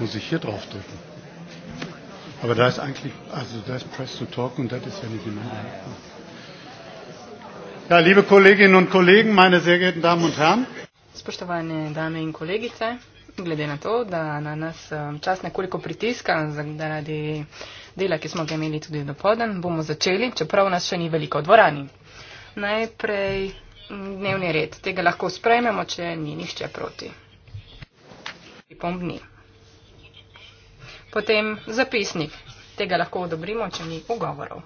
muss ich hier drauf drücken. Aber da ist eigentlich, also da ist Press to Talk und das ist ja nicht genau. Ja, liebe Kolleginnen und Kollegen, meine sehr geehrten Damen und Herren. Spoštovane dame in kolegice, glede na to, da na nas um, čas nekoliko pritiska zaradi dela, ki smo ga imeli tudi do poden, bomo začeli, čeprav nas še ni veliko v dvorani. Najprej dnevni red. Tega lahko sprejmemo, če ni nihče proti. Pripombni potem zapisnik. Tega lahko odobrimo, če ni ugovorov.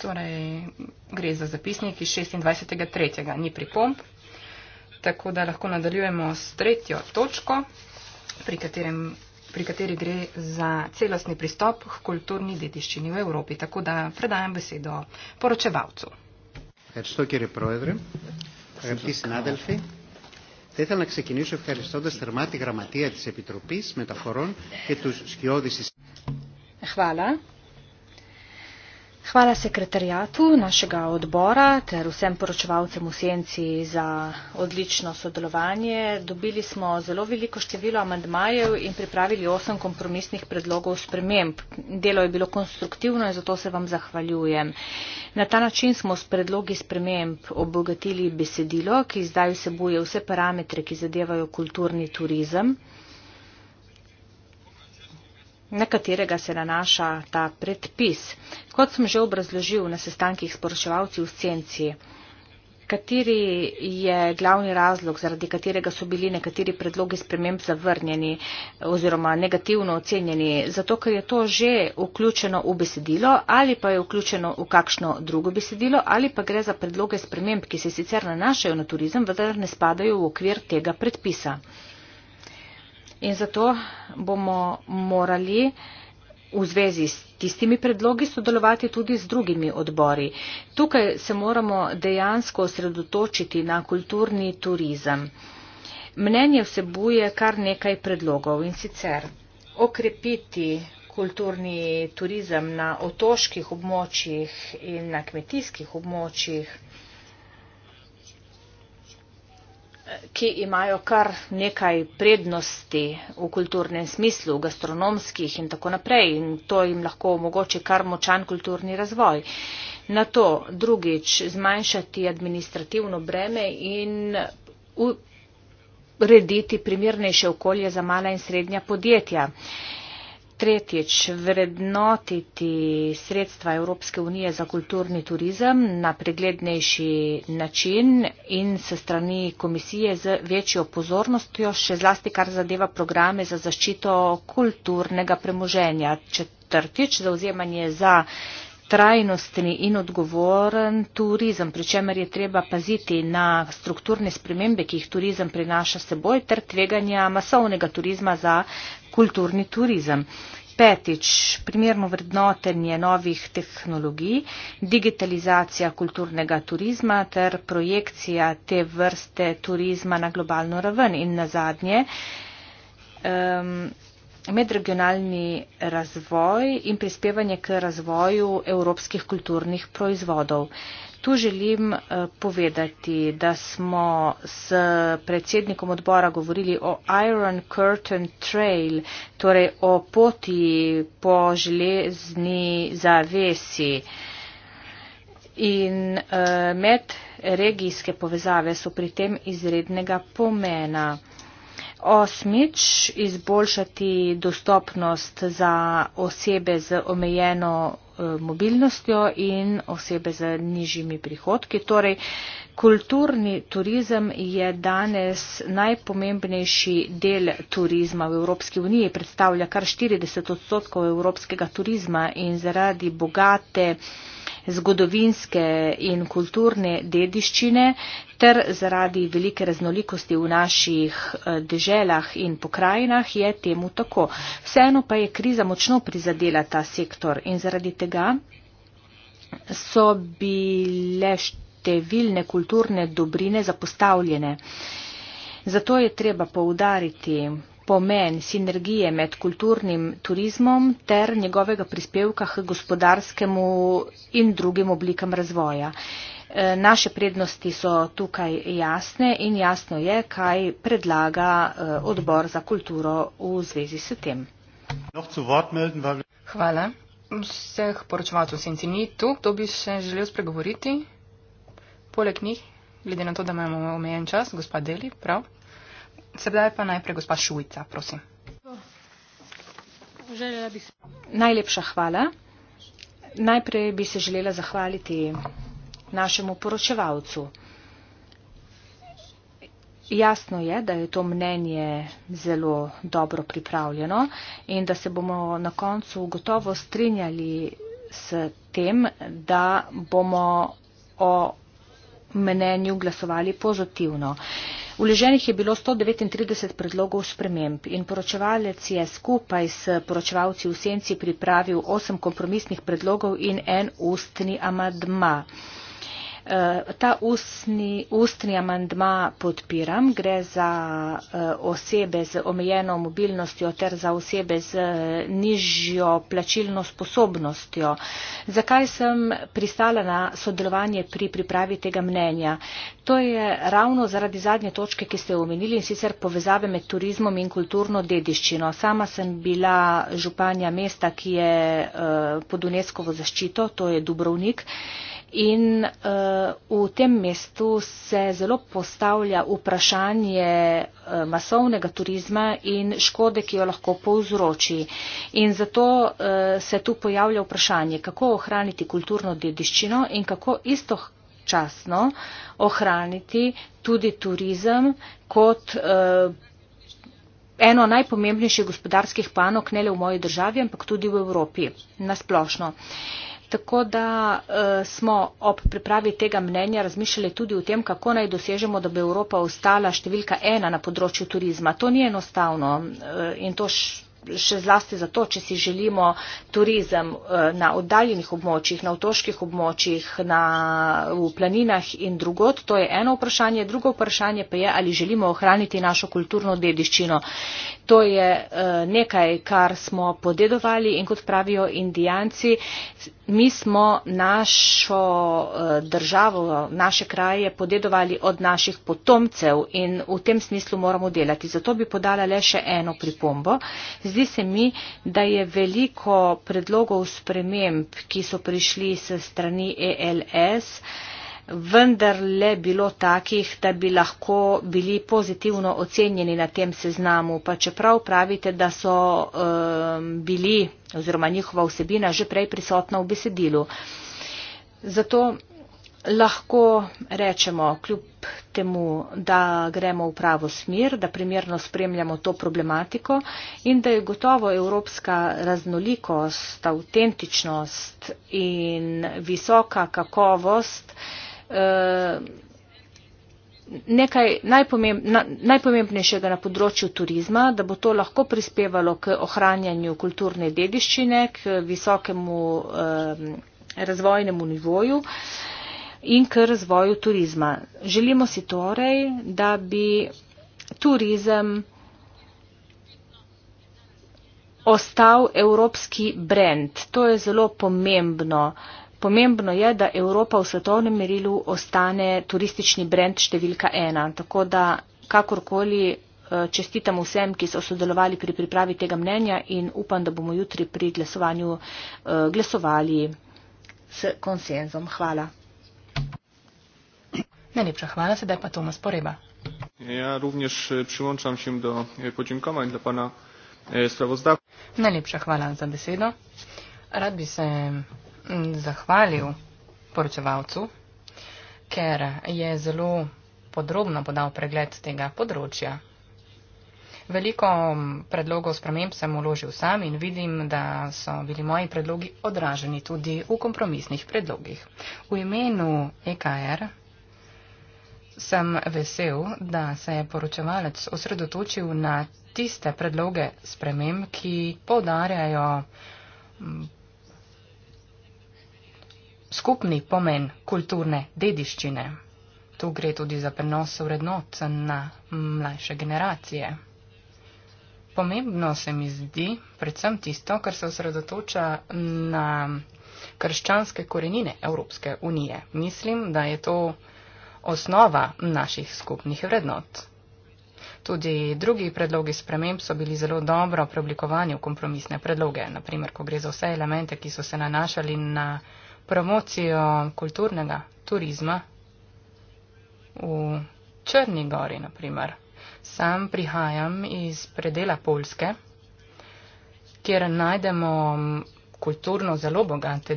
Torej, gre za zapisnik iz 26.3. ni pripomp, tako da lahko nadaljujemo s tretjo točko, pri, katerem, pri kateri gre za celostni pristop k kulturni dediščini v Evropi. Tako da predajam besedo poročevalcu. Herzog, ki je proedre, predpis Nadelfi. Θα ήθελα να ξεκινήσω ευχαριστώντας θερμά τη γραμματεία της Επιτροπής Μεταφορών και τους σκιώδης της... Ευχαριστώ. Hvala sekretarjatu našega odbora ter vsem poročevalcem v Senci za odlično sodelovanje. Dobili smo zelo veliko število amandmajev in pripravili osem kompromisnih predlogov sprememb. Delo je bilo konstruktivno in zato se vam zahvaljujem. Na ta način smo s predlogi sprememb obogatili besedilo, ki zdaj vsebuje vse parametre, ki zadevajo kulturni turizem na katerega se nanaša ta predpis. Kot sem že obrazložil na sestankih s poročevalci v Scenci, kateri je glavni razlog, zaradi katerega so bili nekateri predlogi sprememb zavrnjeni oziroma negativno ocenjeni, zato ker je to že vključeno v besedilo ali pa je vključeno v kakšno drugo besedilo ali pa gre za predloge sprememb, ki se sicer nanašajo na turizem, vendar ne spadajo v okvir tega predpisa. In zato bomo morali v zvezi s tistimi predlogi sodelovati tudi z drugimi odbori. Tukaj se moramo dejansko osredotočiti na kulturni turizem. Mnenje vsebuje kar nekaj predlogov in sicer okrepiti kulturni turizem na otoških območjih in na kmetijskih območjih ki imajo kar nekaj prednosti v kulturnem smislu, gastronomskih in tako naprej in to jim lahko omogoče kar močan kulturni razvoj. Na to drugič zmanjšati administrativno breme in urediti primernejše okolje za mala in srednja podjetja tretjič vrednotiti sredstva Evropske unije za kulturni turizem na preglednejši način in se strani komisije z večjo pozornostjo, še zlasti kar zadeva programe za zaščito kulturnega premoženja. Četrtič zauzemanje za trajnostni in odgovoren turizem, pri čemer je treba paziti na strukturne spremembe, ki jih turizem prinaša seboj, ter tveganja masovnega turizma za kulturni turizem. Petič, primerno vrednotenje novih tehnologij, digitalizacija kulturnega turizma ter projekcija te vrste turizma na globalno raven. In na zadnje, um, medregionalni razvoj in prispevanje k razvoju evropskih kulturnih proizvodov. Tu želim eh, povedati, da smo s predsednikom odbora govorili o Iron Curtain Trail, torej o poti po železni zavesi. In eh, medregijske povezave so pri tem izrednega pomena. Osmič, izboljšati dostopnost za osebe z omejeno eh, mobilnostjo in osebe z nižjimi prihodki. Torej, kulturni turizem je danes najpomembnejši del turizma v Evropski uniji, predstavlja kar 40 odstotkov evropskega turizma in zaradi bogate zgodovinske in kulturne dediščine ter zaradi velike raznolikosti v naših eh, deželah in pokrajinah je temu tako. Vseeno pa je kriza močno prizadela ta sektor in zaradi tega so bile številne kulturne dobrine zapostavljene. Zato je treba poudariti, pomen sinergije med kulturnim turizmom ter njegovega prispevka k gospodarskemu in drugim oblikam razvoja. E, naše prednosti so tukaj jasne in jasno je, kaj predlaga e, odbor za kulturo v zvezi s tem. Hvala. Vseh poročevalcev se ni tu. To bi še želel spregovoriti. Poleg njih, glede na to, da imamo omejen čas, gospod Deli, prav? Sedaj pa najprej gospa Šujca, prosim. Najlepša hvala. Najprej bi se želela zahvaliti našemu poročevalcu. Jasno je, da je to mnenje zelo dobro pripravljeno in da se bomo na koncu gotovo strinjali s tem, da bomo o mnenju glasovali pozitivno. Uh, Uleženih je bilo 139 predlogov sprememb in poročevalec je skupaj s poročevalci v senci pripravil osem kompromisnih predlogov in en ustni amadma. Eh, ta ustni, ustni amandma podpiram. Gre za eh, osebe z omejeno mobilnostjo ter za osebe z eh, nižjo plačilno sposobnostjo. Zakaj sem pristala na sodelovanje pri pripravi tega mnenja? To je ravno zaradi zadnje točke, ki ste omenili in sicer povezave med turizmom in kulturno dediščino. Sama sem bila županja mesta, ki je pod UNESCO-vo zaščito, to je Dubrovnik. In uh, v tem mestu se zelo postavlja vprašanje uh, masovnega turizma in škode, ki jo lahko povzroči. In zato uh, se tu pojavlja vprašanje, kako ohraniti kulturno dediščino in kako isto časno ohraniti tudi turizem kot eh, eno najpomembnejših gospodarskih panok, ne le v moji državi, ampak tudi v Evropi nasplošno. Eh, Tako da uh, smo ob pripravi tega mnenja razmišljali tudi o tem, kako naj dosežemo, da bi Evropa ostala številka ena na področju turizma. To ni enostavno uh, in to. Š, še zlasti zato, če si želimo turizem eh, na oddaljenih območjih, na otoških območjih, na, v planinah in drugot, to je eno vprašanje. Drugo vprašanje pa je, ali želimo ohraniti našo kulturno dediščino. To je eh, nekaj, kar smo podedovali in kot pravijo indijanci, mi smo našo eh, državo, naše kraje podedovali od naših potomcev in v tem smislu moramo delati. Zato bi podala le še eno pripombo. Zdi se mi, da je veliko predlogov sprememb, ki so prišli s strani ELS, vendar le bilo takih, da bi lahko bili pozitivno ocenjeni na tem seznamu. Pa čeprav pravite, da so um, bili oziroma njihova vsebina že prej prisotna v besedilu. Zato lahko rečemo, kljub temu, da gremo v pravo smer, da primerno spremljamo to problematiko in da je gotovo evropska raznolikost, avtentičnost in visoka kakovost eh, nekaj najpomembnejšega na področju turizma, da bo to lahko prispevalo k ohranjanju kulturne dediščine, k visokemu eh, razvojnemu nivoju in k razvoju turizma. Želimo si torej, da bi turizem ostal evropski brend. To je zelo pomembno. Pomembno je, da Evropa v svetovnem merilu ostane turistični brend številka ena. Tako da kakorkoli eh, čestitam vsem, ki so sodelovali pri pripravi tega mnenja in upam, da bomo jutri pri glasovanju eh, glasovali s konsenzom. Hvala. Najlepša hvala, sedaj pa Tomas Poreba. Ja, również e, prilončam se do e, podjinkovanj za pana e, Stravozdava. Najlepša hvala za besedo. Rad bi se zahvalil poročevalcu, ker je zelo podrobno podal pregled tega področja. Veliko predlogov sprememb sem uložil sam in vidim, da so bili moji predlogi odraženi tudi v kompromisnih predlogih. V imenu EKR sem vesel, da se je poročevalec osredotočil na tiste predloge spremem, ki podarjajo mm, skupni pomen kulturne dediščine. Tu gre tudi za prenos vrednot na mlajše generacije. Pomembno se mi zdi predvsem tisto, kar se osredotoča na krščanske korenine Evropske unije. Mislim, da je to osnova naših skupnih vrednot. Tudi drugi predlogi sprememb so bili zelo dobro preoblikovani v kompromisne predloge, naprimer, ko gre za vse elemente, ki so se nanašali na promocijo kulturnega turizma v Črni gori, naprimer. Sam prihajam iz predela Polske, kjer najdemo kulturno zelo bogate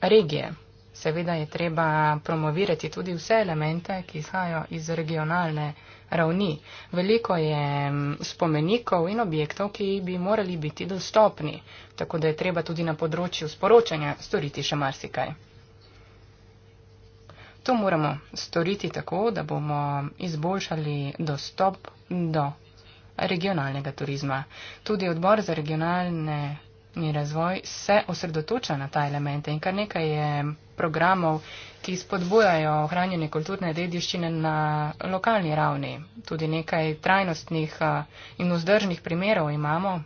regije seveda je treba promovirati tudi vse elemente, ki izhajajo iz regionalne ravni. Veliko je mm, spomenikov in objektov, ki bi morali biti dostopni, tako da je treba tudi na področju sporočanja storiti še marsikaj. To moramo storiti tako, da bomo izboljšali dostop do regionalnega turizma. Tudi odbor za regionalne. Razvoj se osredotoča na ta element in kar nekaj je programov, ki spodbujajo ohranjene kulturne dediščine na lokalni ravni. Tudi nekaj trajnostnih in vzdržnih primerov imamo,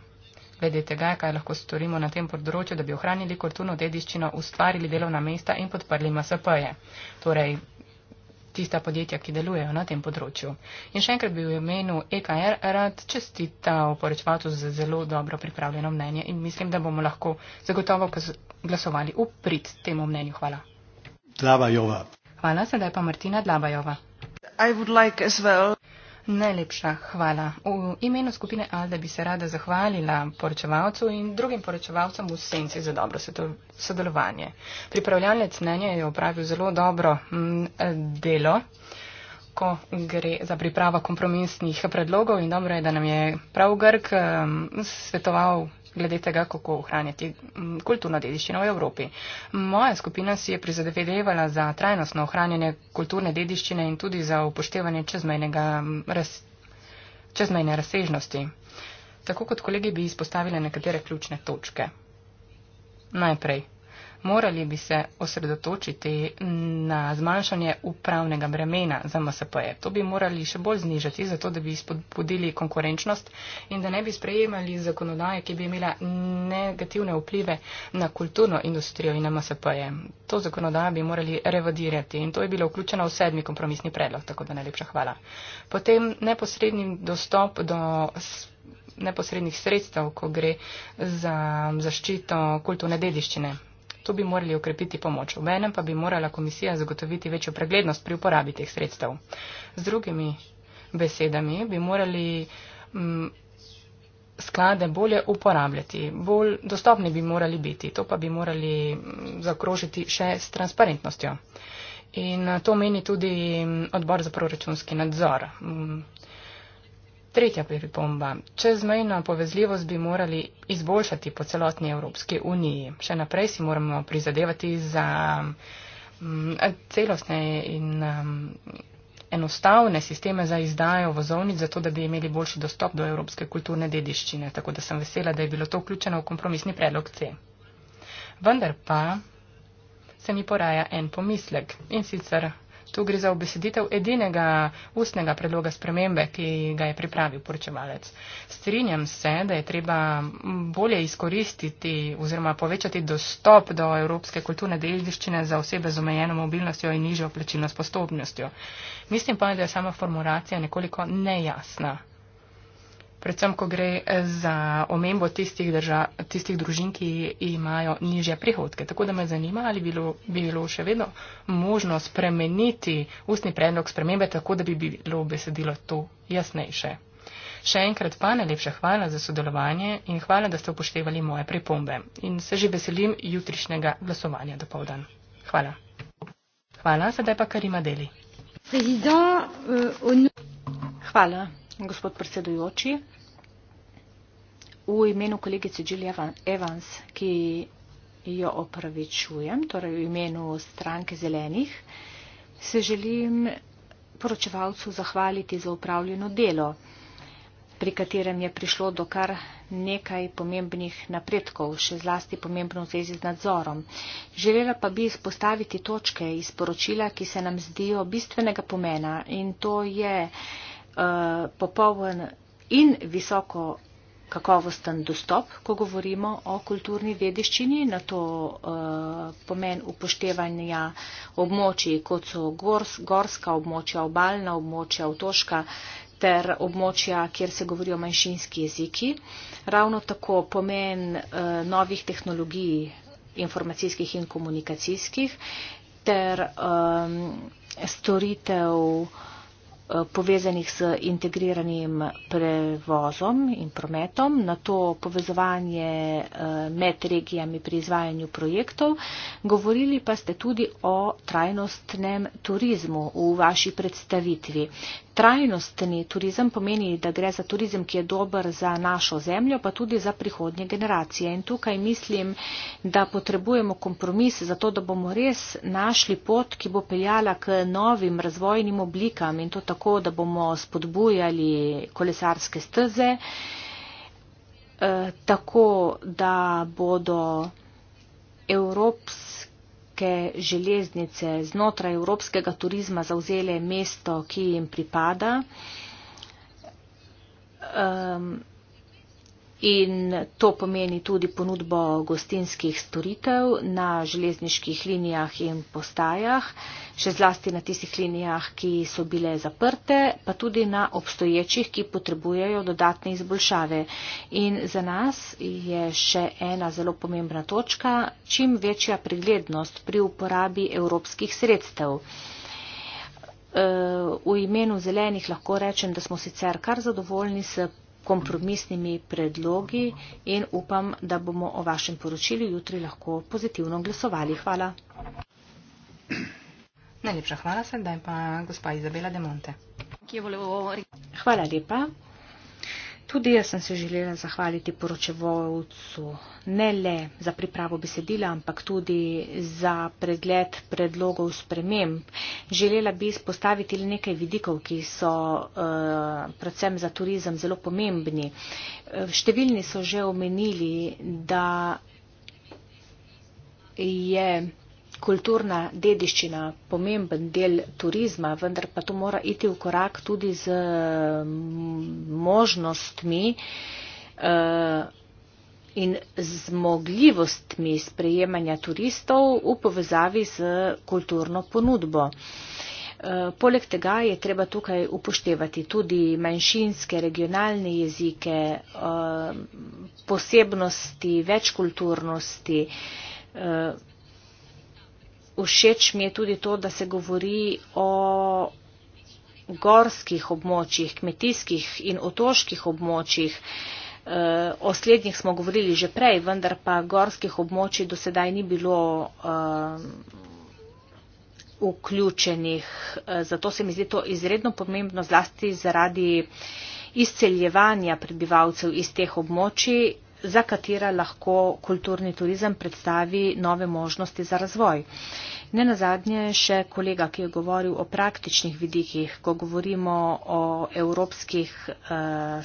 glede tega, kaj lahko storimo na tem področju, da bi ohranili kulturno dediščino, ustvarili delovna mesta in podprli MSP-je. Torej, tista podjetja, ki delujejo na tem področju. In še enkrat bi v imenu EKR rad čestital poročevalcu za zelo dobro pripravljeno mnenje in mislim, da bomo lahko zagotovo glasovali v prid temu mnenju. Hvala. Dlabajova. Hvala, sedaj pa Martina Dlabajova. I would like as well. Najlepša hvala. V imenu skupine Alde bi se rada zahvalila poročevalcu in drugim poročevalcem v Senci za dobro sodelovanje. Pripravljalec mnenja je opravil zelo dobro mm, delo, ko gre za pripravo kompromisnih predlogov in dobro je, da nam je prav Grk mm, svetoval glede tega, kako ohranjati mm, kulturno dediščino v Evropi. Moja skupina si je prizadevala za trajnostno ohranjanje kulturne dediščine in tudi za upoštevanje mm, raz, čezmejne razsežnosti. Tako kot kolegi bi izpostavili nekatere ključne točke. Najprej, morali bi se osredotočiti na zmanjšanje upravnega bremena za MSP-je. To bi morali še bolj znižati, zato da bi spodbudili konkurenčnost in da ne bi sprejemali zakonodaje, ki bi imela negativne vplive na kulturno industrijo in na MSP-je. To zakonodajo bi morali revodirati in to je bilo vključeno v sedmi kompromisni predlog, tako da najlepša hvala. Potem neposredni dostop do neposrednih sredstev, ko gre za zaščito kulturne dediščine. Tu bi morali ukrepiti pomoč, v enem pa bi morala komisija zagotoviti večjo preglednost pri uporabi teh sredstev. Z drugimi besedami bi morali m, mm, sklade bolje uporabljati, bolj dostopni bi morali biti, to pa bi morali mm, zakrožiti še s transparentnostjo. In to meni tudi mm, odbor za proračunski nadzor. M, Tretja pripomba. Čezmejno povezljivost bi morali izboljšati po celotni Evropski uniji. Še naprej si moramo prizadevati za mm, celostne in mm, enostavne sisteme za izdajo vozovnic, zato da bi imeli boljši dostop do evropske kulturne dediščine. Tako da sem vesela, da je bilo to vključeno v kompromisni predlog C. Vendar pa se mi poraja en pomislek in sicer Tu gre za obeseditev edinega ustnega predloga spremembe, ki ga je pripravil poročevalec. Strinjam se, da je treba bolje izkoristiti oziroma povečati dostop do evropske kulturne dediščine za osebe z omejeno mobilnostjo in nižjo plačilno sposobnostjo. Mislim pa, da je sama formulacija nekoliko nejasna predvsem, ko gre eh, za omembo tistih, drža, tistih družin, ki imajo nižje prihodke. Tako da me zanima, ali bi bilo, bilo še vedno možno spremeniti ustni predlog spremembe, tako da bi bilo besedilo to jasnejše. Še enkrat pa najlepša hvala za sodelovanje in hvala, da ste upoštevali moje pripombe. In se že veselim jutrišnjega glasovanja do povdan. Hvala. Hvala, sedaj pa Karima Deli. Euh, hvala, gospod predsedujoči v imenu kolegice Jill Evans, ki jo opravičujem, torej v imenu stranke zelenih, se želim poročevalcu zahvaliti za upravljeno delo, pri katerem je prišlo do kar nekaj pomembnih napredkov, še zlasti pomembno v zvezi z nadzorom. Želela pa bi izpostaviti točke iz poročila, ki se nam zdijo bistvenega pomena in to je uh, popoln in visoko kakovosten dostop, ko govorimo o kulturni dediščini, na to uh, pomen upoštevanja območij, kot so gors, gorska območja, obaljna območja, otoška ter območja, kjer se govorijo manjšinski jeziki. Ravno tako pomen uh, novih tehnologij informacijskih in komunikacijskih ter um, storitev uh, povezanih s integriranim prevozom in prometom, na to povezovanje eh, med regijami pri izvajanju projektov. Govorili pa ste tudi o trajnostnem turizmu v vaši predstavitvi. Trajnostni turizem pomeni, da gre za turizem, ki je dober za našo zemljo, pa tudi za prihodnje generacije. In tukaj mislim, da potrebujemo kompromis za to, da bomo res našli pot, ki bo peljala k novim razvojnim oblikam in to tako, da bomo spodbujali kolesarske steze, eh, tako da bodo evropske velike železnice znotraj evropskega turizma zauzele mesto, ki jim pripada. Um, In to pomeni tudi ponudbo gostinskih storitev na železniških linijah in postajah, še zlasti na tistih linijah, ki so bile zaprte, pa tudi na obstoječih, ki potrebujejo dodatne izboljšave. In za nas je še ena zelo pomembna točka, čim večja preglednost pri uporabi evropskih sredstev. E, v imenu zelenih lahko rečem, da smo sicer kar zadovoljni s kompromisnimi predlogi in upam, da bomo o vašem poročilju jutri lahko pozitivno glasovali. Hvala. Najlepša hvala sedaj pa gospa Izabela Demonte. Hvala lepa. Tudi jaz sem se želela zahvaliti poročevalcu ne le za pripravo besedila, ampak tudi za pregled predlogov sprememb. Želela bi izpostaviti le nekaj vidikov, ki so uh, predvsem za turizem zelo pomembni. Eh, številni so že omenili, da je kulturna dediščina, pomemben del turizma, vendar pa to mora iti v korak tudi z možnostmi eh, in zmogljivostmi sprejemanja turistov v povezavi z kulturno ponudbo. Eh, poleg tega je treba tukaj upoštevati tudi manjšinske regionalne jezike, eh, posebnosti, večkulturnosti všeč mi je tudi to, da se govori o gorskih območjih, kmetijskih in otoških območjih. Eh, o slednjih smo govorili že prej, vendar pa gorskih območij do sedaj ni bilo eh, vključenih. Eh, zato se mi zdi to izredno pomembno, zlasti zaradi izceljevanja prebivalcev iz teh območij, za katera lahko kulturni turizem predstavi nove možnosti za razvoj. Ne nazadnje še kolega, ki je govoril o praktičnih vidikih, ko govorimo o evropskih eh,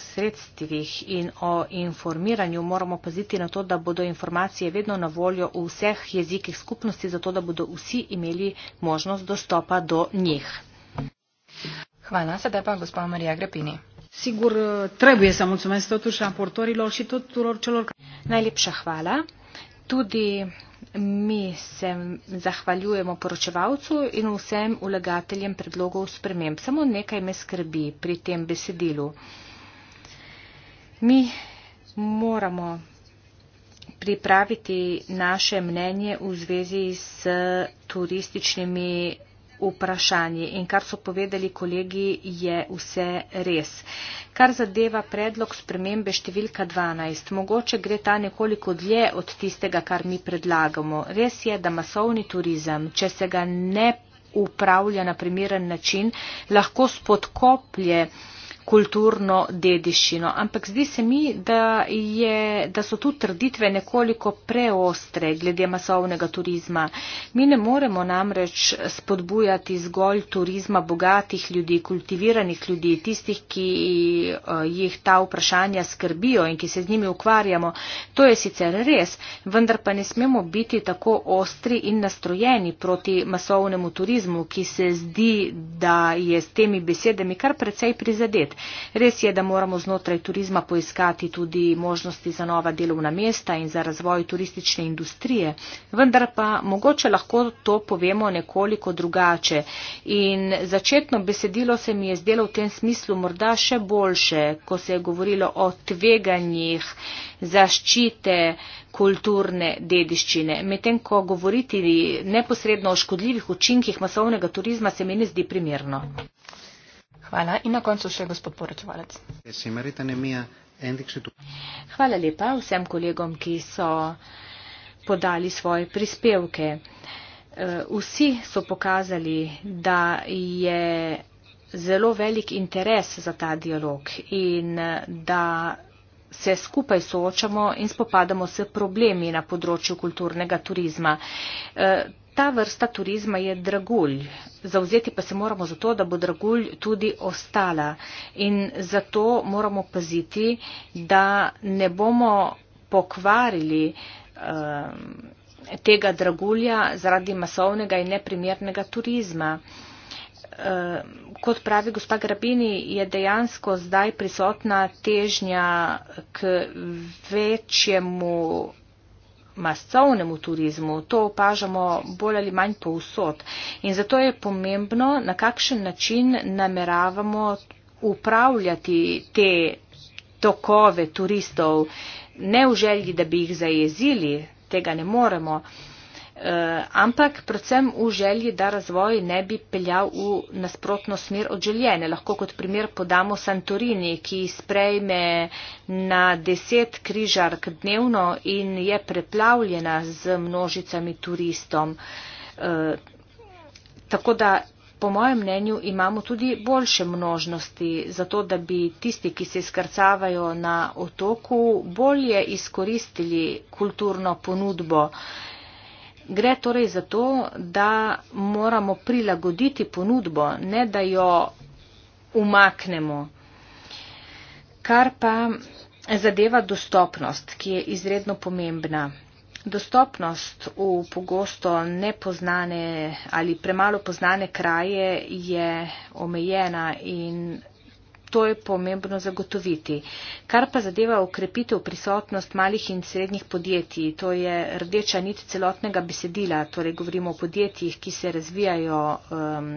sredstvih in o informiranju, moramo paziti na to, da bodo informacije vedno na voljo v vseh jezikih skupnosti, zato da bodo vsi imeli možnost dostopa do njih. Hvala, sedaj pa gospod Marija Grepini sigur trebuie să mulțumesc totuși raportorilor și tuturor celor Najlepša hvala. Tudi mi se zahvaljujemo poročevalcu in vsem ulegateljem predlogov sprememb. Samo nekaj me skrbi pri tem besedilu. Mi moramo pripraviti naše mnenje v zvezi s turističnimi vprašanji. In kar so povedali kolegi, je vse res. Kar zadeva predlog spremembe številka 12, mogoče gre ta nekoliko dlje od tistega, kar mi predlagamo. Res je, da masovni turizem, če se ga ne upravlja na primeren način, lahko spodkoplje kulturno dediščino. Ampak zdi se mi, da, je, da so tu trditve nekoliko preostre glede masovnega turizma. Mi ne moremo namreč spodbujati zgolj turizma bogatih ljudi, kultiviranih ljudi, tistih, ki eh, jih ta vprašanja skrbijo in ki se z njimi ukvarjamo. To je sicer res, vendar pa ne smemo biti tako ostri in nastrojeni proti masovnemu turizmu, ki se zdi, da je s temi besedami kar precej prizadet. Res je, da moramo znotraj turizma poiskati tudi možnosti za nova delovna mesta in za razvoj turistične industrije, vendar pa mogoče lahko to povemo nekoliko drugače. In začetno besedilo se mi je zdelo v tem smislu morda še boljše, ko se je govorilo o tveganjih zaščite kulturne dediščine. Medtem, ko govoriti neposredno o škodljivih učinkih masovnega turizma, se mi ne zdi primerno. Hvala. In na koncu še gospod poročevalec. Hvala lepa vsem kolegom, ki so podali svoje prispevke. Eh, vsi so pokazali, da je zelo velik interes za ta dialog in da se skupaj soočamo in spopadamo s problemi na področju kulturnega turizma. Eh, ta vrsta turizma je dragulj. Zauzeti pa se moramo za to, da bo dragulj tudi ostala. In zato moramo paziti, da ne bomo pokvarili um, tega dragulja zaradi masovnega in neprimernega turizma. Um, kot pravi gospa Grabini, je dejansko zdaj prisotna težnja k večjemu masovnemu turizmu. To opažamo bolj ali manj povsod. In zato je pomembno, na kakšen način nameravamo upravljati te tokove turistov. Ne v želji, da bi jih zajezili, tega ne moremo. Eh, ampak predvsem v želji, da razvoj ne bi peljal v nasprotno smer od željene. Lahko kot primer podamo Santorini, ki sprejme na deset križark dnevno in je preplavljena z množicami turistom. Eh, tako da po mojem mnenju imamo tudi boljše množnosti za to, da bi tisti, ki se skrcavajo na otoku, bolje izkoristili kulturno ponudbo. Gre torej za to, da moramo prilagoditi ponudbo, ne da jo umaknemo. Kar pa zadeva dostopnost, ki je izredno pomembna. Dostopnost v pogosto nepoznane ali premalo poznane kraje je omejena in To je pomembno zagotoviti. Kar pa zadeva ukrepitev prisotnost malih in srednjih podjetij, to je rdeča nit celotnega besedila, torej govorimo o podjetjih, ki se razvijajo um,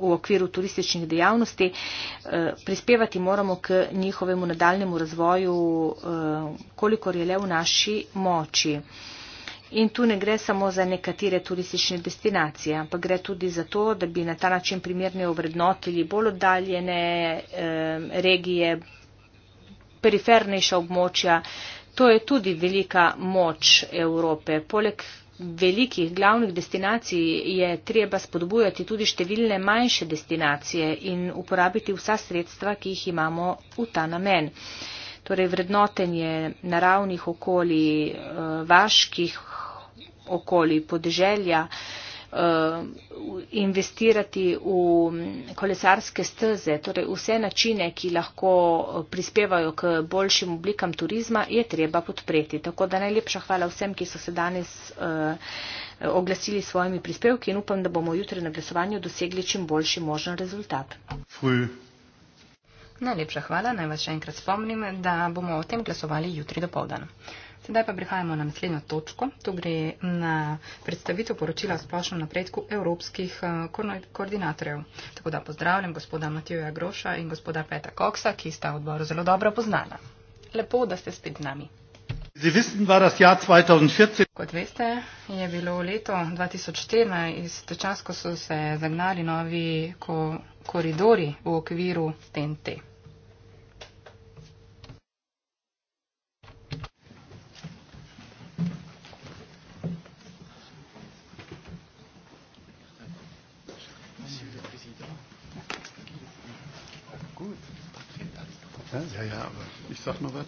v okviru turističnih dejavnosti, uh, prispevati moramo k njihovemu nadaljemu razvoju, uh, kolikor je le v naši moči. Uh, In tu ne gre samo za nekatere turistične destinacije, ampak gre tudi za to, da bi na ta način primerno ovrednotili bolj oddaljene regije, perifernejša območja. To je tudi velika moč Evrope. Poleg velikih glavnih destinacij je treba spodbujati tudi številne manjše destinacije in uporabiti vsa sredstva, ki jih imamo v ta namen. Uh, torej vrednotenje naravnih okolij, eh, vaških okolij, podeželja, eh, investirati v mm, kolesarske steze, torej vse načine, ki lahko eh, prispevajo k boljšim oblikam turizma, je treba podpreti. Tako da najlepša hvala vsem, ki so se danes oglasili svojimi prispevki in upam, da bomo jutri na glasovanju dosegli čim boljši možen rezultat. Fruj. Najlepša hvala. Naj vas še enkrat spomnim, da bomo o tem glasovali jutri do povdan. Sedaj pa prihajamo na naslednjo točko. Tu gre na predstavitev poročila o splošnem napredku evropskih eh, koordinatorjev. Tako da pozdravljam gospoda Matijoja Groša in gospoda Peta Koksa, ki sta v odboru zelo dobro poznana. Lepo, da ste spet z nami. Kot veste, je bilo leto 2014, čas, ko so se zagnali novi koridori v okviru TNT. Ja, ja, ja aber ich sag noch was.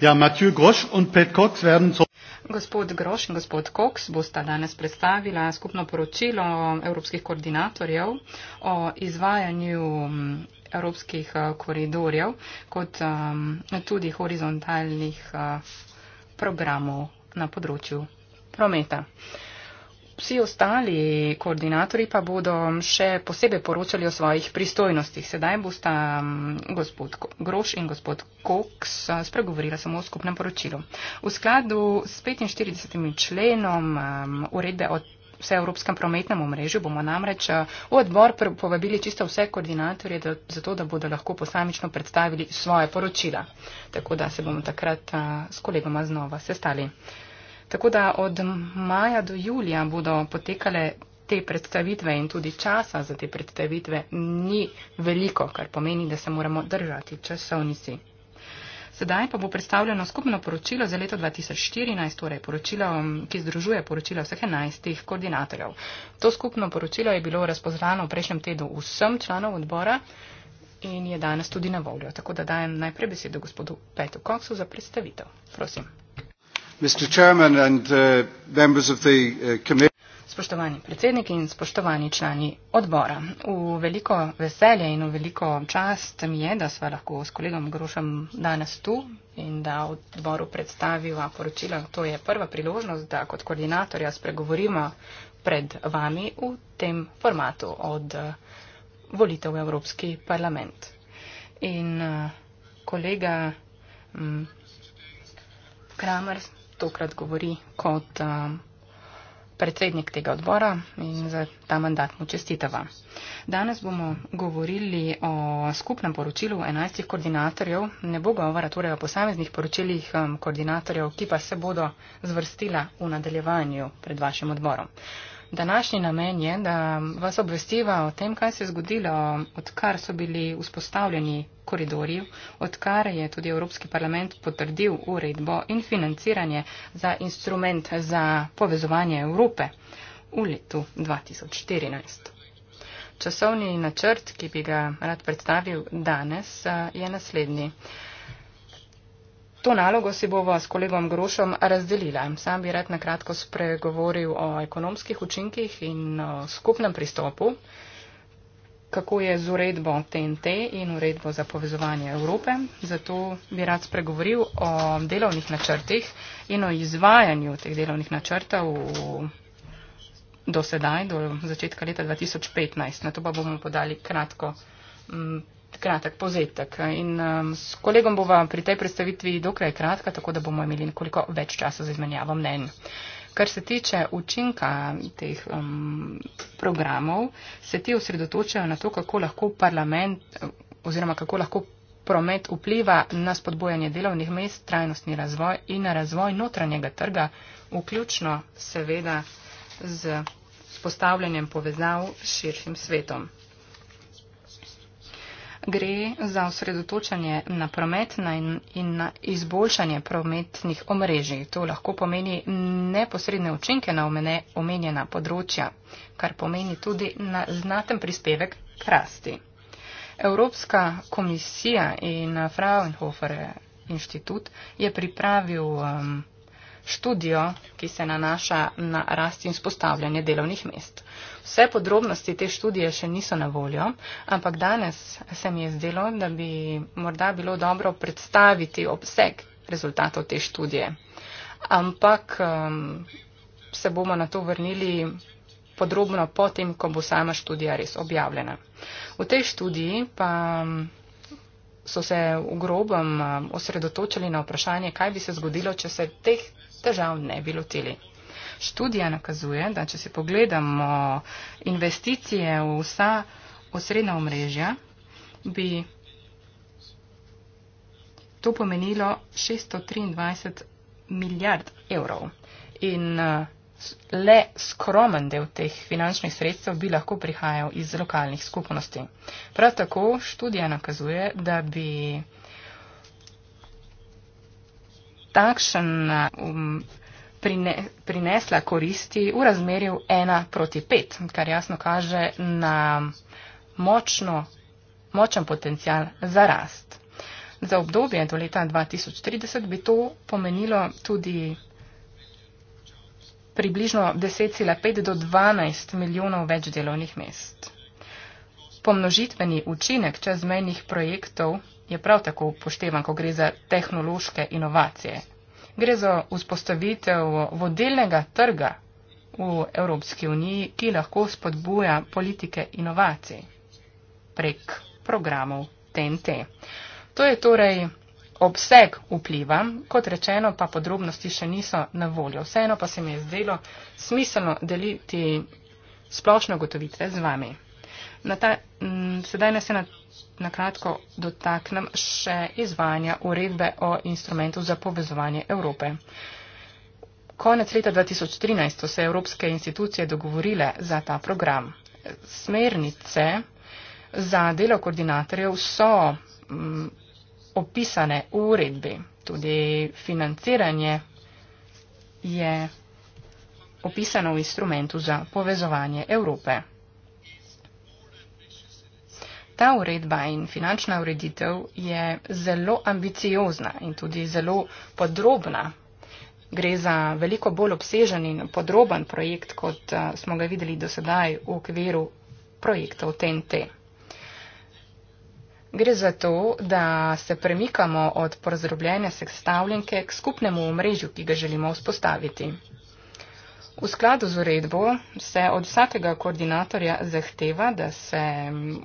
Ja, Mathieu Grosch und Pat Cox werden so. Gospod Groš in gospod Cox bosta danes predstavila skupno poročilo evropskih koordinatorjev o izvajanju mm, evropskih eh, koridorjev kot eh, tudi horizontalnih eh, programov na področju prometa vsi ostali koordinatori pa bodo še posebej poročali o svojih pristojnostih. Sedaj bosta gospod Groš in gospod Koks spregovorila samo o skupnem poročilu. V skladu s 45. členom uredbe o vseevropskem prometnem omrežju bomo namreč v odbor povabili čisto vse koordinatorje, da, zato da bodo lahko posamično predstavili svoje poročila. Tako da se bomo takrat s kolegoma znova sestali. Tako da od maja do julija bodo potekale te predstavitve in tudi časa za te predstavitve ni veliko, kar pomeni, da se moramo držati časovnici. Sedaj pa bo predstavljeno skupno poročilo za leto 2014, torej poročilo, ki združuje poročilo vseh enajstih koordinatorjev. To skupno poročilo je bilo razpoznano v prejšnjem tednu vsem članov odbora in je danes tudi na voljo. Tako da dajem najprej besedo gospodu Petu Koksu za predstavitev. Prosim. Uh, uh, spoštovani predsednik in spoštovani člani odbora. V veliko veselje in v veliko čast mi je, da sva lahko s kolegom Grošem danes tu in da v odboru predstaviva poročila. To je prva priložnost, da kot koordinatorja spregovorimo pred vami v tem formatu od uh, volitev v Evropski parlament. In kolega m, mm, Kramers tokrat govori kot um, predsednik tega odbora in za ta mandat mu čestitava. Danes bomo govorili o skupnem poročilu 11 koordinatorjev. Ne bo govora torej o posameznih poročilih um, koordinatorjev, ki pa se bodo zvrstila v nadaljevanju pred vašim odborom. Današnji namen je, da vas obvestiva o tem, kaj se je zgodilo, odkar so bili vzpostavljeni koridorji, odkar je tudi Evropski parlament potrdil uredbo in financiranje za instrument za povezovanje Evrope v letu 2014. Časovni načrt, ki bi ga rad predstavil danes, je naslednji. To nalogo si bova s kolegom Grošom razdelila. Sam bi rad nakratko spregovoril o ekonomskih učinkih in o skupnem pristopu, kako je z uredbo TNT in uredbo za povezovanje Evrope. Zato bi rad spregovoril o delovnih načrtih in o izvajanju teh delovnih načrtov do sedaj, do začetka leta 2015. Na to pa bomo podali kratko. Mm, kratek povzetek. In um, s kolegom bova pri tej predstavitvi dokaj kratka, tako da bomo imeli nekoliko več časa za izmenjavo mnen. Kar se tiče učinka teh um, programov, se ti osredotočajo na to, kako lahko parlament oziroma kako lahko promet vpliva na spodbojanje delovnih mest, trajnostni razvoj in na razvoj notranjega trga, vključno seveda z spostavljanjem povezav s širšim svetom gre za osredotočanje na promet na in, in na izboljšanje prometnih omrežij. To lahko pomeni neposredne učinke na omene, omenjena področja, kar pomeni tudi na znaten prispevek k rasti. Evropska komisija in Fraunhofer inštitut je pripravil um, študijo, ki se nanaša na rast in spostavljanje delovnih mest. Vse podrobnosti te študije še niso na voljo, ampak danes se mi je zdelo, da bi morda bilo dobro predstaviti obseg rezultatov te študije. Ampak um, se bomo na to vrnili podrobno potem, ko bo sama študija res objavljena. V tej študiji pa um, so se v grobem um, osredotočili na vprašanje, kaj bi se zgodilo, če se teh težav ne bi lotili. Študija nakazuje, da če se pogledamo investicije v vsa osrednja omrežja, bi to pomenilo 623 milijard evrov. In eh, le skromen del teh finančnih sredstev bi lahko prihajal iz lokalnih skupnosti. Prav tako študija nakazuje, da bi takšen um, prine, prinesla koristi v razmerju 1 proti 5, kar jasno kaže na močno, močen potencial za rast. Za obdobje do leta 2030 bi to pomenilo tudi približno 10,5 do 12 milijonov več delovnih mest. Pomnožitveni učinek čezmejnih projektov je prav tako upoštevan, ko gre za tehnološke inovacije. Gre za vzpostavitev vodilnega trga v Evropski uniji, ki lahko spodbuja politike inovacij prek programov TNT. To je torej obseg vpliva, kot rečeno pa podrobnosti še niso na voljo. Vseeno pa se mi je zdelo smiselno deliti splošne gotovitve z vami. Na ta, m, sedaj nas je na na kratko dotaknem še izvajanja uredbe o instrumentu za povezovanje Evrope. Konec leta 2013 so se evropske institucije dogovorile za ta program. Smernice za delo koordinatorjev so m, mm, opisane v uredbi. Tudi financiranje je opisano v instrumentu za povezovanje Evrope. Ta uredba in finančna ureditev je zelo ambiciozna in tudi zelo podrobna. Gre za veliko bolj obsežen in podroben projekt, kot eh, smo ga videli do sedaj v okviru projektov TNT. Gre za to, da se premikamo od porazdrobljene sestavljenke k skupnemu omrežju, ki ga želimo vzpostaviti. V skladu z uredbo se od vsakega koordinatorja zahteva, da se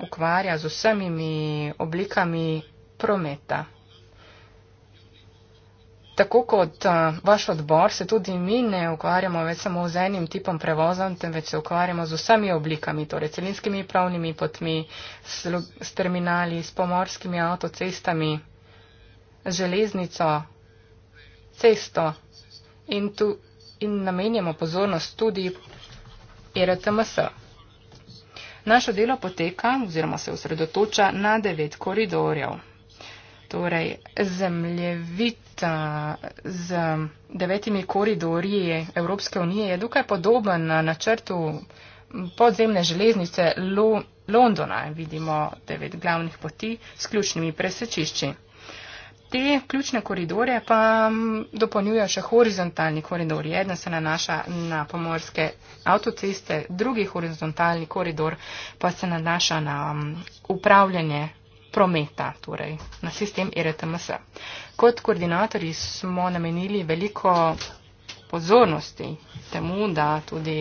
ukvarja z vsemi oblikami prometa. Tako kot eh, vaš odbor, se tudi mi ne ukvarjamo več samo z enim tipom prevozom, temveč se ukvarjamo z vsemi oblikami, torej celinskimi pravnimi potmi, s, s terminali, s pomorskimi avtocestami, železnico, cesto in tu in namenjamo pozornost tudi e RTMS. Naše delo poteka oziroma se osredotoča na devet koridorjev. Torej, zemljevita z devetimi koridorji Evropske unije je dokaj podoben na načrtu podzemne železnice Lo Londona. Vidimo devet glavnih poti s ključnimi presečišči. Te ključne koridore pa mm, dopolnjujo še horizontalni koridor. Jedna se nanaša na pomorske avtoceste, drugi horizontalni koridor pa se nanaša na mm, upravljanje prometa, torej na sistem e RTMS. Kot koordinatorji smo namenili veliko pozornosti temu, da tudi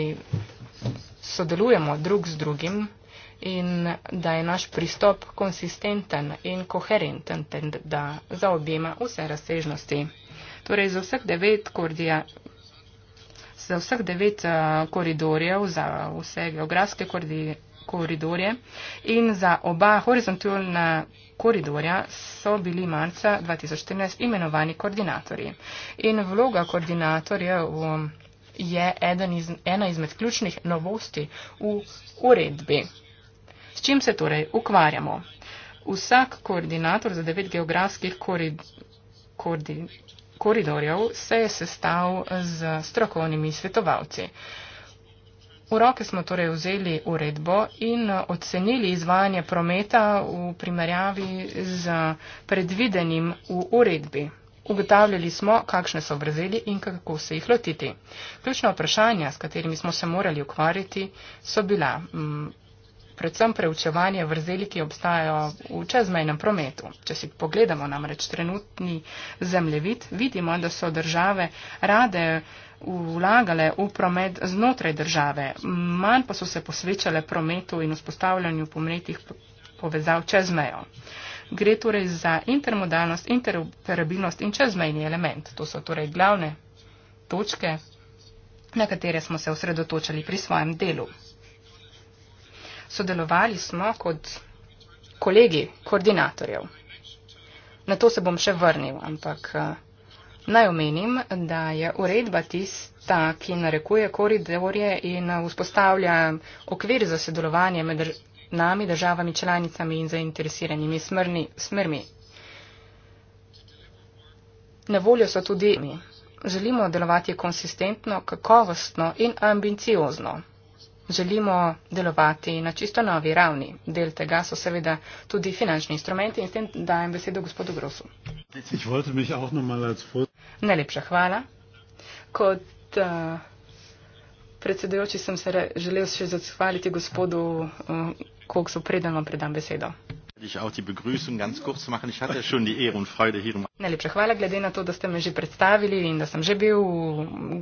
sodelujemo drug z drugim in da je naš pristop konsistenten in koherenten, da zaobjema vse razsežnosti. Torej, za vseh devet, kordija, za vseh devet uh, koridorjev, za vse geografske kordi, koridorje in za oba horizontalna koridorja so bili marca 2014 imenovani koordinatorji. In vloga koordinatorjev um, je eden iz, ena izmed ključnih novosti v uredbi. S čim se torej ukvarjamo? Vsak koordinator za devet geografskih korid, kordi, koridorjev se je sestav z strokovnimi svetovalci. V roke smo torej vzeli uredbo in ocenili izvajanje prometa v primerjavi z predvidenim v uredbi. Ugotavljali smo, kakšne so vrzeli in kako se jih lotiti. Ključna vprašanja, s katerimi smo se morali ukvarjati, so bila. Mm, predvsem preučevanje vrzeli, ki obstajajo v čezmejnem prometu. Če si pogledamo namreč trenutni zemljevid, vidimo, da so države rade vlagale v promet znotraj države, manj pa so se posvečale prometu in vzpostavljanju pometih povezav čezmejo. Gre torej za intermodalnost, interoperabilnost in čezmejni element. To so torej glavne točke, na katere smo se osredotočali pri svojem delu sodelovali smo kot kolegi koordinatorjev. Na to se bom še vrnil, ampak eh, naj omenim, da je uredba tista, ki narekuje koridorje in eh, vzpostavlja okvir za sodelovanje med nami, državami, članicami in zainteresiranimi smrni, smrmi. Na voljo so tudi mi. Želimo delovati konsistentno, kakovostno in ambiciozno želimo delovati na čisto novi ravni. Del tega so seveda tudi finančni instrumenti in s tem dajem besedo gospodu Grosu. Najlepša hvala. Kot uh, predsedujoči sem se želel še zahvaliti gospodu uh, Koksu, preden vam predam besedo. Um- Najlepša hvala, glede na to, da ste me že predstavili in da sem že bil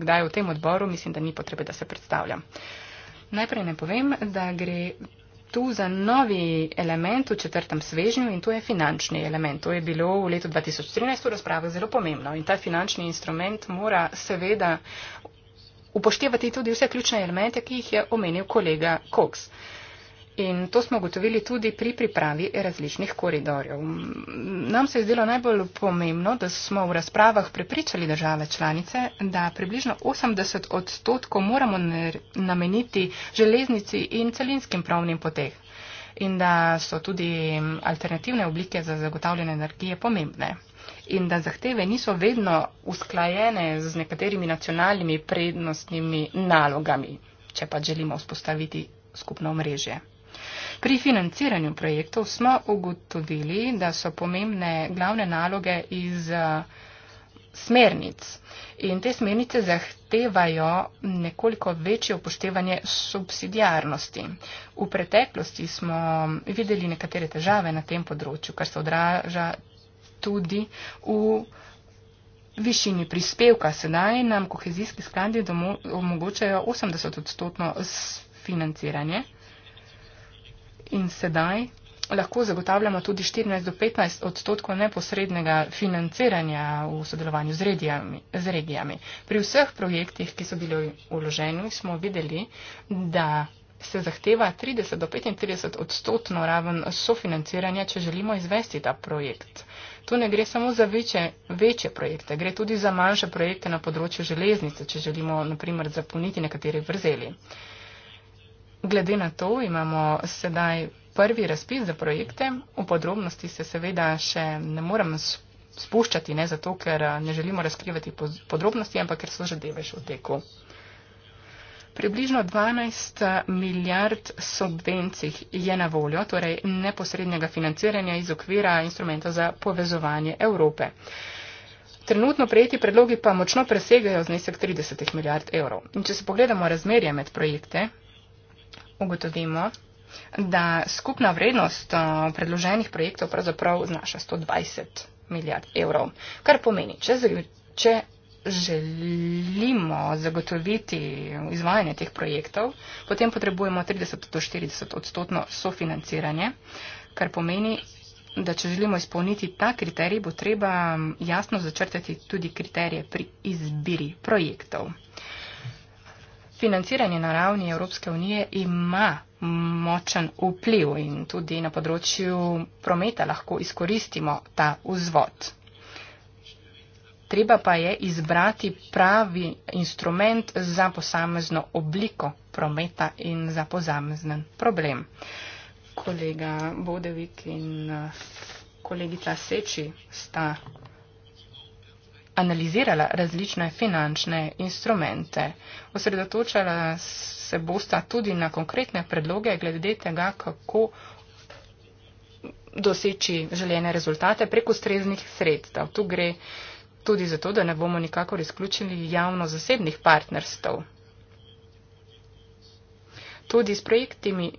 kdaj v tem odboru, mislim, da ni potrebe, da se predstavljam. Uh, Najprej ne povem, da gre tu za novi element v četrtem svežnju in to je finančni element. To je bilo v letu 2013 v razpravah zelo pomembno in ta finančni instrument mora seveda upoštevati tudi vse ključne elemente, ki jih je omenil kolega Koks. Uh, In to smo ugotovili tudi pri pripravi različnih koridorjev. Nam se je zdelo najbolj pomembno, da smo v razpravah prepričali države članice, da približno 80 odstotkov moramo nameniti železnici in celinskim pravnim poteh in da so tudi alternativne oblike za zagotavljanje energije pomembne in da zahteve niso vedno usklajene z nekaterimi nacionalnimi prednostnimi nalogami, če pa želimo vzpostaviti skupno mrežje. Pri financiranju projektov smo ugotovili, da so pomembne glavne naloge iz eh, smernic in te smernice zahtevajo nekoliko večje upoštevanje subsidiarnosti. V preteklosti smo videli nekatere težave na tem področju, kar se odraža tudi v višini prispevka. Sedaj nam kohezijski skladi omogočajo 80-odstotno financiranje in sedaj lahko zagotavljamo tudi 14 do 15 odstotkov neposrednega financiranja v sodelovanju z, redijami, z regijami. Pri vseh projektih, ki so bili uloženi, smo videli, da se zahteva 30 do 35 odstotno raven sofinanciranja, če želimo izvesti ta projekt. Tu ne gre samo za večje, večje projekte, gre tudi za manjše projekte na področju železnice, če želimo naprimer zapolniti nekatere vrzeli. Uh, Glede na to imamo sedaj prvi razpis za projekte. V podrobnosti se seveda še ne morem spuščati, ne zato, ker ne želimo razkrivati podrobnosti, ampak ker so že delež v teku. Približno 12 milijard subvencij je na voljo, torej neposrednjega financiranja iz okvira instrumenta za povezovanje Evrope. Trenutno prejeti predlogi pa močno presegajo znesek 30 milijard evrov. In če se pogledamo razmerje med projekte, ugotovimo, da skupna vrednost eh, predloženih projektov pravzaprav znaša 120 milijard evrov. Kar pomeni, če, če želimo zagotoviti izvajanje teh projektov, potem potrebujemo 30 do 40 odstotno sofinanciranje, kar pomeni, da če želimo izpolniti ta kriterij, bo treba jasno začrtati tudi kriterije pri izbiri projektov financiranje na ravni Evropske unije ima močen vpliv in tudi na področju prometa lahko izkoristimo ta vzvod. Treba pa je izbrati pravi instrument za posamezno obliko prometa in za posamezen problem. Kolega Bodevik in eh, kolegica Seči sta analizirala različne finančne instrumente. Osredotočala se bosta tudi na konkretne predloge glede tega, kako doseči željene rezultate preko streznih sredstev. Tu gre tudi zato, da ne bomo nikakor izključili javno-zasebnih partnerstv. Tudi s projektimi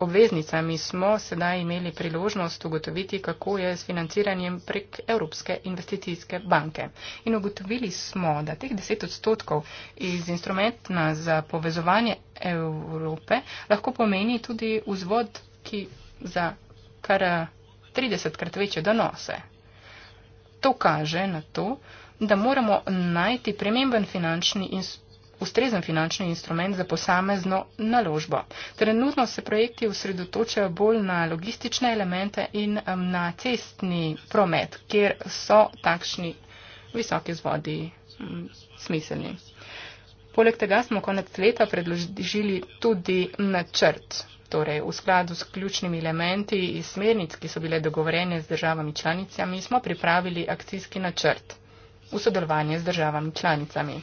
obveznicami smo sedaj imeli priložnost ugotoviti, kako je s financiranjem prek Evropske investicijske banke. In ugotovili smo, da teh 10 odstotkov iz instrumenta za povezovanje Evrope lahko pomeni tudi vzvod, ki za kar 30 krat večje donose. To kaže na to, da moramo najti prememben finančni instrument ustrezen finančni instrument za posamezno naložbo. Trenutno se projekti usredotočajo bolj na logistične elemente in na cestni promet, kjer so takšni visoki zvodi smiselni. Poleg tega smo konec leta predložili tudi načrt, torej v skladu s ključnimi elementi iz smernic, ki so bile dogovorene z državami članicami, smo pripravili akcijski načrt v sodelovanju z državami članicami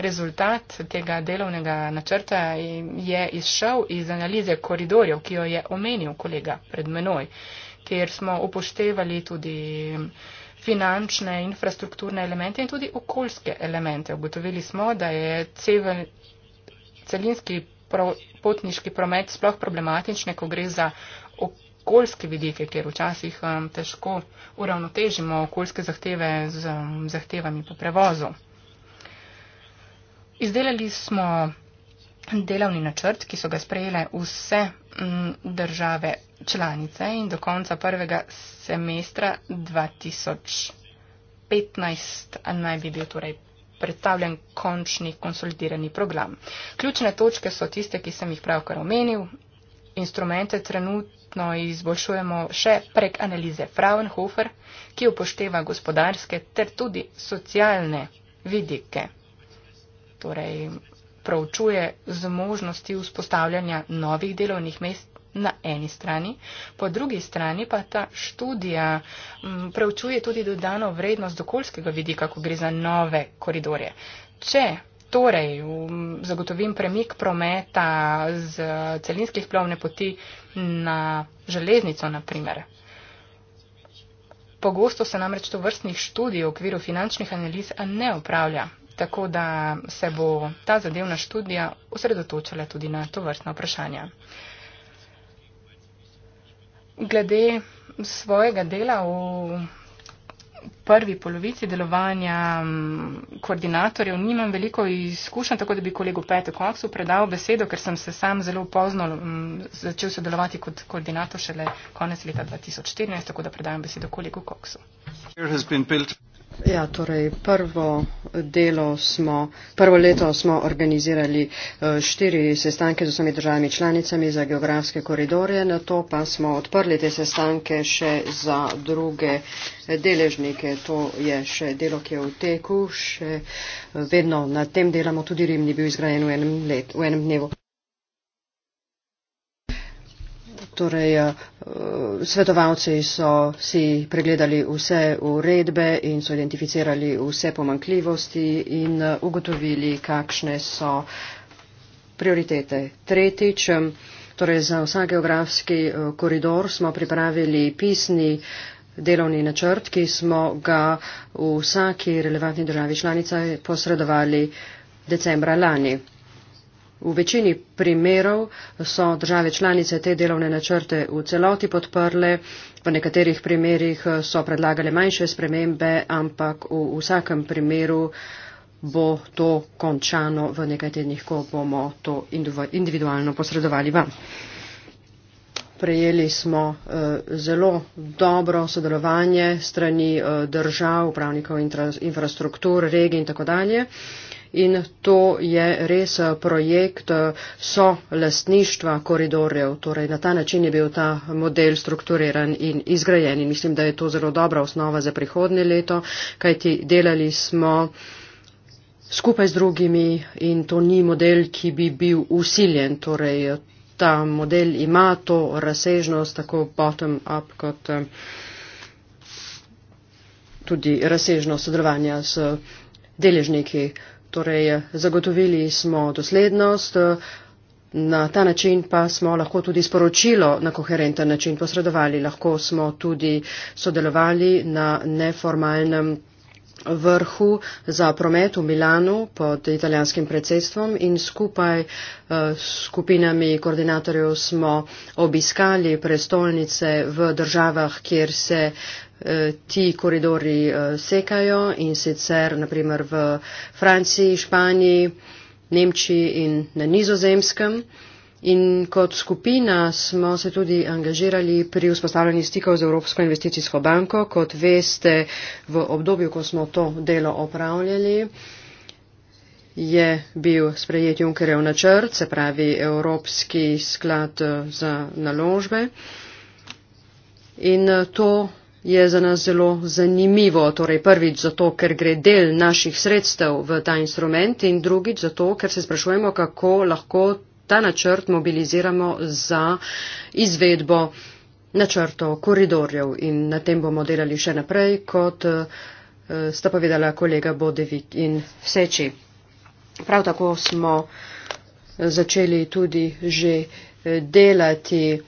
rezultat tega delovnega načrta je izšel iz analize koridorjev, ki jo je omenil kolega pred menoj, kjer smo upoštevali tudi finančne, infrastrukturne elemente in tudi okoljske elemente. Ugotovili smo, da je cevel, celinski pro, potniški promet sploh problematične, ko gre za okoljske vidike, kjer včasih um, težko uravnotežimo okoljske zahteve z um, zahtevami po prevozu. Izdelali smo delavni načrt, ki so ga sprejele vse mm, države članice in do konca prvega semestra 2015 naj bi bil torej predstavljen končni konsolidirani program. Ključne točke so tiste, ki sem jih pravkar omenil. Instrumente trenutno izboljšujemo še prek analize Fraunhofer, ki upošteva gospodarske ter tudi socialne vidike torej pravčuje zmožnosti vzpostavljanja novih delovnih mest na eni strani, po drugi strani pa ta študija mm, pravčuje tudi dodano vrednost okoljskega vidika, ko gre za nove koridorje. Če torej mm, zagotovim premik prometa z celinskih plovne poti na železnico, naprimer, Pogosto se namreč to vrstnih študij v okviru finančnih analiz ne upravlja tako da se bo ta zadevna študija osredotočala tudi na to vrstno vprašanje. Glede svojega dela v prvi polovici delovanja koordinatorjev nimam veliko izkušenj, tako da bi kolegu Petu Koksu predal besedo, ker sem se sam zelo pozno začel sodelovati kot koordinator šele konec leta 2014, tako da predajam besedo kolegu Koksu. Ja, torej prvo delo smo, prvo leto smo organizirali eh, štiri sestanke z vsemi državami članicami za geografske koridorje, na to pa smo odprli te sestanke še za druge deležnike. To je še delo, ki je v teku, še eh, vedno na tem delamo, tudi Rim ni bil izgrajen v enem, let, v enem dnevu. torej eh, svetovalci so si pregledali vse uredbe in so identificirali vse pomankljivosti in eh, ugotovili, kakšne so prioritete. Tretjič, eh, torej za vsak geografski koridor smo pripravili pisni delovni načrt, ki smo ga v vsaki relevantni državi članice posredovali decembra lani. V večini primerov so države članice te delovne načrte v celoti podprle, v nekaterih primerih eh, so predlagale manjše spremembe, ampak v vsakem primeru bo to končano v nekaj tednih, ko bomo to individualno posredovali vam. Prejeli smo eh, zelo dobro sodelovanje strani eh, držav, upravnikov infrastruktur, regij in tako dalje in to je res eh, projekt eh, solastništva koridorjev. Torej, na ta način je bil ta model strukturiran in izgrajen in mislim, da je to zelo dobra osnova za prihodne leto, kajti delali smo skupaj z drugimi in to ni model, ki bi bil usiljen. Torej, eh, ta model ima to razsežnost tako bottom-up kot tudi razsežnost sodelovanja s deležniki Torej, zagotovili smo doslednost, na ta način pa smo lahko tudi sporočilo na koherenten način posredovali. Lahko smo tudi sodelovali na neformalnem vrhu za promet v Milanu pod italijanskim predsedstvom in skupaj eh, s skupinami koordinatorjev smo obiskali prestolnice v državah, kjer se uh, ti koridori eh, sekajo in sicer naprimer v Franciji, Španiji, Nemčiji in na nizozemskem. In kot skupina smo se tudi angažirali pri vzpostavljanju stikov z Evropsko investicijsko banko. Kot veste, v obdobju, ko smo to delo opravljali, je bil sprejet Junckerjev načrt, se pravi Evropski sklad eh, za naložbe. In eh, to je za nas zelo zanimivo. Torej prvič zato, ker gre del naših sredstev v ta instrument in drugič zato, ker se sprašujemo, kako lahko ta načrt mobiliziramo za izvedbo načrtov koridorjev. In na tem bomo delali še naprej, kot eh, sta povedala kolega Bodevik in Seči. Prav tako smo eh, začeli tudi že eh, delati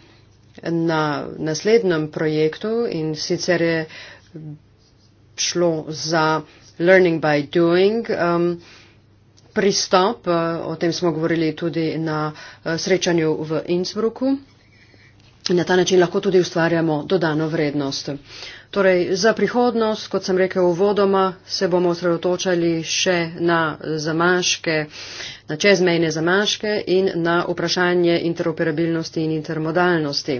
na naslednjem projektu in sicer je šlo za Learning by Doing um, pristop, uh, o tem smo govorili tudi na uh, srečanju v Innsbrucku. Na ta način lahko tudi ustvarjamo dodano vrednost. Uh, Torej, za prihodnost, kot sem rekel uvodoma, se bomo osredotočali še na zamaške, na čezmejne zamaške in na vprašanje interoperabilnosti in intermodalnosti.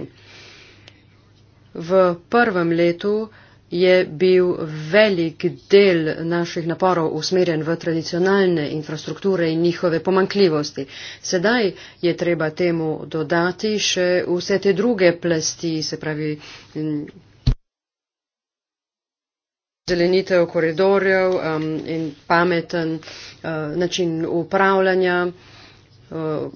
V prvem letu je bil velik del naših naporov usmerjen v tradicionalne infrastrukture in njihove pomankljivosti. Sedaj je treba temu dodati še vse te druge plasti, se pravi. In, zelenitev koridorjev um, in pameten uh, način upravljanja, uh,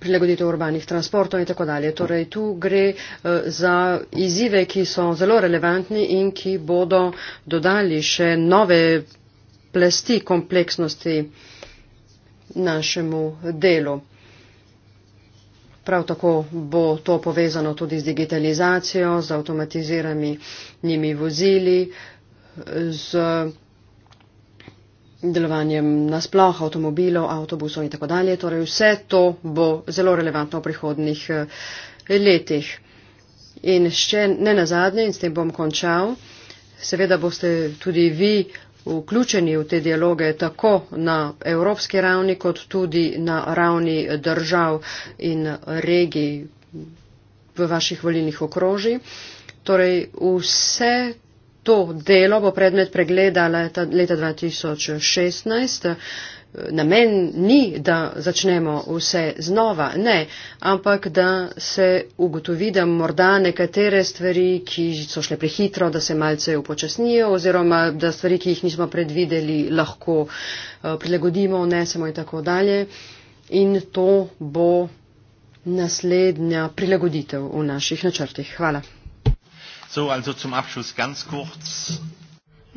prilagoditev urbanih transportov in tako dalje. Torej, tu gre uh, za izzive, ki so zelo relevantni in ki bodo dodali še nove plasti kompleksnosti našemu delu. Prav tako bo to povezano tudi z digitalizacijo, z avtomatiziranimi vozili, uh, z delovanjem nasploh avtomobilov, avtobusov in tako dalje. Torej vse to bo zelo relevantno v prihodnih eh, letih. In še ne nazadnje, in s tem bom končal, seveda boste tudi vi vključeni v te dialoge tako na evropski ravni, kot tudi na ravni držav in regij v vaših volilnih okrožjih. Torej vse to delo bo predmet pregleda leta, leta 2016. Namen ni, da začnemo vse znova, ne, ampak da se ugotovi, da morda nekatere stvari, ki so šle prehitro, da se malce upočasnijo oziroma da stvari, ki jih nismo predvideli, lahko eh, prilagodimo, vnesemo in tako dalje. In to bo naslednja prilagoditev v naših načrtih. Hvala. So, also zum Abschluss ganz kurz.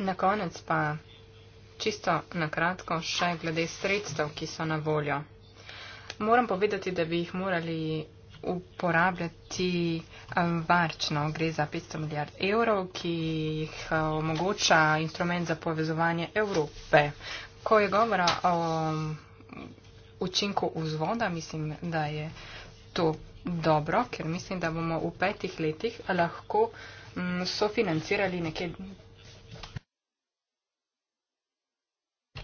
Na konec pa čisto na kratko še glede sredstev, ki so na voljo. Moram povedati, da bi jih morali uporabljati eh, varčno. Gre za 500 milijard evrov, ki jih eh, omogoča instrument za povezovanje Evrope. Ko je govora o mm, učinku vzvoda, mislim, da je to dobro, ker mislim, da bomo v petih letih lahko Mm, sofinancirali nekje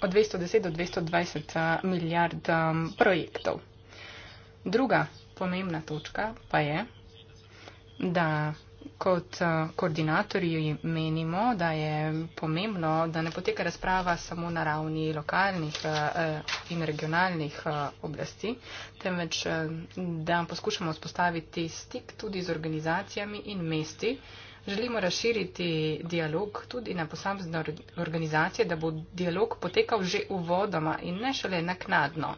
od 210 do 220 eh, milijard eh, projektov. Druga pomembna točka pa je, da kot eh, koordinatorji menimo, da je pomembno, da ne poteka razprava samo na ravni lokalnih in regionalnih oblasti, temveč da poskušamo vzpostaviti stik tudi z organizacijami in mesti, Želimo razširiti dialog tudi na posamezne organizacije, da bo dialog potekal že uvodoma in ne šele naknadno.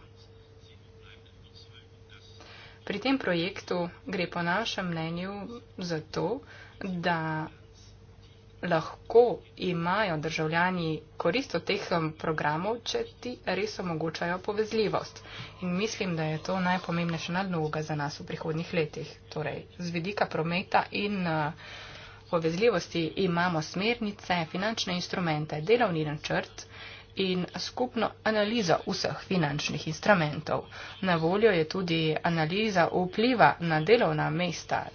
Pri tem projektu gre po našem mnenju za to, da lahko imajo državljani korist od teh um, programov, če ti res omogočajo povezljivost. In mislim, da je to najpomembnejša nadloga za nas v prihodnih letih, torej z vidika prometa in uh, povezljivosti imamo smernice, finančne instrumente, delovni načrt in skupno analizo vseh finančnih instrumentov. Na voljo je tudi analiza vpliva na delovna mesta,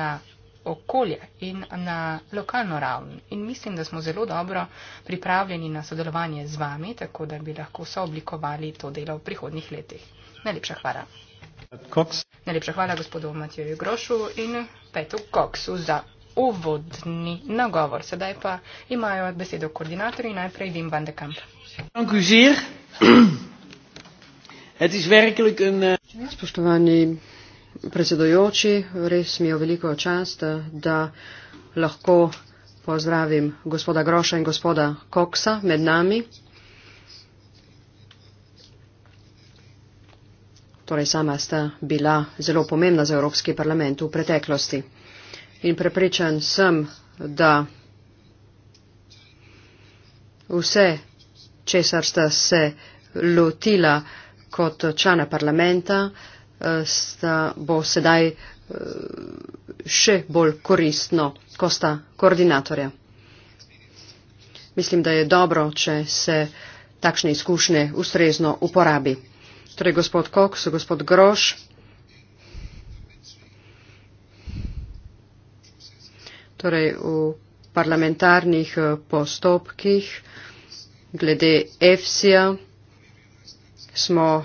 na okolje in na lokalno raven. In mislim, da smo zelo dobro pripravljeni na sodelovanje z vami, tako da bi lahko sooblikovali to delo v prihodnjih letih. Najlepša hvala. Cox. Najlepša hvala gospodu Matijoju Grošu in Petu Koksu za uvodni nagovor. Sedaj pa imajo besedo koordinatorji, najprej Wim van de Kamp. Eh, Spoštovani predsedojoči, res mi je veliko čast, da lahko pozdravim gospoda Groša in gospoda Koksa med nami. Torej sama sta bila zelo pomembna za Evropski parlament v preteklosti. In prepričan sem, da vse, česar sta se lotila kot člana parlamenta, eh, sta, bo sedaj eh, še bolj koristno, ko sta koordinatorja. Mislim, da je dobro, če se takšne izkušnje ustrezno uporabi. Torej, gospod Koks, gospod Groš. torej v parlamentarnih eh, postopkih glede EFSI-ja smo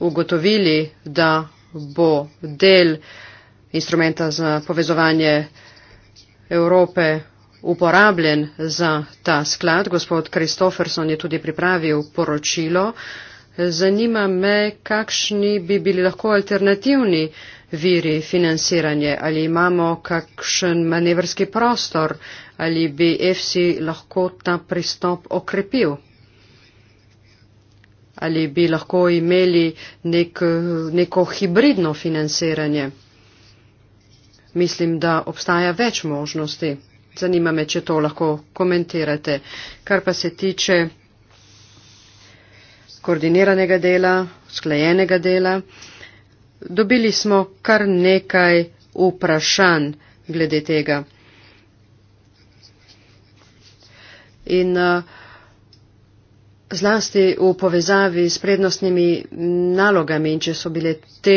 ugotovili, da bo del instrumenta za povezovanje Evrope uporabljen za ta sklad. Gospod Kristoferson je tudi pripravil poročilo. Zanima me, kakšni bi bili lahko alternativni viri financiranja, ali imamo kakšen manevrski prostor, ali bi EFSI lahko ta pristop okrepil. Ali bi lahko imeli nek, neko hibridno financiranje? Mislim, da obstaja več možnosti. Zanima me, če to lahko komentirate. Kar pa se tiče koordiniranega dela, sklejenega dela. Dobili smo kar nekaj vprašanj glede tega. In eh, zlasti v povezavi s prednostnimi nalogami, in če so bile te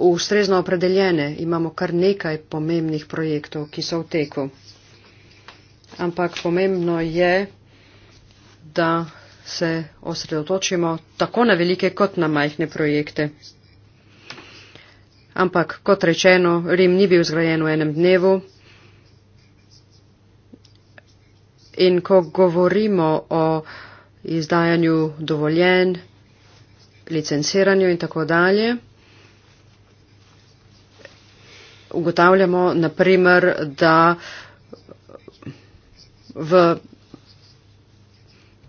ustrezno opredeljene, imamo kar nekaj pomembnih projektov, ki so v teku. Ampak pomembno je, da se osredotočimo tako na velike kot na majhne projekte. Ampak, kot rečeno, Rim ni bil zgrajen v enem dnevu. In ko govorimo o izdajanju dovoljen, licenciranju in tako dalje, ugotavljamo, naprimer, da v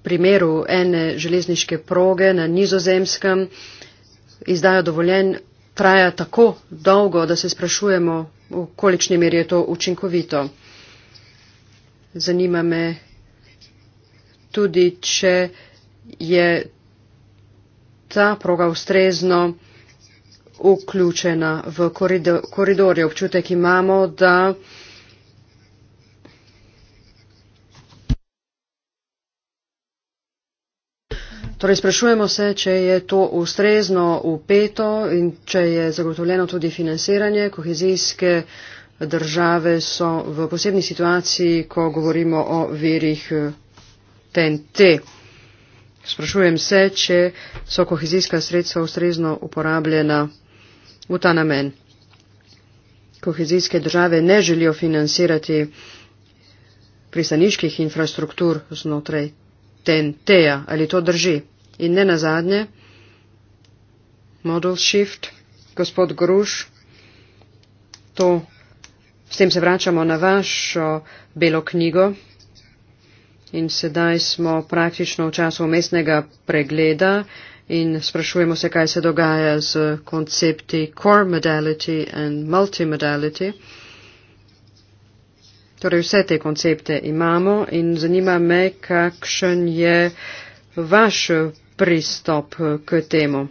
primeru ene železniške proge na nizozemskem izdajo dovoljen traja tako dolgo, da se sprašujemo, v kolikšni meri je to učinkovito. Zanima me tudi, če je ta proga ustrezno vključena v koridorje. Občutek imamo, da Torej, sprašujemo se, če je to ustrezno upeto in če je zagotovljeno tudi financiranje. Kohezijske države so v posebni situaciji, ko govorimo o verih TNT. Eh, Sprašujem se, če so kohezijska sredstva ustrezno uporabljena v ta namen. Kohezijske države ne želijo financirati pristaniških infrastruktur znotraj TNT-ja. Ali to drži? in ne nazadnje, model shift, gospod Gruš, to, s tem se vračamo na vašo belo knjigo in sedaj smo praktično v času mestnega pregleda in sprašujemo se, kaj se dogaja z koncepti core modality and multimodality. Torej vse te koncepte imamo in zanima me, kakšen je vaš pristop eh, k temu.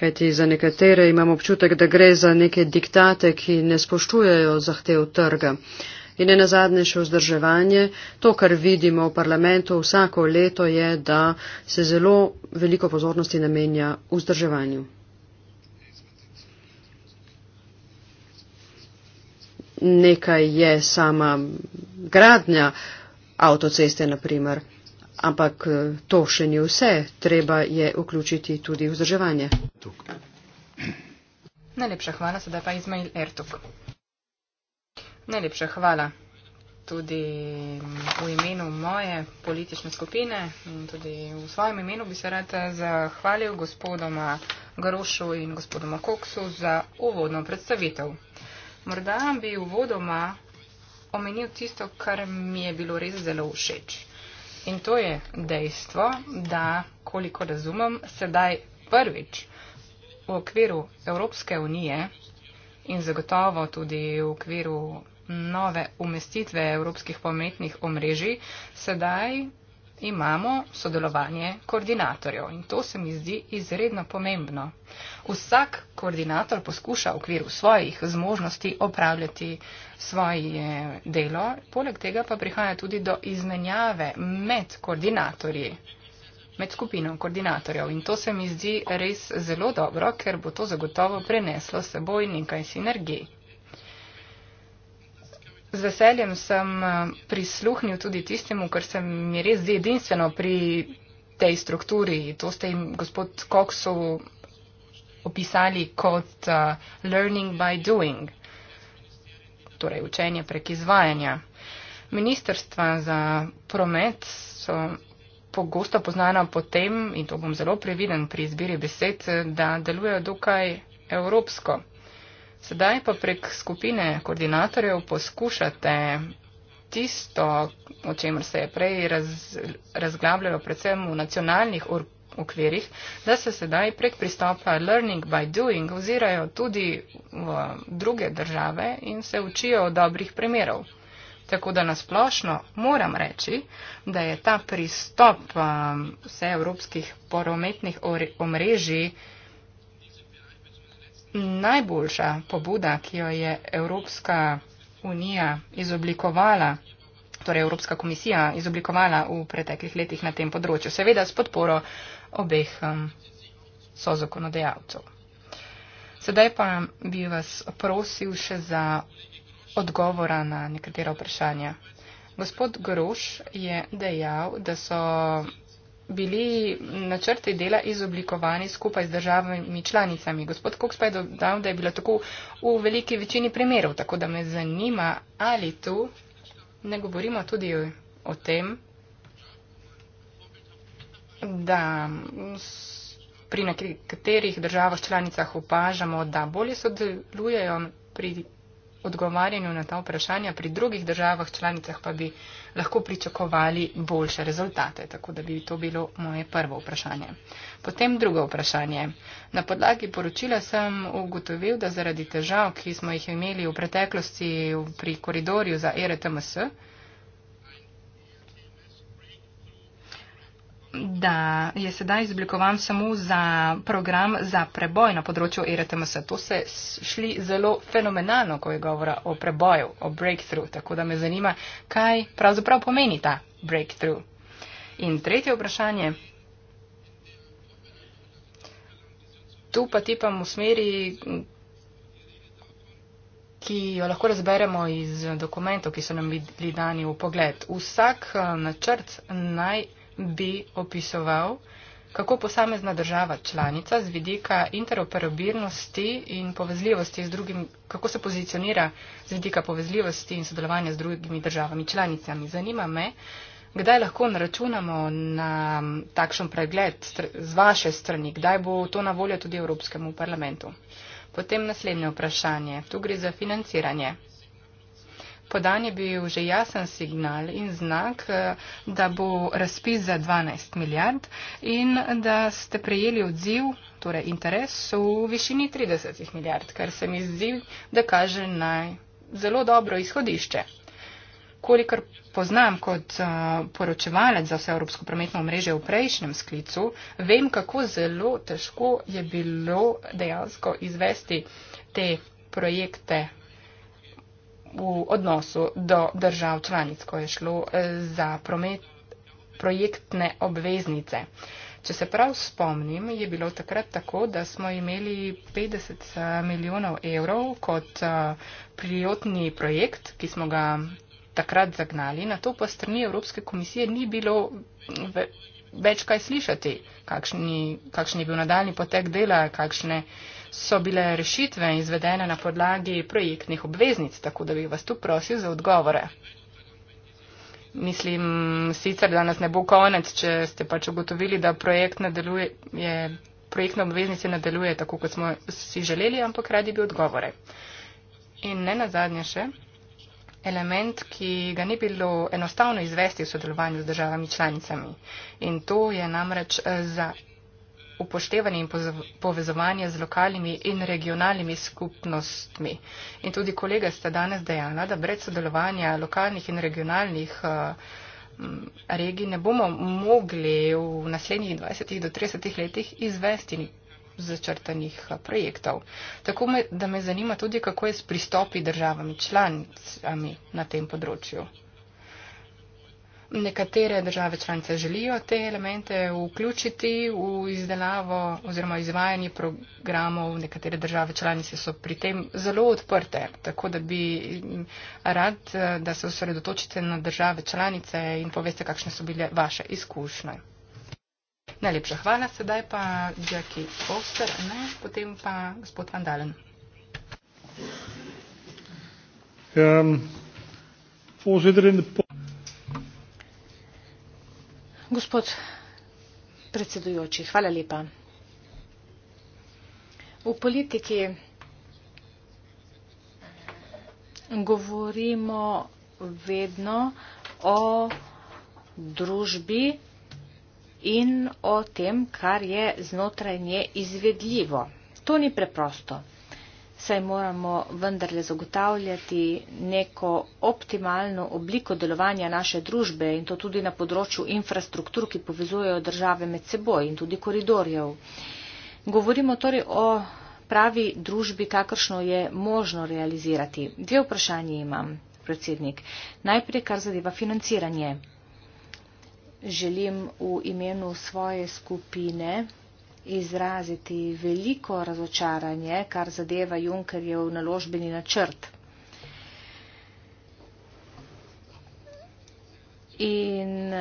Kajti za nekatere imamo občutek, da gre za neke diktate, ki ne spoštujejo zahtev trga. In ne nazadnje še vzdrževanje. To, kar vidimo v parlamentu vsako leto, je, da se zelo veliko pozornosti namenja vzdrževanju. Nekaj je sama gradnja avtoceste, naprimer. Ampak eh, to še ni vse, treba je vključiti tudi vzdrževanje. Najlepša hvala, sedaj pa Izmail Ertuk. Najlepša hvala tudi v imenu moje politične skupine in tudi v svojem imenu bi se rad eh, zahvalil gospodoma Grošu in gospodoma Koksu za uvodno predstavitev. Morda bi uvodoma omenil tisto, kar mi je bilo res zelo všeč. In to je dejstvo, da, koliko razumem, sedaj prvič v okviru Evropske unije in zagotovo tudi v okviru nove umestitve evropskih pometnih omrežij, sedaj imamo sodelovanje koordinatorjev in to se mi zdi izredno pomembno. Vsak koordinator poskuša v okviru svojih zmožnosti opravljati svoje delo, poleg tega pa prihaja tudi do izmenjave med koordinatorji, med skupino koordinatorjev in to se mi zdi res zelo dobro, ker bo to zagotovo preneslo seboj nekaj sinergij. Z veseljem sem eh, prisluhnil tudi tistemu, kar se mi res zdi edinstveno pri tej strukturi. To ste jim, gospod Koksu, opisali kot uh, learning by doing, torej učenje prek izvajanja. Ministrstva za promet so pogosto poznana po tem, in to bom zelo previden pri izbiri besed, eh, da delujejo dokaj evropsko. Sedaj pa prek skupine koordinatorjev poskušate tisto, o čemer se je prej raz, razglabljalo predvsem v nacionalnih okvirih, da se sedaj prek pristopa learning by doing ozirajo tudi v druge države in se učijo od dobrih primerov. Tako da nasplošno moram reči, da je ta pristop um, vseevropskih porometnih omrežij. Or najboljša pobuda, ki jo je Evropska unija izoblikovala, torej Evropska komisija izoblikovala v preteklih letih na tem področju, seveda s podporo obeh um, sozakonodajalcev. Sedaj pa bi vas prosil še za odgovora na nekatera vprašanja. Gospod Groš je dejal, da so bili načrti dela izoblikovani skupaj z državami članicami. Gospod Koks pa je dodal, da je bilo tako v veliki večini primerov, tako da me zanima, ali tu ne govorimo tudi o tem, da pri nekaterih državah članicah opažamo, da bolje sodelujejo pri odgovarjanju na ta vprašanja, pri drugih državah članicah pa bi lahko pričakovali boljše rezultate. Tako da bi to bilo moje prvo vprašanje. Potem drugo vprašanje. Na podlagi poročila sem ugotovil, da zaradi težav, ki smo jih imeli v preteklosti pri koridorju za e RTMS, da je sedaj izblikovan samo za program za preboj na področju e RTMS. To se šli zelo fenomenalno, ko je govora o preboju, o breakthrough. Tako da me zanima, kaj pravzaprav pomeni ta breakthrough. In tretje vprašanje. Tu pa tipam v smeri, ki jo lahko razberemo iz dokumentov, ki so nam bili dani v pogled. Vsak eh, načrt naj bi opisoval, kako posamezna država članica z vidika interoperabilnosti in povezljivosti z drugim, kako se pozicionira z vidika povezljivosti in sodelovanja z drugimi državami članicami. Zanima me, kdaj lahko naračunamo na takšen pregled z vaše strani, kdaj bo to na voljo tudi Evropskemu parlamentu. Potem naslednje vprašanje. Tu gre za financiranje podan je bil že jasen signal in znak, eh, da bo razpis za 12 milijard in da ste prejeli odziv, torej interes v višini 30 milijard, kar se mi zdi, da kaže na zelo dobro izhodišče. Kolikor poznam kot uh, poročevalec za vse Evropsko prometno mreže v prejšnjem sklicu, vem, kako zelo težko je bilo dejansko izvesti te projekte v odnosu do držav članic, ko je šlo eh, za promet, projektne obveznice. Če se prav spomnim, je bilo takrat tako, da smo imeli 50 eh, milijonov evrov kot eh, prijotni projekt, ki smo ga takrat zagnali, na to pa strani Evropske komisije ni bilo mm, več kaj slišati, kakšen je bil nadaljni potek dela, kakšne so bile rešitve izvedene na podlagi projektnih obveznic, tako da bi vas tu prosil za odgovore. Mislim, sicer danes ne bo konec, če ste pač ugotovili, da projekt nadaluje, projektna obveznica nadaluje tako, kot smo si želeli, ampak radi bi odgovore. In ne na zadnje še, element, ki ga ni bilo enostavno izvesti v sodelovanju z državami članicami. In to je namreč eh, za upoštevanje in povezovanje z lokalnimi in regionalnimi skupnostmi. In tudi kolega sta danes dejala, da brez sodelovanja lokalnih in regionalnih uh, regij ne bomo mogli v naslednjih 20 do 30 letih izvesti začrtanih uh, projektov. Tako me, da me zanima tudi, kako je s pristopi državami članicami na tem področju. Nekatere države članice želijo te elemente vključiti v izdelavo oziroma izvajanje programov, nekatere države članice so pri tem zelo odprte, tako da bi rad, da se osredotočite na države članice in poveste, kakšne so bile vaše izkušnje. Najlepša hvala, sedaj pa Jackie Foster, ne, potem pa gospod Andalen. Um, ehm, gospod predsedujoči, hvala lepa. V politiki govorimo vedno o družbi in o tem, kar je znotraj nje izvedljivo. To ni preprosto saj moramo vendarle zagotavljati neko optimalno obliko delovanja naše družbe in to tudi na področju infrastruktur, ki povezujejo države med seboj in tudi koridorjev. Govorimo torej o pravi družbi, kakršno je možno realizirati. Dve vprašanje imam, predsednik. Najprej, kar zadeva financiranje. Želim v imenu svoje skupine izraziti veliko razočaranje, kar zadeva Junkerjev naložbeni načrt. In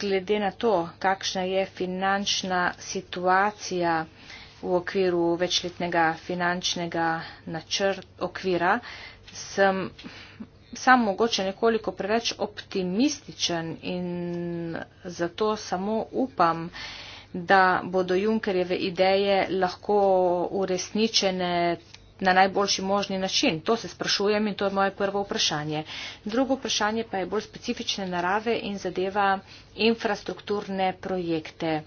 glede na to, kakšna je finančna situacija v okviru večletnega finančnega načrt, okvira, sem sam mogoče nekoliko preveč optimističen in zato samo upam, da da bodo Junckerjeve ideje lahko uresničene na najboljši možni način. To se sprašujem in to je moje prvo vprašanje. Drugo vprašanje pa je bolj specifične narave in zadeva infrastrukturne projekte.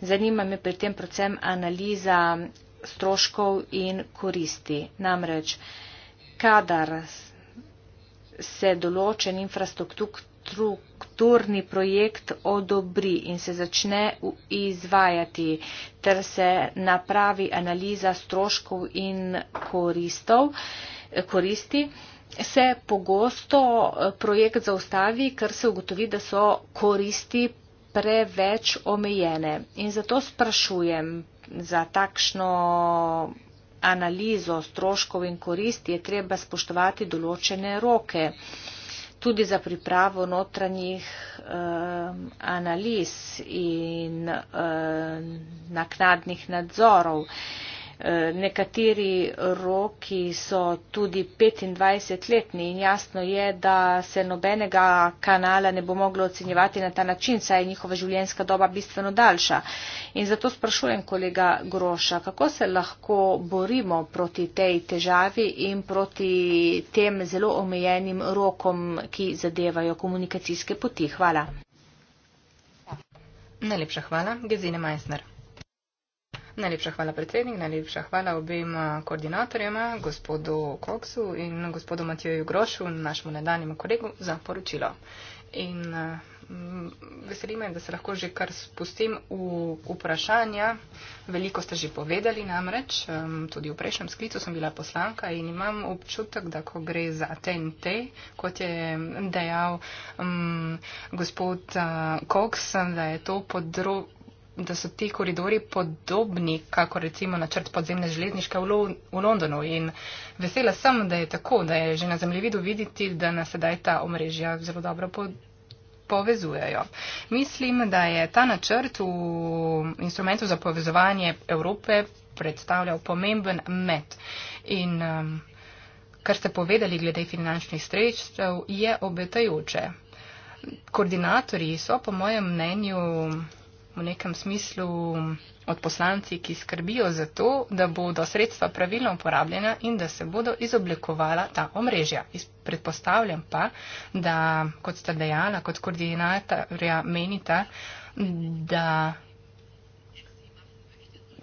Zanima me pri tem predvsem analiza stroškov in koristi. Namreč, kadar se določen infrastruktur infrastrukturni projekt odobri in se začne izvajati, ter se napravi analiza stroškov in koristov, koristi, se pogosto eh, projekt zaustavi, ker se ugotovi, da so koristi preveč omejene. In zato sprašujem za takšno analizo stroškov in koristi je treba spoštovati določene roke tudi za pripravo notranjih eh, analiz in eh, naknadnih nadzorov. Eh, Eh, nekateri roki so tudi 25-letni in jasno je, da se nobenega kanala ne bo moglo ocenjevati na ta način, saj je njihova življenjska doba bistveno daljša. In zato sprašujem kolega Groša, kako se lahko borimo proti tej težavi in proti tem zelo omejenim rokom, ki zadevajo komunikacijske poti. Hvala. Najlepša hvala, Gezine Meissner. Najlepša hvala predsednik, najlepša hvala obema koordinatorjema, gospodu Koksu in gospodu Matijoju Grošu, našemu nedanjemu kolegu, za poročilo. In mm, veselime, da se lahko že kar spustim v vprašanja. Veliko ste že povedali namreč, tudi v prejšnjem sklicu sem bila poslanka in imam občutek, da ko gre za TNT, kot je dejal um, gospod uh, Cox, da je to podrobno da so ti koridori podobni, kako recimo načrt podzemne železniške v, Lo v Londonu. In vesela sem, da je tako, da je že na zemljevidu videti, da nas sedaj ta omrežja zelo dobro po povezujejo. Mislim, da je ta načrt v instrumentu za povezovanje Evrope predstavljal pomemben med. In um, kar ste povedali glede finančnih sredstev, je obetajoče. Koordinatorji so, po mojem mnenju, v nekem smislu od poslanci, ki skrbijo za to, da bodo sredstva pravilno uporabljena in da se bodo izoblikovala ta omrežja. Predpostavljam pa, da kot sta dejala, kot koordinatorja menita, da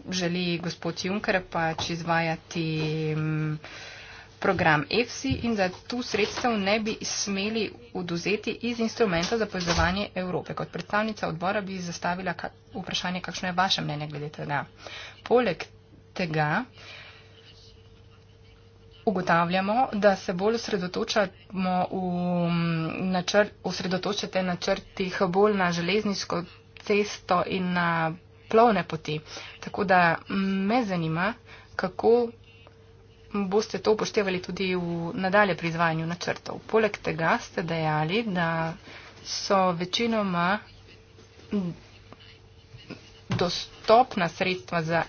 želi gospod Juncker pač izvajati. Um, program EFSI in da tu sredstev ne bi smeli oduzeti iz instrumenta za povezovanje Evrope. Kot predstavnica odbora bi zastavila vprašanje, kakšno je vaše mnenje glede tega. Poleg tega ugotavljamo, da se bolj osredotočamo v mm, načrt, osredotočate načrtih bolj na železniško cesto in na plovne poti. Tako da me zanima, kako boste to upoštevali tudi v nadalje pri izvajanju načrtov. Poleg tega ste dejali, da so večinoma dostopna sredstva za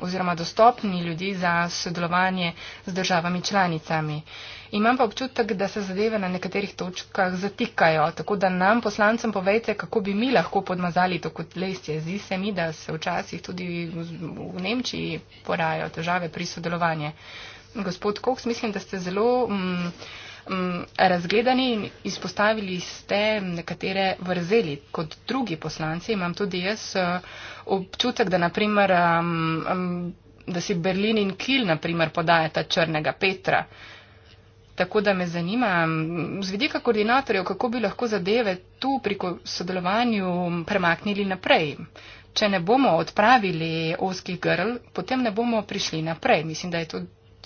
oziroma dostopni ljudi za sodelovanje z državami članicami. Uh, Imam pa občutek, da se zadeve na nekaterih točkah zatikajo, tako da nam poslancem povejte, kako bi mi lahko podmazali to kot lestje. Zdi se mi, da se včasih tudi v Nemčiji porajajo težave pri sodelovanju. Gospod Koks, mislim, da ste zelo mm, mm, razgledani in izpostavili ste nekatere vrzeli. Kot drugi poslanci imam tudi jaz eh, občutek, da, naprimer, mm, mm, da si Berlin in Kiel podajata črnega Petra. Tako da me zanima, z vidika koordinatorjev, kako bi lahko zadeve tu pri sodelovanju premaknili naprej. Če ne bomo odpravili oskih grl, potem ne bomo prišli naprej. Mislim, da je to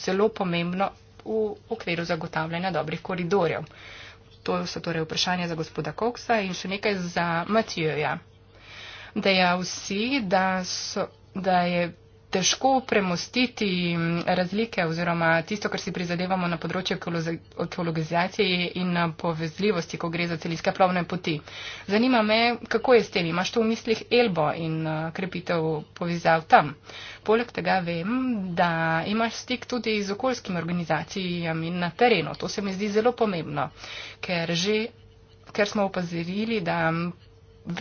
zelo pomembno v okviru zagotavljanja dobrih koridorjev. To so torej vprašanja za gospoda Koksa in še nekaj za Matijoja. Da je vsi, da, so, da je težko premostiti mm, razlike oziroma tisto, kar si prizadevamo na področju ekologizacije in eh, povezljivosti, ko gre za celinske plovne poti. Zanima me, kako je s tem? Imaš to v mislih Elbo in eh, krepitev povezav tam? Poleg tega vem, da imaš stik tudi z okoljskimi organizacijami na terenu. To se mi zdi zelo pomembno, ker, že, ker smo opazili, da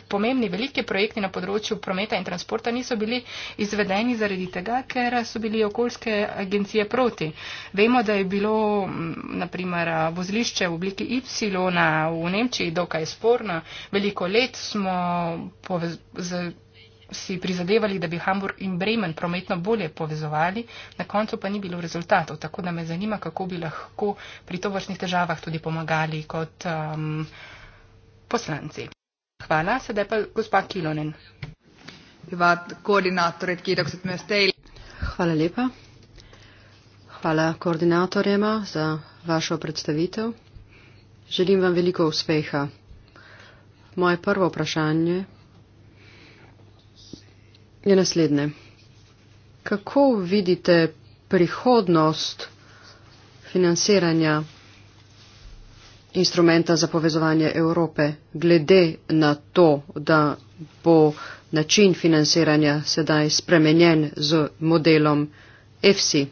pomembni veliki projekti na področju prometa in transporta niso bili izvedeni zaradi tega, ker so bili okoljske agencije proti. Vemo, da je bilo mm, naprimer vozlišče v obliki Y v Nemčiji dokaj sporno. Veliko let smo povez, z, si prizadevali, da bi Hamburg in Bremen prometno bolje povezovali, na koncu pa ni bilo rezultatov. Tako da me zanima, kako bi lahko pri tovršnih težavah tudi pomagali kot um, poslanci. Hvala. Sedaj pa gospa Kilonen. Hvala lepa. Hvala koordinatorjema za vašo predstavitev. Želim vam veliko uspeha. Moje prvo vprašanje je naslednje. Kako vidite prihodnost financiranja instrumenta za povezovanje Evrope, glede na to, da bo način financiranja sedaj spremenjen z modelom EFSI.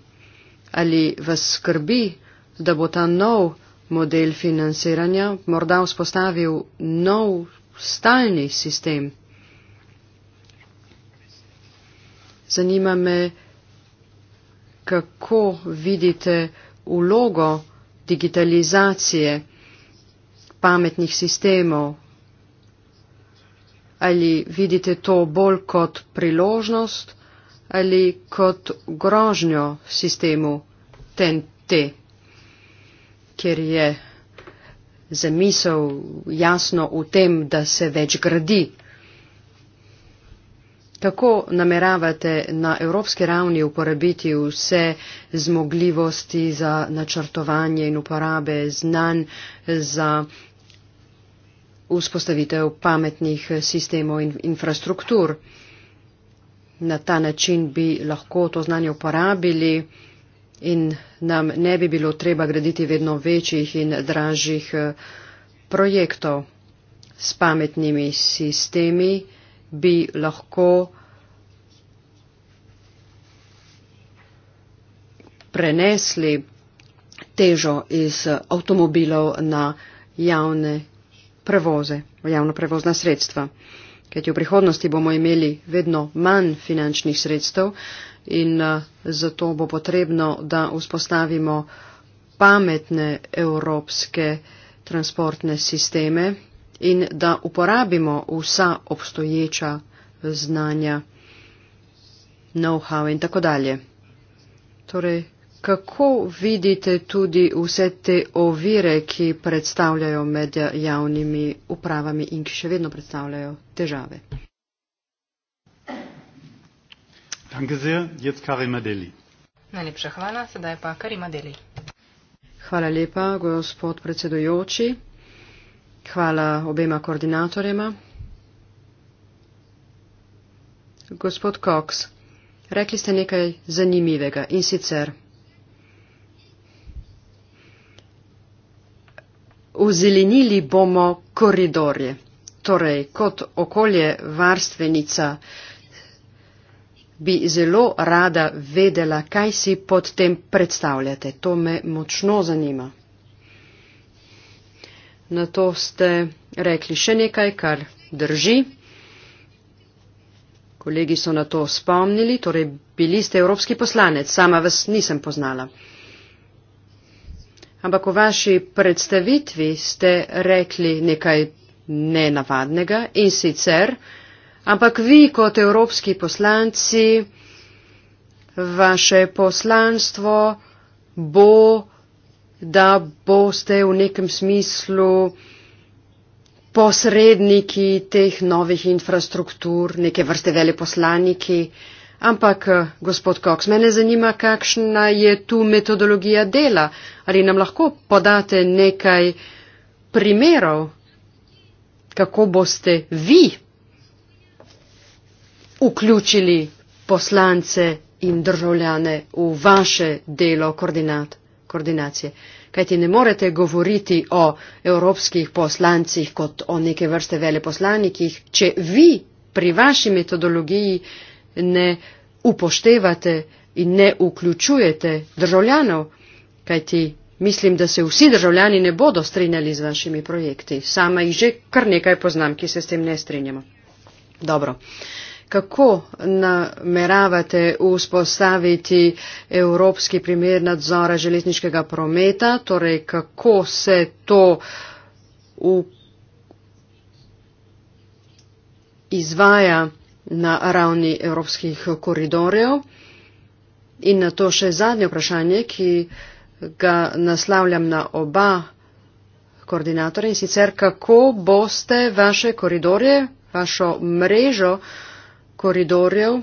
Ali vas skrbi, da bo ta nov model financiranja morda vzpostavil nov stalni sistem? Zanima me, kako vidite vlogo digitalizacije, pametnih sistemov? Ali vidite to bolj kot priložnost ali kot grožnjo sistemu TNT, kjer je zamisel jasno v tem, da se več gradi? Kako nameravate na evropski ravni uporabiti vse zmogljivosti za načrtovanje in uporabe znanj za vzpostavitev pametnih sistemov in infrastruktur. Na ta način bi lahko to znanje uporabili in nam ne bi bilo treba graditi vedno večjih in dražjih eh, projektov. S pametnimi sistemi bi lahko prenesli težo iz avtomobilov na javne prevoze, v javno prevozna sredstva. Ker v prihodnosti bomo imeli vedno manj finančnih sredstev in eh, zato bo potrebno, da vzpostavimo pametne evropske transportne sisteme in da uporabimo vsa obstoječa znanja, know-how in tako dalje. Torej, kako vidite tudi vse te ovire, ki predstavljajo med javnimi upravami in ki še vedno predstavljajo težave? Najlepša hvala, sedaj pa Karima Deli. Hvala lepa, gospod predsedujoči. Hvala obema koordinatorjema. Gospod Cox, rekli ste nekaj zanimivega in sicer Uzelenili bomo koridorje. Torej, kot okolje varstvenica bi zelo rada vedela, kaj si pod tem predstavljate. To me močno zanima. Na to ste rekli še nekaj, kar drži. Kolegi so na to spomnili, torej bili ste evropski poslanec, sama vas nisem poznala ampak v vaši predstavitvi ste rekli nekaj nenavadnega in sicer, ampak vi kot evropski poslanci, vaše poslanstvo bo, da boste v nekem smislu posredniki teh novih infrastruktur, neke vrste veleposlaniki. Uh, Ampak, eh, gospod Cox, mene zanima, kakšna je tu metodologija dela. Ali nam lahko podate nekaj primerov, kako boste vi vključili poslance in državljane v vaše delo koordinat, koordinacije. Kajti ne morete govoriti o evropskih poslancih kot o neke vrste veleposlanikih, če vi pri vaši metodologiji ne upoštevate in ne vključujete državljanov, kajti mislim, da se vsi državljani ne bodo strinjali z vašimi projekti. Sama jih že kar nekaj poznam, ki se s tem ne strinjamo. Dobro. Kako nameravate vzpostaviti evropski primer nadzora železniškega prometa, torej kako se to izvaja? na ravni evropskih koridorjev. In na to še zadnje vprašanje, ki ga naslavljam na oba koordinatorja in sicer kako boste vaše koridorje, vašo mrežo koridorjev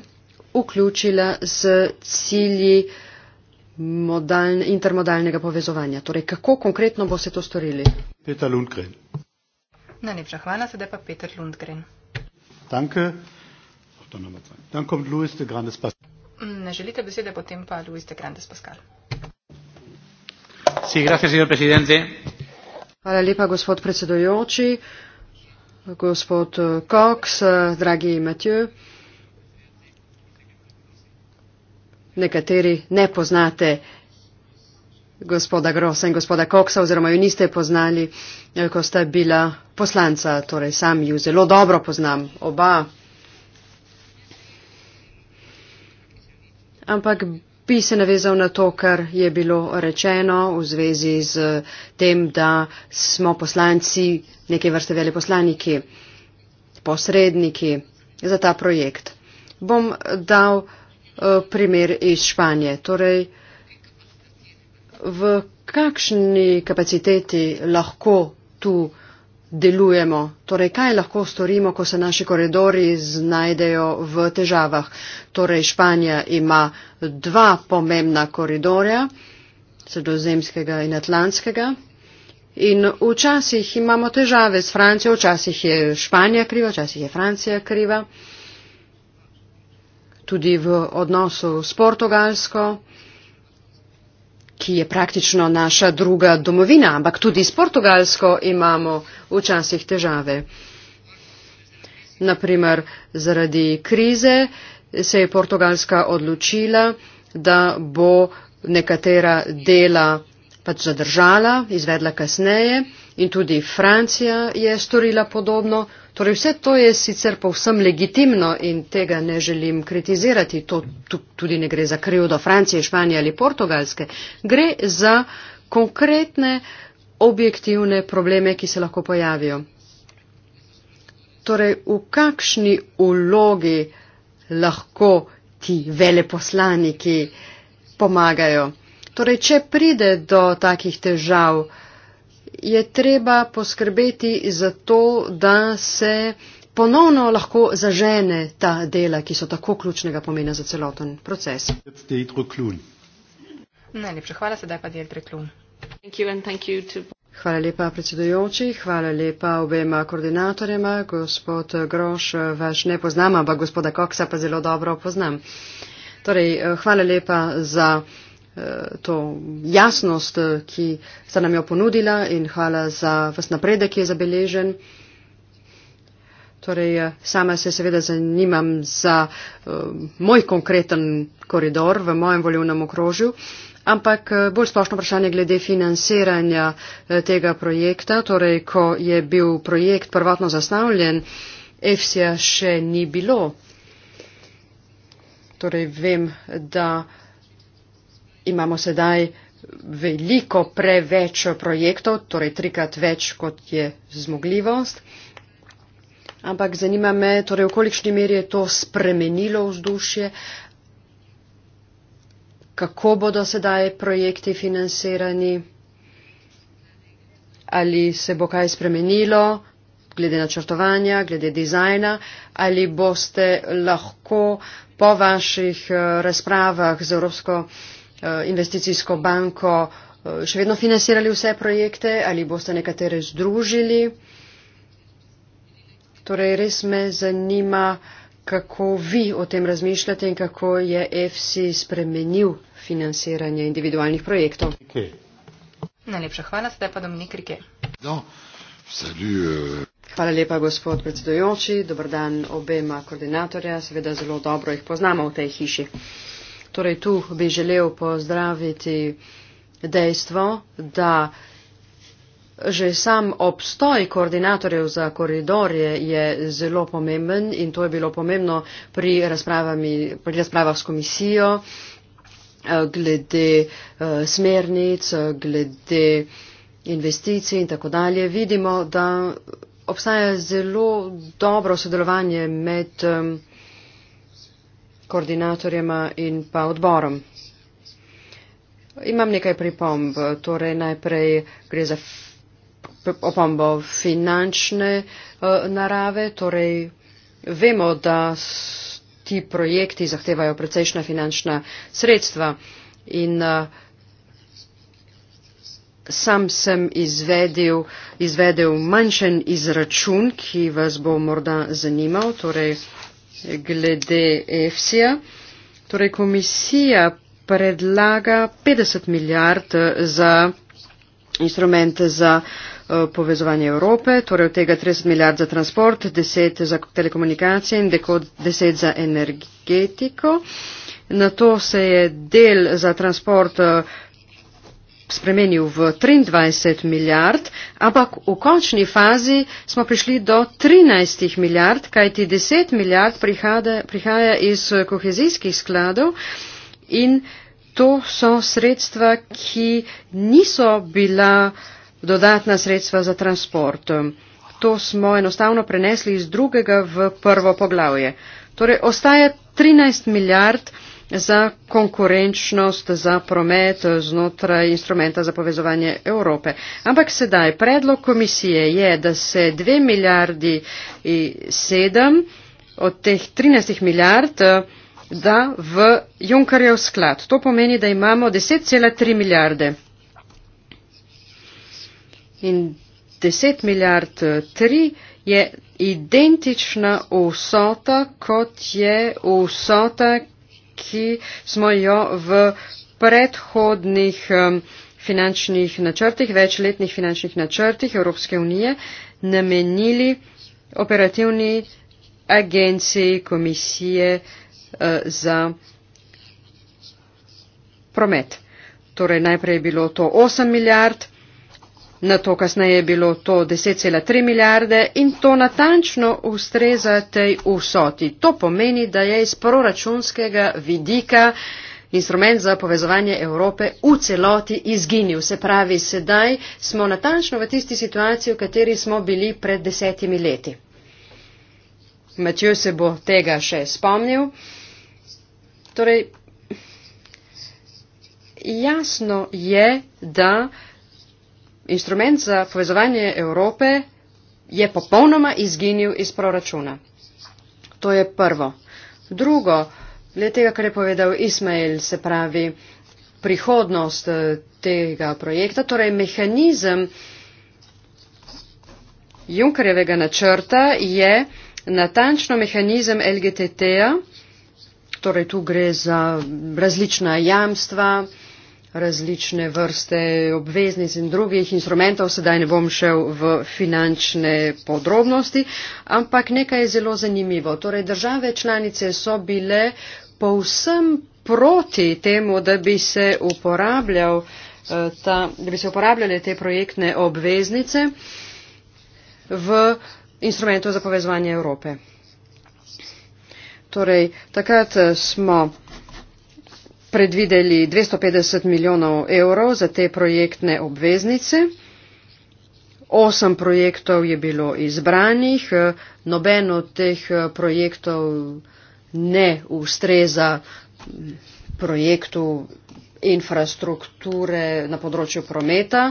vključila z cilji modalne, intermodalnega povezovanja. Torej, kako konkretno boste to storili? Peter Lundgren. Najlepša hvala, sedaj pa Peter Lundgren. Danke to nam odzvanje. Dan kom Luis de Grandes Pascal. Ne želite besede, potem pa Luis de Grandes Pascal. Sí, gracias, señor presidente. Hvala lepa, gospod predsedojoči, gospod eh, Cox, eh, dragi Matju. Nekateri ne poznate gospoda Grossa in gospoda Coxa oziroma ju niste poznali, eh, ko sta bila poslanca, torej sam ju zelo dobro poznam, oba ampak bi se navezal na to, kar je bilo rečeno v zvezi z tem, da smo poslanci, neke vrste veleposlaniki, posredniki za ta projekt. Bom dal eh, primer iz Španije. Torej, v kakšni kapaciteti lahko tu delujemo. Torej, kaj lahko storimo, ko se naši koridori znajdejo v težavah? Torej, Španija ima dva pomembna koridorja, sredozemskega in atlantskega. In včasih imamo težave s Francijo, včasih je Španija kriva, včasih je Francija kriva. Tudi v odnosu s Portugalsko ki je praktično naša druga domovina, ampak tudi s Portugalsko imamo včasih težave. Naprimer, zaradi krize se je Portugalska odločila, da bo nekatera dela pač zadržala, izvedla kasneje in tudi Francija je storila podobno. Torej vse to je sicer povsem legitimno in tega ne želim kritizirati. To tudi ne gre za krivdo Francije, Španije ali Portugalske. Gre za konkretne objektivne probleme, ki se lahko pojavijo. Torej, v kakšni ulogi lahko ti veleposlaniki pomagajo? Torej, če pride do takih težav, je treba poskrbeti za to, da se ponovno lahko zažene ta dela, ki so tako ključnega pomena za celoten proces. Najlepša hvala, sedaj pa Dietri Klun. Hvala lepa predsedujoči, hvala lepa obema koordinatorjema. Gospod Groš, vaš ne poznam, ampak gospoda Koksa pa zelo dobro poznam. Torej, eh, hvala lepa za to jasnost, eh, ki sta nam jo ponudila in hvala za vas napredek, ki je zabeležen. Torej, eh, sama se seveda zanimam za uh, moj konkreten koridor v mojem volivnem okrožju, ampak uh, bolj splošno vprašanje glede financiranja uh, tega projekta. Torej, ko je bil projekt prvotno zastavljen, EFSI-ja še ni bilo. Torej, vem, da uh, imamo sedaj veliko preveč projektov, torej trikrat več, kot je zmogljivost. Ampak zanima me, torej v kolikšni meri je to spremenilo vzdušje, kako bodo sedaj projekti financirani, ali se bo kaj spremenilo glede načrtovanja, glede dizajna, ali boste lahko po vaših eh, razpravah z Evropsko Eh, investicijsko banko eh, še vedno financirali vse projekte ali boste nekatere združili. Torej, res me zanima, kako vi o tem razmišljate in kako je EFSI spremenil financiranje individualnih projektov. Najlepša hvala, zdaj pa Dominik Rike. No, eh. Hvala lepa, gospod predsedojoči. Dobar dan obema koordinatorja. Seveda zelo dobro jih poznamo v tej hiši. Torej, tu bi želel pozdraviti dejstvo, da že sam obstoj koordinatorjev za koridorje je zelo pomemben in to je bilo pomembno pri, pri razpravah s komisijo eh, glede eh, smernic, eh, glede investicij in tako dalje. Vidimo, da obstaja zelo dobro sodelovanje med koordinatorjema in pa odborom. Imam nekaj pripomb, torej najprej gre za opombo finančne eh, narave, torej vemo, da ti projekti zahtevajo precejšna finančna sredstva in eh, sam sem izvedel, izvedel manjšen izračun, ki vas bo morda zanimal, torej glede EFSI-ja. Torej komisija predlaga 50 milijard eh, za instrument za eh, povezovanje Evrope, torej od tega 30 milijard za transport, 10 za telekomunikacije in 10 za energetiko. Na to se je del za transport uh, spremenil v 23 milijard, ampak v končni fazi smo prišli do 13 milijard, kajti 10 milijard prihaja, prihaja iz kohezijskih skladov in to so sredstva, ki niso bila dodatna sredstva za transport. To smo enostavno prenesli iz drugega v prvo poglavje. Torej, ostaje 13 milijard za konkurenčnost, za promet znotraj instrumenta za povezovanje Evrope. Ampak sedaj predlog komisije je, da se 2 milijardi 7 od teh 13 milijard eh, da v Junkarjev sklad. To pomeni, da imamo 10,3 milijarde. In 10 milijard 3 eh, je identična vsota, kot je vsota, ki smo jo v predhodnih finančnih načrtih, večletnih finančnih načrtih Evropske unije namenili operativni agenciji komisije e, za promet. Torej najprej je bilo to 8 milijard, na to kasneje je bilo to 10,3 milijarde in to natančno ustreza tej vsoti. To pomeni, da je iz proračunskega vidika instrument za povezovanje Evrope v celoti izginil. Se pravi, sedaj smo natančno v tisti situaciji, v kateri smo bili pred desetimi leti. Matjo se bo tega še spomnil. Torej, jasno je, da instrument za povezovanje Evrope je popolnoma izginil iz proračuna. To je prvo. Drugo, le tega, kar je povedal Ismail, se pravi prihodnost eh, tega projekta, torej mehanizem Junkerjevega načrta je natančno mehanizem LGTT-a, torej tu gre za različna jamstva, različne vrste obveznic in drugih instrumentov, sedaj ne bom šel v finančne podrobnosti, ampak nekaj je zelo zanimivo. Torej, države članice so bile povsem proti temu, da bi se, eh, ta, da bi se uporabljale te projektne obveznice v instrumentu za povezovanje Evrope. Torej, takrat eh, smo predvideli 250 milijonov evrov za te projektne obveznice. Osem projektov je bilo izbranih, noben od teh eh, projektov ne ustreza hm, projektu infrastrukture na področju prometa.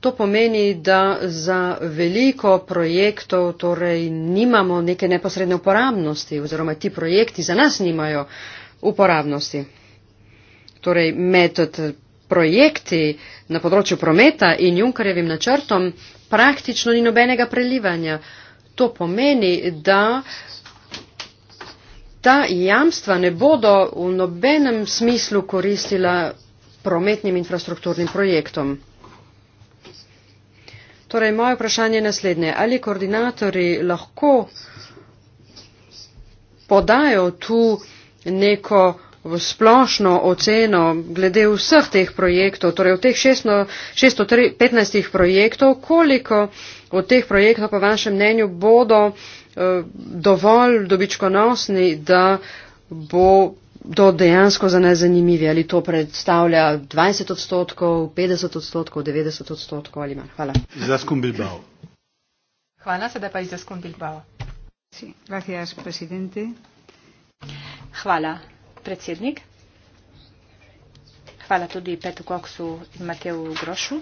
To pomeni, da za veliko projektov torej nimamo neke neposredne uporabnosti oziroma ti projekti za nas nimajo uporabnosti torej med projekti na področju prometa in Junkarjevim načrtom praktično ni nobenega prelivanja. To pomeni, da ta jamstva ne bodo v nobenem smislu koristila prometnim infrastrukturnim projektom. Torej, moje vprašanje je naslednje. Ali koordinatori lahko podajo tu neko v splošno oceno glede vseh teh projektov, torej v teh 615 projektov, koliko od teh projektov po vašem mnenju bodo eh, dovolj dobičkonosni, da bo do dejansko za nas zanimivi, ali to predstavlja 20 odstotkov, 50 odstotkov, 90 odstotkov ali manj. Hvala. Izaskum Bilbao. Hvala, sedaj pa Izaskum Bilbao. Sí, gracias, presidente. Hvala predsednik. Hvala tudi Petu Koksu in Mateju Grošu,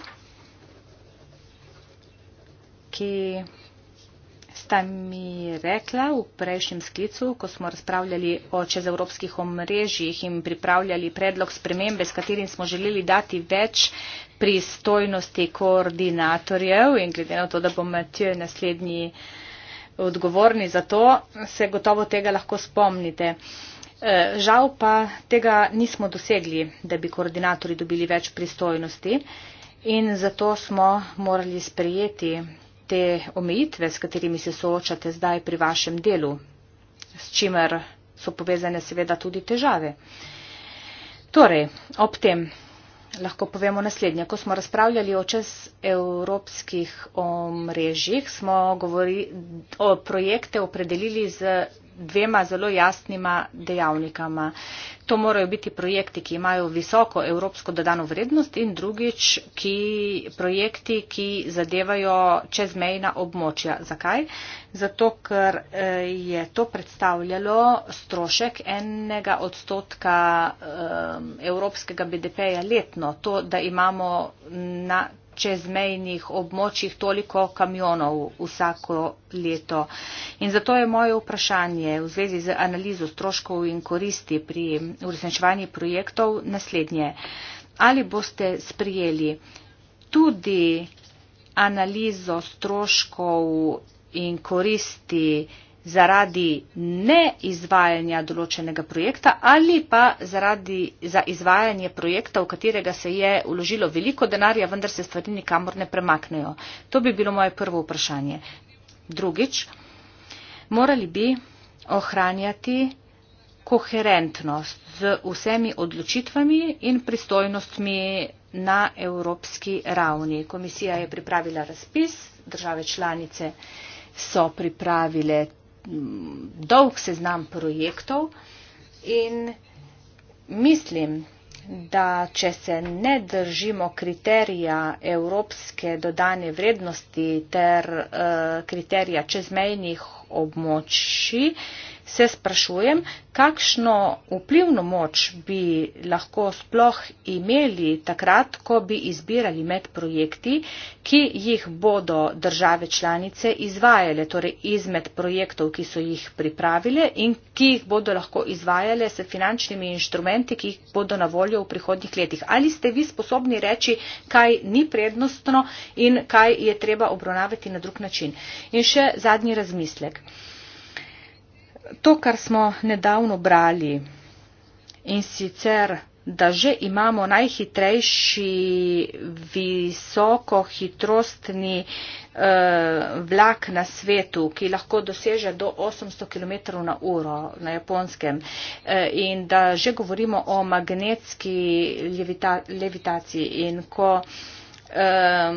ki sta mi rekla v prejšnjem sklicu, ko smo razpravljali o čezevropskih omrežjih in pripravljali predlog spremembe, s katerim smo želeli dati več pristojnosti koordinatorjev in glede na to, da bo Matej naslednji odgovorni za to, se gotovo tega lahko spomnite. Uh, E, žal pa tega nismo dosegli, da bi koordinatori dobili več pristojnosti in zato smo morali sprejeti te omejitve, s katerimi se soočate zdaj pri vašem delu, s čimer so povezane seveda tudi težave. Torej, ob tem lahko povemo naslednje. Ko smo razpravljali o čez evropskih omrežjih, smo govori, o projekte opredelili z dvema zelo jasnima dejavnikama. To morajo biti projekti, ki imajo visoko evropsko dodano vrednost in drugič, ki projekti, ki zadevajo čezmejna območja. Zakaj? Zato, ker eh, je to predstavljalo strošek enega odstotka eh, evropskega BDP-ja letno. To, da imamo na čezmejnih območjih toliko kamionov vsako leto. In zato je moje vprašanje v zvezi z analizo stroškov in koristi pri uresničevanju projektov naslednje. Ali boste sprijeli tudi analizo stroškov in koristi zaradi neizvajanja določenega projekta ali pa zaradi za izvajanje projekta, v katerega se je uložilo veliko denarja, vendar se stvari nikamor ne premaknejo. To bi bilo moje prvo vprašanje. Drugič, morali bi ohranjati koherentnost z vsemi odločitvami in pristojnostmi na evropski ravni. Komisija je pripravila razpis, države članice so pripravile dolg seznam projektov in mislim, da če se ne držimo kriterija evropske dodane vrednosti ter uh, kriterija čezmejnih območij, uh, se sprašujem, kakšno vplivno moč bi lahko sploh imeli takrat, ko bi izbirali med projekti, ki jih bodo države članice izvajale, torej izmed projektov, ki so jih pripravile in ki jih bodo lahko izvajale s finančnimi inštrumenti, ki jih bodo na voljo v prihodnjih letih. Ali ste vi sposobni reči, kaj ni prednostno in kaj je treba obravnavati na drug način? In še zadnji razmislek to, kar smo nedavno brali in sicer, da že imamo najhitrejši visokohitrostni eh, vlak na svetu, ki lahko doseže do 800 km na uro na japonskem eh, in da že govorimo o magnetski levita levitaciji in ko eh,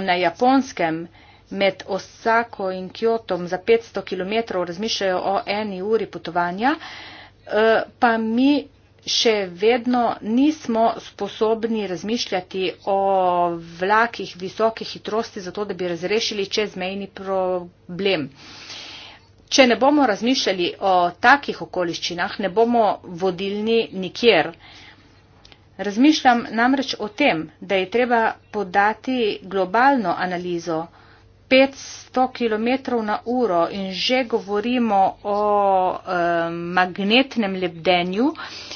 na japonskem eh, med Osako in Kyotom za 500 km razmišljajo o eni uri potovanja, e, pa mi še vedno nismo sposobni razmišljati o vlakih visoke hitrosti, zato da bi razrešili čezmejni problem. Če ne bomo razmišljali o takih okoliščinah, ne bomo vodilni nikjer. Razmišljam namreč o tem, da je treba podati globalno analizo, 500 km na uro in že govorimo o e, magnetnem lebdenju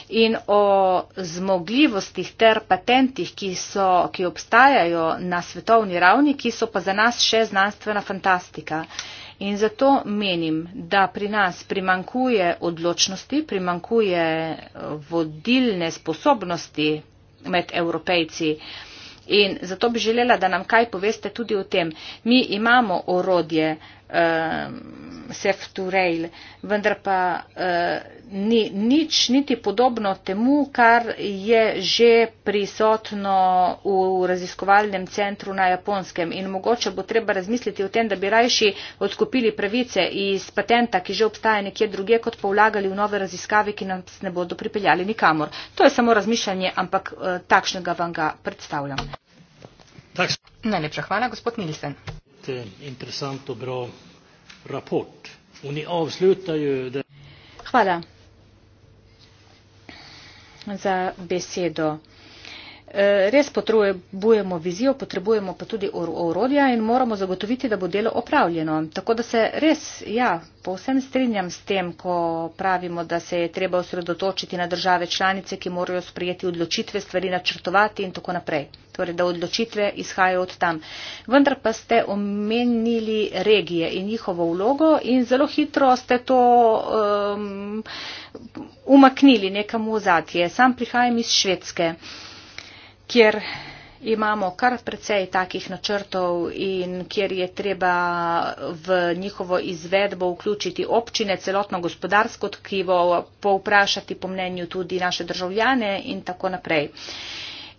in o zmogljivostih ter patentih, ki, so, ki obstajajo na svetovni ravni, ki so pa za nas še znanstvena fantastika. In zato menim, da pri nas primankuje odločnosti, primankuje vodilne sposobnosti med evropejci. In zato bi želela, da nam kaj poveste tudi o tem. Mi imamo orodje, uh, um, Seftureil, vendar pa uh, ni nič niti podobno temu, kar je že prisotno v raziskovalnem centru na Japonskem. In mogoče bo treba razmisliti o tem, da bi rajši odkupili pravice iz patenta, ki že obstaja nekje druge, kot pa vlagali v nove raziskave, ki nas ne bodo pripeljali nikamor. To je samo razmišljanje, ampak uh, takšnega vam ga predstavljam. Najlepša hvala, gospod Nilsen. Eh, Hvala za besedo. Eh, res potrebujemo vizijo, potrebujemo pa tudi orodja in moramo zagotoviti, da bo delo opravljeno. Tako da se res, ja, povsem strinjam s tem, ko pravimo, da se je treba osredotočiti na države članice, ki morajo sprijeti odločitve, stvari načrtovati in tako naprej. Torej, da odločitve izhajajo od tam. Vendar pa ste omenili regije in njihovo vlogo in zelo hitro ste to um, umaknili nekam v zatje. Sam prihajam iz Švedske kjer imamo kar precej takih načrtov in kjer je treba v njihovo izvedbo vključiti občine, celotno gospodarsko tkivo, povprašati po mnenju tudi naše državljane in tako naprej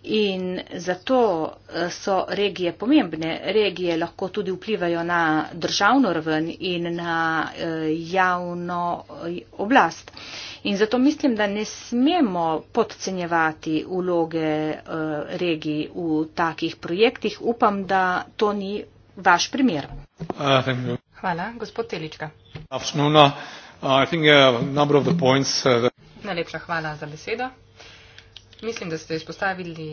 in zato eh, so regije pomembne. Regije lahko tudi vplivajo na državno raven in na eh, javno eh, oblast. In zato mislim, da ne smemo podcenjevati uloge regij v takih projektih. Upam, da to ni vaš primer. Uh, hvala, gospod Telička. Uh, I think, uh, of the points, uh, that... Najlepša hvala za besedo. Mislim, da ste izpostavili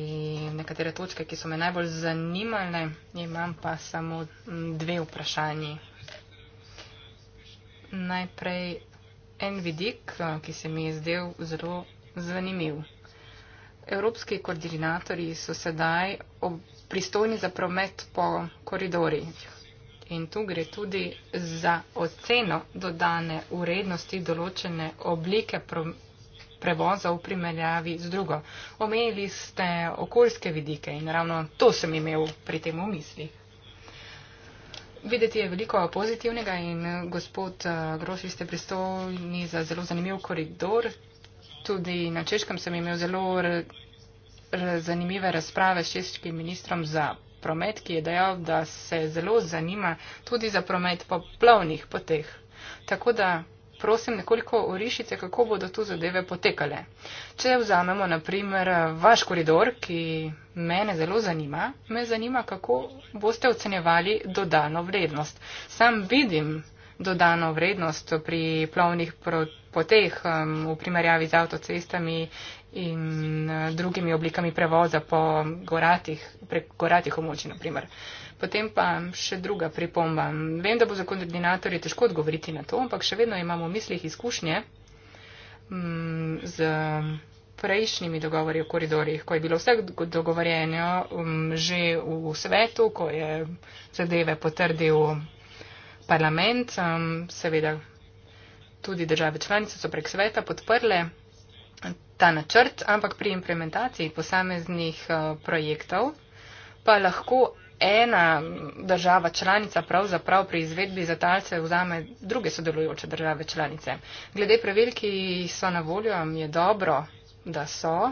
nekatere točke, ki so me najbolj zanimale. Imam pa samo dve vprašanji. Najprej en vidik, ki se mi je zdel zelo zanimiv. Evropski koordinatorji so sedaj pristojni za promet po koridori. In tu gre tudi za oceno dodane urednosti določene oblike prometa prevoza v primerjavi z drugo. Omenili ste okoljske vidike in ravno to sem imel pri tem v misli. Videti je veliko pozitivnega in gospod eh, Grošvi ste pristolni za zelo zanimiv koridor. Tudi na Češkem sem imel zelo zanimive razprave s češkim ministrom za promet, ki je dejal, da se zelo zanima tudi za promet poplovnih poteh. Tako da prosim nekoliko orišite, kako bodo tu zadeve potekale. Če vzamemo na primer vaš koridor, ki mene zelo zanima, me zanima, kako boste ocenjevali dodano vrednost. Sam vidim dodano vrednost pri plovnih poteh um, v primerjavi z avtocestami in uh, drugimi oblikami prevoza po goratih, prek goratih območij, na primer. Potem pa še druga pripomba. Vem, da bo za koordinatorje težko odgovoriti na to, ampak še vedno imamo v mislih izkušnje m, mm, z prejšnjimi dogovori o koridorjih, ko je bilo vse dogovorjeno mm, že v svetu, ko je zadeve potrdil parlament. M, mm, seveda tudi države članice so prek sveta podprle ta načrt, ampak pri implementaciji posameznih eh, projektov pa lahko ena država članica pravzaprav pri izvedbi za talce vzame druge sodelujoče države članice. Glede pravil, ki so na voljo, je dobro, da so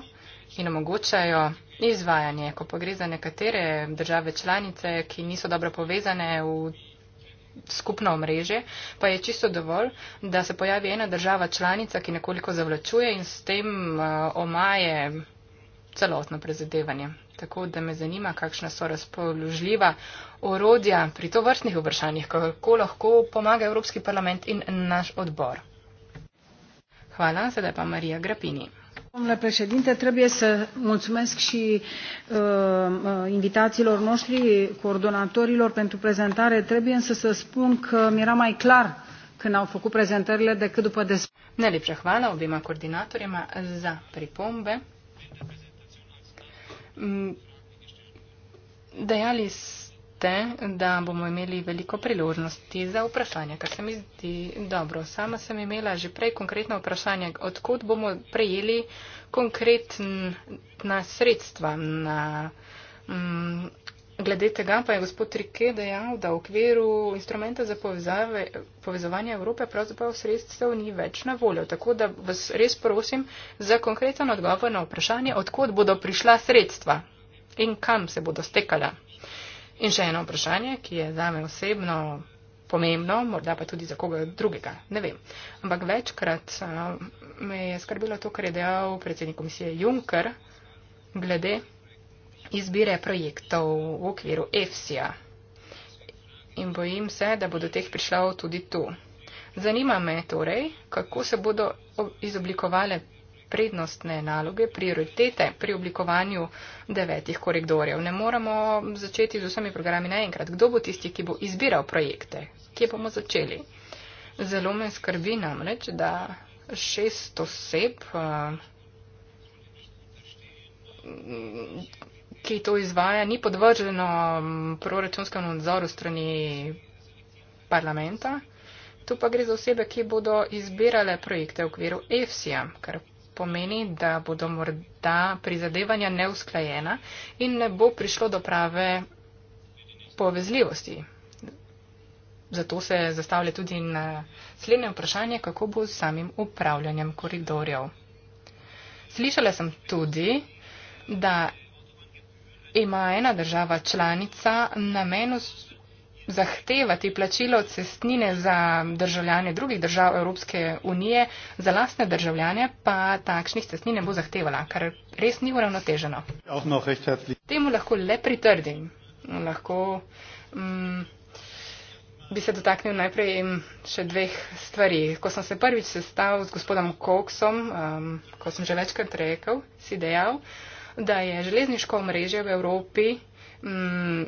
in omogočajo izvajanje. Ko pa gre za nekatere države članice, ki niso dobro povezane v skupno omrežje, pa je čisto dovolj, da se pojavi ena država članica, ki nekoliko zavlačuje in s tem eh, omaje celotno prezadevanje. Tako da me zanima, kakšna so razpoložljiva orodja pri to vrstnih vprašanjih, kako lahko pomaga Evropski parlament in naš odbor. Hvala, sedaj pa Marija Grapini. Domnule președinte, trebuie să mulțumesc și uh, uh invitațiilor noștri, coordonatorilor pentru prezentare. Trebuie însă să spun că mi era mai clar când au făcut prezentările decât după des. Ne lipsește hvala obima coordonatorima za pripombe. Mm, dejali ste, da bomo imeli veliko priložnosti za vprašanje, kar se mi zdi dobro. Sama sem imela že prej konkretno vprašanje, odkud bomo prejeli konkretna sredstva na mm, Glede tega pa je gospod Trike dejal, da v okviru instrumenta za povezave, povezovanje Evrope pravzaprav sredstev ni več na voljo. Tako da vas res prosim za konkreten odgovor na vprašanje, odkot bodo prišla sredstva in kam se bodo stekala. In še eno vprašanje, ki je zame osebno pomembno, morda pa tudi za koga drugega, ne vem. Ampak večkrat me je skrbilo to, kar je dejal predsednik komisije Juncker glede izbire projektov v okviru EFSI-ja. In bojim se, da bodo teh prišla tudi tu. Zanima me torej, kako se bodo izoblikovale prednostne naloge, prioritete pri oblikovanju devetih korektorjev. Ne moramo začeti z vsemi programi naenkrat. Kdo bo tisti, ki bo izbiral projekte? Kje bomo začeli? Zelo me skrbi namreč, da šest oseb. Uh, ki to izvaja, ni podvrženo mm, proračunskemu nadzoru strani parlamenta. Tu pa gre za osebe, ki bodo izbirale projekte v okviru EFSI-ja, kar pomeni, da bodo morda prizadevanja neusklajena in ne bo prišlo do prave povezljivosti. Zato se zastavlja tudi naslednje vprašanje, kako bo z samim upravljanjem koridorjev. Slišala sem tudi, da ima ena država članica namen zahtevati plačilo cestnine za državljane drugih držav Evropske unije, za lastne državljane pa takšnih cestnine bo zahtevala, kar res ni uravnoteženo. Temu lahko le pritrdim. Lahko mm, bi se dotaknil najprej mm, še dveh stvari. Ko sem se prvič sestal z gospodom Koksom, um, ko sem že večkrat rekel, si dejal, da je železniško omrežje v Evropi mm,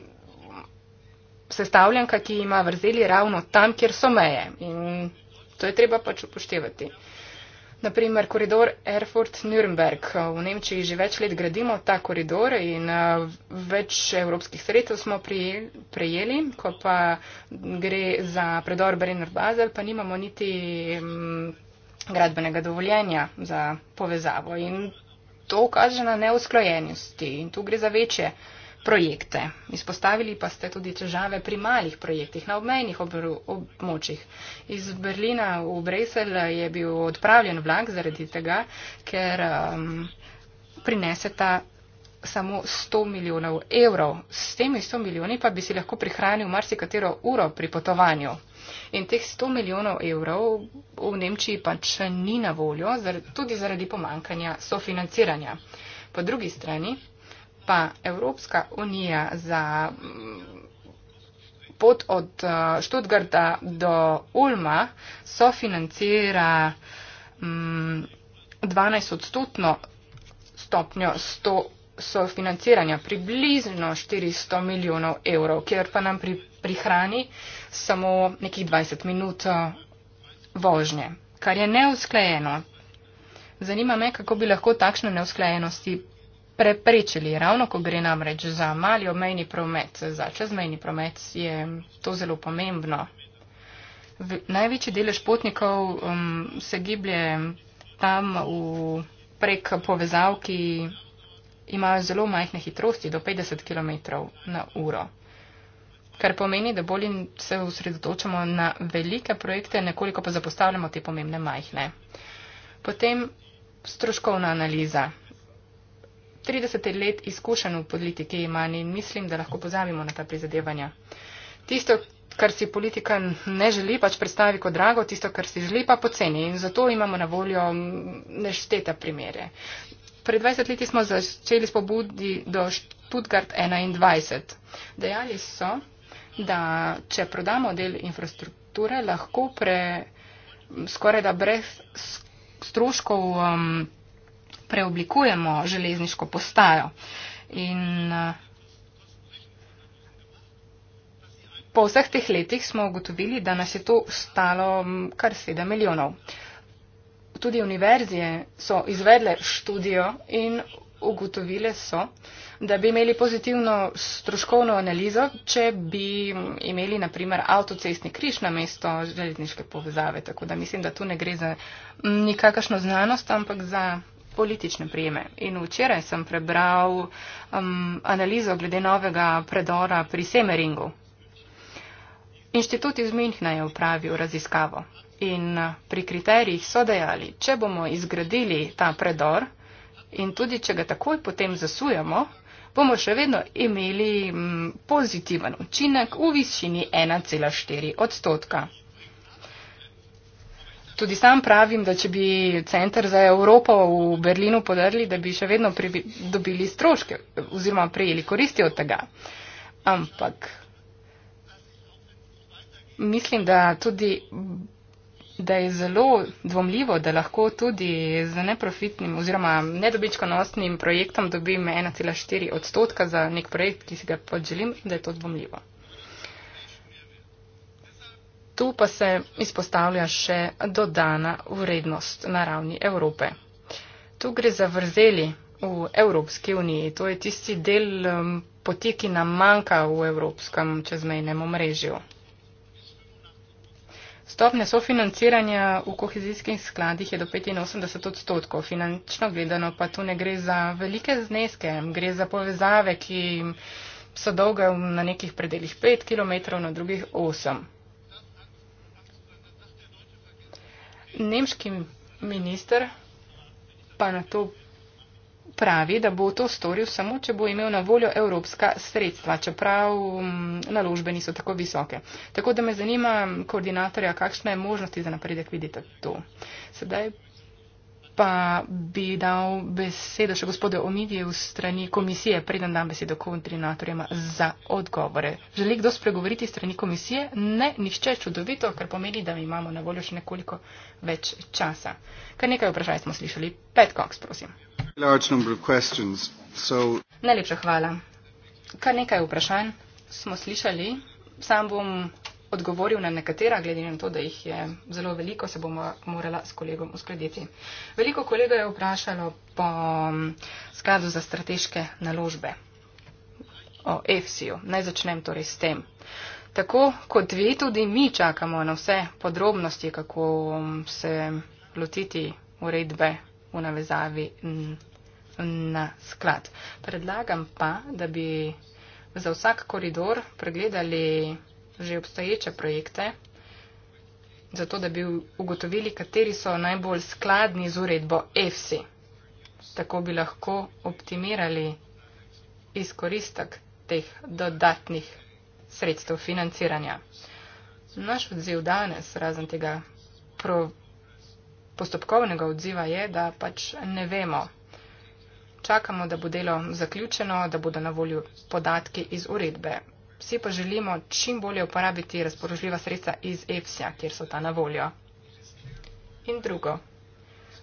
sestavljanka, ki ima vrzeli ravno tam, kjer so meje. In to je treba pač upoštevati. Naprimer, koridor Erfurt-Nürnberg. V Nemčiji že več let gradimo ta koridor in eh, več evropskih sredstev smo prejeli, ko pa gre za predor Brenner-Basel, pa nimamo niti mm, gradbenega dovoljenja za povezavo. In to kaže na neusklojenosti in tu gre za večje projekte. Izpostavili pa ste tudi težave pri malih projektih na obmejnih območjih. Iz Berlina v Brejsel je bil odpravljen vlak zaradi tega, ker um, prineseta samo 100 milijonov evrov. S temi 100 milijoni pa bi si lahko prihranil marsikatero uro pri potovanju. In teh 100 milijonov evrov v Nemčiji pač ni na voljo, tudi zaradi pomankanja sofinanciranja. Po drugi strani pa Evropska unija za mm, pot od Študgarda eh, do Ulma sofinancira 12 mm, odstotno stopnjo 100 sofinanciranja, približno 400 milijonov evrov, kjer pa nam pripravlja prihrani samo nekih 20 minut eh, vožnje, kar je neusklajeno. Zanima me, kako bi lahko takšne neusklajenosti preprečili, ravno ko gre namreč za mali obmejni promet, za čezmejni promet je to zelo pomembno. V, največji delež potnikov um, se giblje tam v, prek povezav, ki imajo zelo majhne hitrosti do 50 km na uro kar pomeni, da bolj se usredotočamo na velike projekte, nekoliko pa zapostavljamo te pomembne majhne. Potem stroškovna analiza. 30 let izkušen v politiki imam in mislim, da lahko pozabimo na ta prizadevanja. Tisto, kar si politika ne želi, pač predstavi kot drago, tisto, kar si želi, pa poceni. In zato imamo na voljo nešteta primere. Pred 20 leti smo začeli s pobudi do Študgard 21. Dejali so, da če prodamo del infrastrukture, lahko pre, skoraj da brez stroškov um, preoblikujemo železniško postajo. In uh, po vseh teh letih smo ugotovili, da nas je to stalo um, kar 7 milijonov. Tudi univerzije so izvedle študijo in Ugotovile so, da bi imeli pozitivno stroškovno analizo, če bi imeli naprimer avtocestni križ na mesto železniške povezave. Tako da mislim, da tu ne gre za nikakršno znanost, ampak za politične prijeme. In včeraj sem prebral um, analizo glede novega predora pri Semeringu. Inštitut iz Minhna je upravil raziskavo in pri kriterijih so dejali, če bomo izgradili ta predor, in tudi če ga takoj potem zasujemo, bomo še vedno imeli mm, pozitiven učinek v višini 1,4 odstotka. Tudi sam pravim, da če bi Center za Evropo v Berlinu podarili, da bi še vedno dobili stroške oziroma prejeli koristi od tega. Ampak mislim, da tudi da je zelo dvomljivo, da lahko tudi z neprofitnim oziroma nedobičkonosnim projektom dobim 1,4 odstotka za nek projekt, ki si ga pač želim, da je to dvomljivo. Tu pa se izpostavlja še dodana vrednost na ravni Evrope. Tu gre za vrzeli v Evropski uniji. To je tisti del um, poti, ki nam manjka v Evropskem čezmejnem omrežju. Stopnja sofinanciranja v kohezijskih skladih je do 85 odstotkov. Finančno gledano pa tu ne gre za velike zneske, gre za povezave, ki so dolge na nekih predeljih 5 km, na drugih 8. Nemški minister pa na to pravi, da bo to storil samo, če bo imel na voljo evropska sredstva, čeprav mm, naložbe niso tako visoke. Tako da me zanima, koordinatorja, kakšne možnosti za napredek vidite to. Sedaj pa bi dal besedo še gospodu Omidiju strani komisije, preden dam besedo koordinatorjem za odgovore. Želi kdo spregovoriti strani komisije? Ne, nišče čudovito, kar pomeni, da imamo na voljo še nekoliko več časa. Kar nekaj vprašanj smo slišali. Pet koks, prosim. Najlepša hvala. Kar nekaj vprašanj smo slišali. Sam bom odgovoril na nekatera, glede na to, da jih je zelo veliko, se bomo morala s kolegom uskladiti. Veliko kolega je vprašalo po mm, skladu za strateške naložbe o EFSI-ju. Naj začnem torej s tem. Tako kot vi, tudi mi čakamo na vse podrobnosti, kako mm, se lotiti uredbe v navezavi na sklad. Predlagam pa, da bi za vsak koridor pregledali že obstoječe projekte, zato da bi ugotovili, kateri so najbolj skladni z uredbo EFSI. Tako bi lahko optimirali izkoristek teh dodatnih sredstev financiranja. Naš odziv danes, razen tega postopkovnega odziva je, da pač ne vemo. Čakamo, da bo delo zaključeno, da bodo na voljo podatki iz uredbe. Vsi pa želimo čim bolje uporabiti razpoložljiva sredstva iz EFSA, kjer so ta na voljo. In drugo.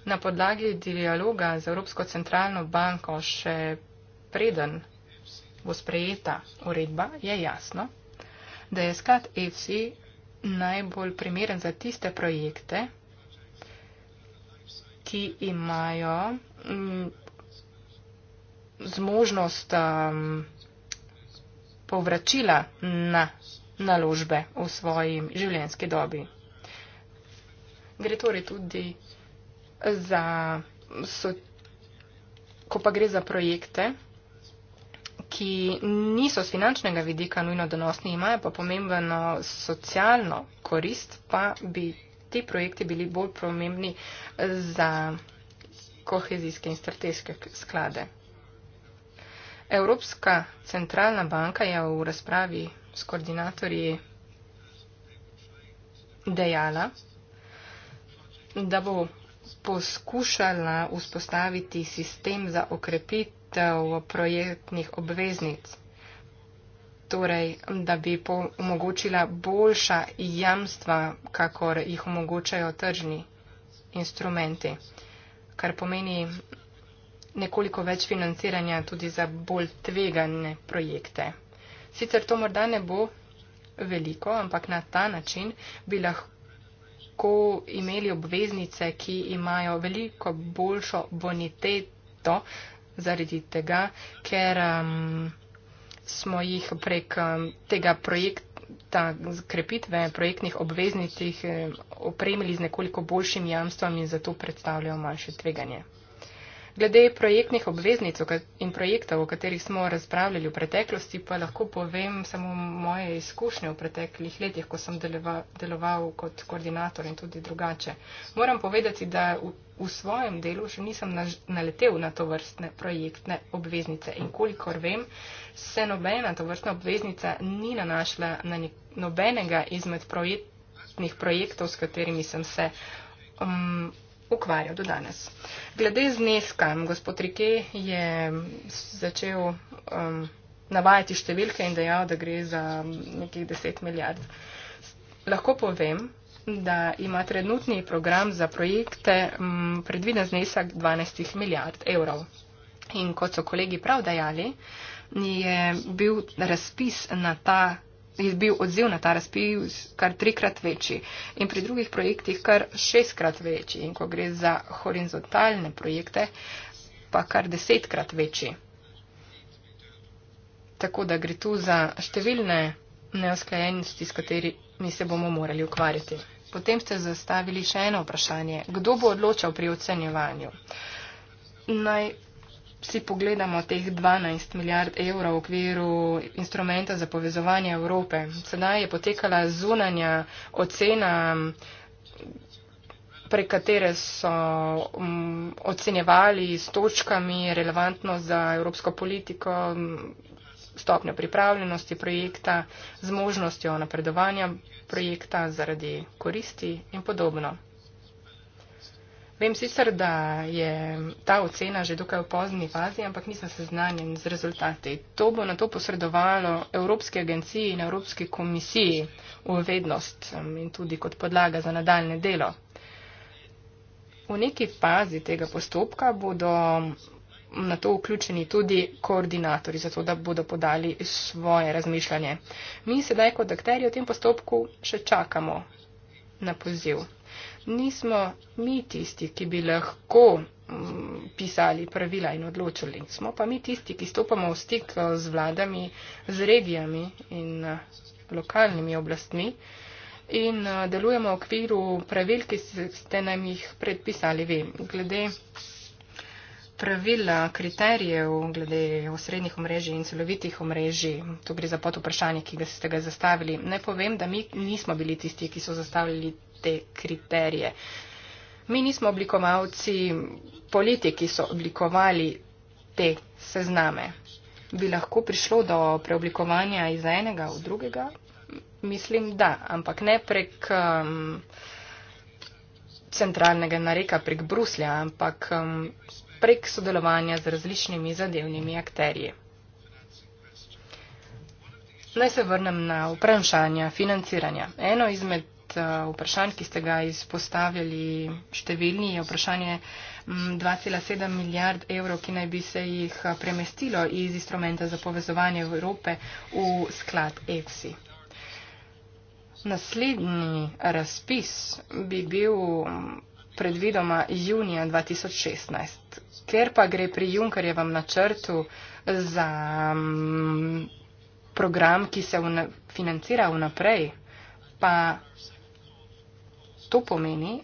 Na podlagi dialoga z Evropsko centralno banko še preden bo sprejeta uredba, je jasno, da je sklad EFSI najbolj primeren za tiste projekte, ki imajo m, mm, zmožnost m, um, povračila na naložbe v svoji življenjski dobi. Gre torej tudi za, so, ko pa gre za projekte, ki niso z finančnega vidika nujno donosni, imajo pa pomembno socialno korist, pa bi ti projekti bili bolj pomembni za kohezijske in strateške sklade. Evropska centralna banka je v razpravi s koordinatorji dejala, da bo poskušala vzpostaviti sistem za okrepitev projektnih obveznic torej, da bi omogočila boljša jamstva, kakor jih omogočajo tržni instrumenti, kar pomeni nekoliko več financiranja tudi za bolj tvegane projekte. Sicer to morda ne bo veliko, ampak na ta način bi lahko imeli obveznice, ki imajo veliko boljšo boniteto zaradi tega, ker. Um, smo jih prek um, tega projekta krepitve projektnih obveznitih um, opremili z nekoliko boljšim jamstvom in zato predstavljajo manjše tveganje. Glede projektnih obveznic in projektov, o katerih smo razpravljali v preteklosti, pa lahko povem samo moje izkušnje v preteklih letih, ko sem deloval, deloval kot koordinator in tudi drugače. Moram povedati, da v, v svojem delu še nisem naž, naletel na to vrstne projektne obveznice in kolikor vem, se nobena to vrstna obveznica ni nanašla na ni, nobenega izmed projektnih projektov, s katerimi sem se. Um, ukvarjal do danes. Glede zneska, gospod Rike je začel um, navajati številke in dejal, da gre za nekih 10 milijard. Lahko povem, da ima trenutni program za projekte um, predviden znesek 12 milijard evrov. In kot so kolegi prav dajali, je bil razpis na ta je bil odziv na ta razpis kar trikrat večji in pri drugih projektih kar šestkrat večji in ko gre za horizontalne projekte, pa kar desetkrat večji. Tako da gre tu za številne neosklajenosti, s katerimi se bomo morali ukvarjati. Potem ste zastavili še eno vprašanje. Kdo bo odločal pri ocenjevanju? Naj si pogledamo teh 12 milijard evrov v okviru instrumenta za povezovanje Evrope, sedaj je potekala zunanja ocena, prek katere so mm, ocenjevali s točkami relevantno za evropsko politiko, stopnjo pripravljenosti projekta, zmožnostjo napredovanja projekta zaradi koristi in podobno. Vem sicer, da je ta ocena že dokaj v pozni fazi, ampak nisem seznanjen z rezultati. To bo na to posredovalo Evropski agenciji in Evropski komisiji v vednost um, in tudi kot podlaga za nadaljne delo. V neki fazi tega postopka bodo um, na to vključeni tudi koordinatori, zato da bodo podali svoje razmišljanje. Mi sedaj kot akterji v tem postopku še čakamo na poziv nismo mi tisti, ki bi lahko mm, pisali pravila in odločili. Smo pa mi tisti, ki stopamo v stik eh, z vladami, z regijami in eh, lokalnimi oblastmi in eh, delujemo v okviru pravil, ki ste nam jih predpisali vi. Glede pravila, kriterijev, glede osrednjih omrežij in celovitih omrežij, tu gre za pot vprašanje, ki ga ste ga zastavili. Ne povem, da mi nismo bili tisti, ki so zastavili te kriterije. Mi nismo oblikovalci politik, ki so oblikovali te sezname. Bi lahko prišlo do preoblikovanja iz enega v drugega? Mislim, da, ampak ne prek um, centralnega nareka, prek Bruslja, ampak um, prek sodelovanja z različnimi zadevnimi akterji. Naj se vrnem na vprašanja financiranja. Eno izmed Eh, vprašanj, ki ste ga izpostavili številni, je vprašanje 2,7 mm, milijard evrov, ki naj bi se jih eh, premestilo iz instrumenta za povezovanje Evrope v sklad EFSI. Naslednji razpis bi bil mm, predvidoma junija 2016, ker pa gre pri Junkerjevem načrtu za mm, program, ki se financira vnaprej, pa to pomeni,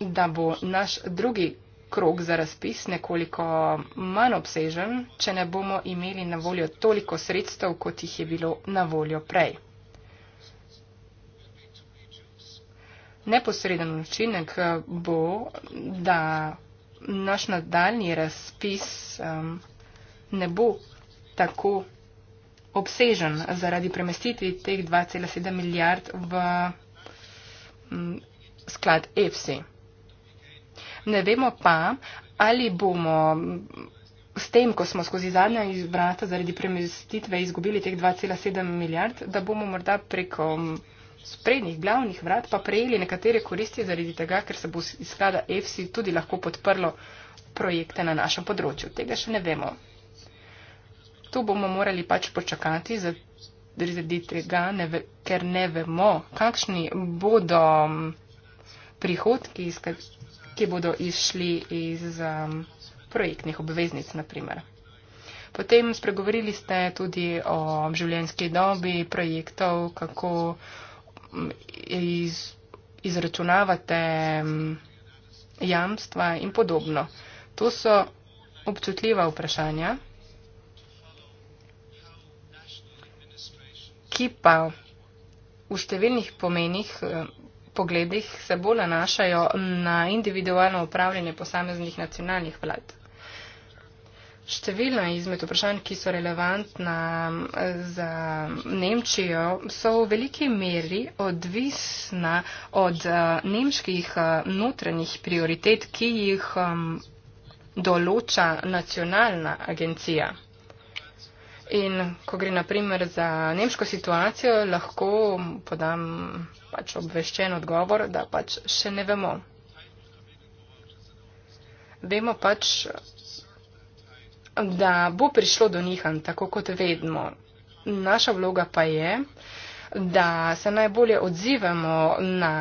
da bo naš drugi krok za razpis nekoliko manj obsežen, če ne bomo imeli na voljo toliko sredstev, kot jih je bilo na voljo prej. Neposreden učinek eh, bo, da naš nadaljni razpis um, ne bo tako obsežen zaradi premestitvi teh 2,7 milijard v um, sklad EFSI. Ne vemo pa, ali bomo s tem, ko smo skozi zadnja izbrata zaradi premestitve izgubili teh 2,7 milijard, da bomo morda preko sprednjih glavnih vrat pa prejeli nekatere koristi zaradi tega, ker se bo iz sklada EFSI tudi lahko podprlo projekte na našem področju. Tega še ne vemo. Tu bomo morali pač počakati, zaradi tega, ne ve, ker ne vemo, kakšni bodo prihodki, ki bodo išli iz um, projektnih obveznic, naprimer. Potem spregovorili ste tudi o življenjski dobi projektov, kako um, iz, izračunavate um, jamstva in podobno. To so občutljiva vprašanja, ki pa v številnih pomenih um, pogledih se bolj nanašajo na individualno upravljanje posameznih nacionalnih vlad. Številna izmed vprašanj, ki so relevantna za Nemčijo, so v veliki meri odvisna od eh, nemških eh, notranjih prioritet, ki jih določa nacionalna agencija. In ko gre naprimer za nemško situacijo, lahko podam pač obveščen odgovor, da pač še ne vemo. Vemo pač, da bo prišlo do nihanj, tako kot vedno. Naša vloga pa je, da se najbolje odzivamo na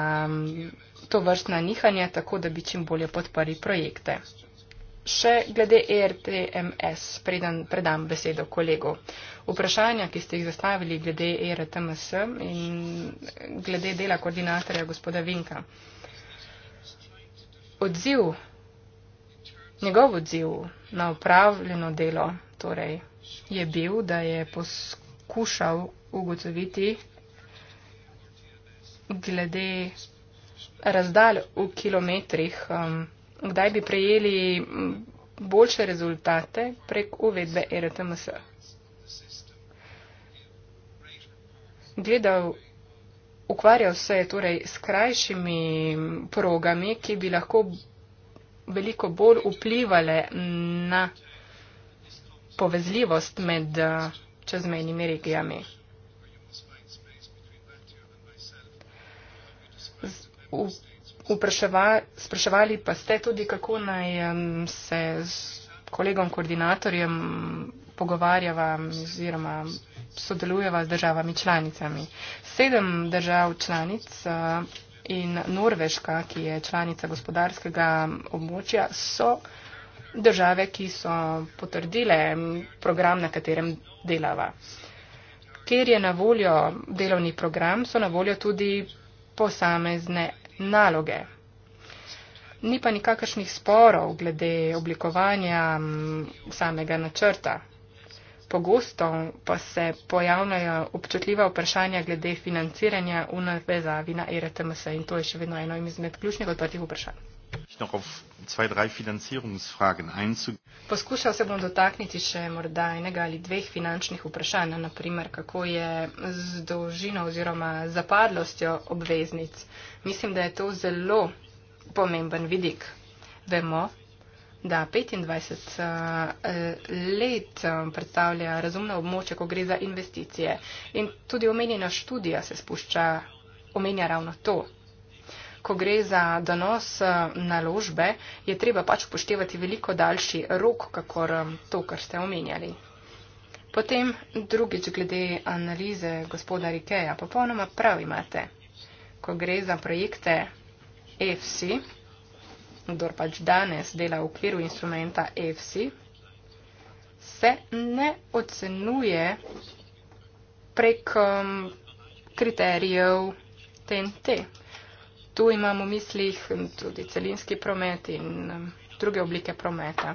to vrstna nihanja, tako da bi čim bolje podparili projekte. Še glede ERTMS, preden predam besedo kolegu. Vprašanja, ki ste jih zastavili glede ERTMS in glede dela koordinatorja gospoda Vinka. Odziv, njegov odziv na upravljeno delo torej, je bil, da je poskušal ugotoviti glede razdalj v kilometrih. Um, kdaj bi prejeli boljše rezultate prek uvedbe e RTMS. Gledal, ukvarjal se je torej s krajšimi progami, ki bi lahko veliko bolj vplivale na povezljivost med čezmejnimi regijami. U Vpraševa, spraševali pa ste tudi, kako naj se z kolegom koordinatorjem pogovarjava oziroma sodelujeva z državami članicami. Sedem držav članic eh, in Norveška, ki je članica gospodarskega območja, so države, ki so potrdile program, na katerem delava. Ker je na voljo delovni program, so na voljo tudi posamezne naloge. Ni pa nikakršnih sporov glede oblikovanja samega načrta. Pogosto pa se pojavljajo občutljiva vprašanja glede financiranja v navezavi na e RTMS in to je še vedno eno izmed ključnih odprtih vprašanj. Ich noch auf zwei, drei Finanzierungsfragen einzugehen. Poskušal se bom dotakniti še morda enega ali dveh finančnih vprašanj, naprimer kako je z dolžino oziroma zapadlostjo obveznic. Mislim, da je to zelo pomemben vidik. Vemo, da 25 eh, let eh, predstavlja razumno območje, ko gre za investicije. In tudi omenjena študija se spušča, omenja ravno to ko gre za donos eh, naložbe, je treba pač upoštevati veliko daljši rok, kakor eh, to, kar ste omenjali. Potem drugič glede analize gospoda Rikeja, popolnoma prav imate. Ko gre za projekte EFSI, kdor pač danes dela v okviru instrumenta EFSI, se ne ocenuje prek eh, kriterijev TNT, tu imam v mislih tudi celinski promet in um, druge oblike prometa.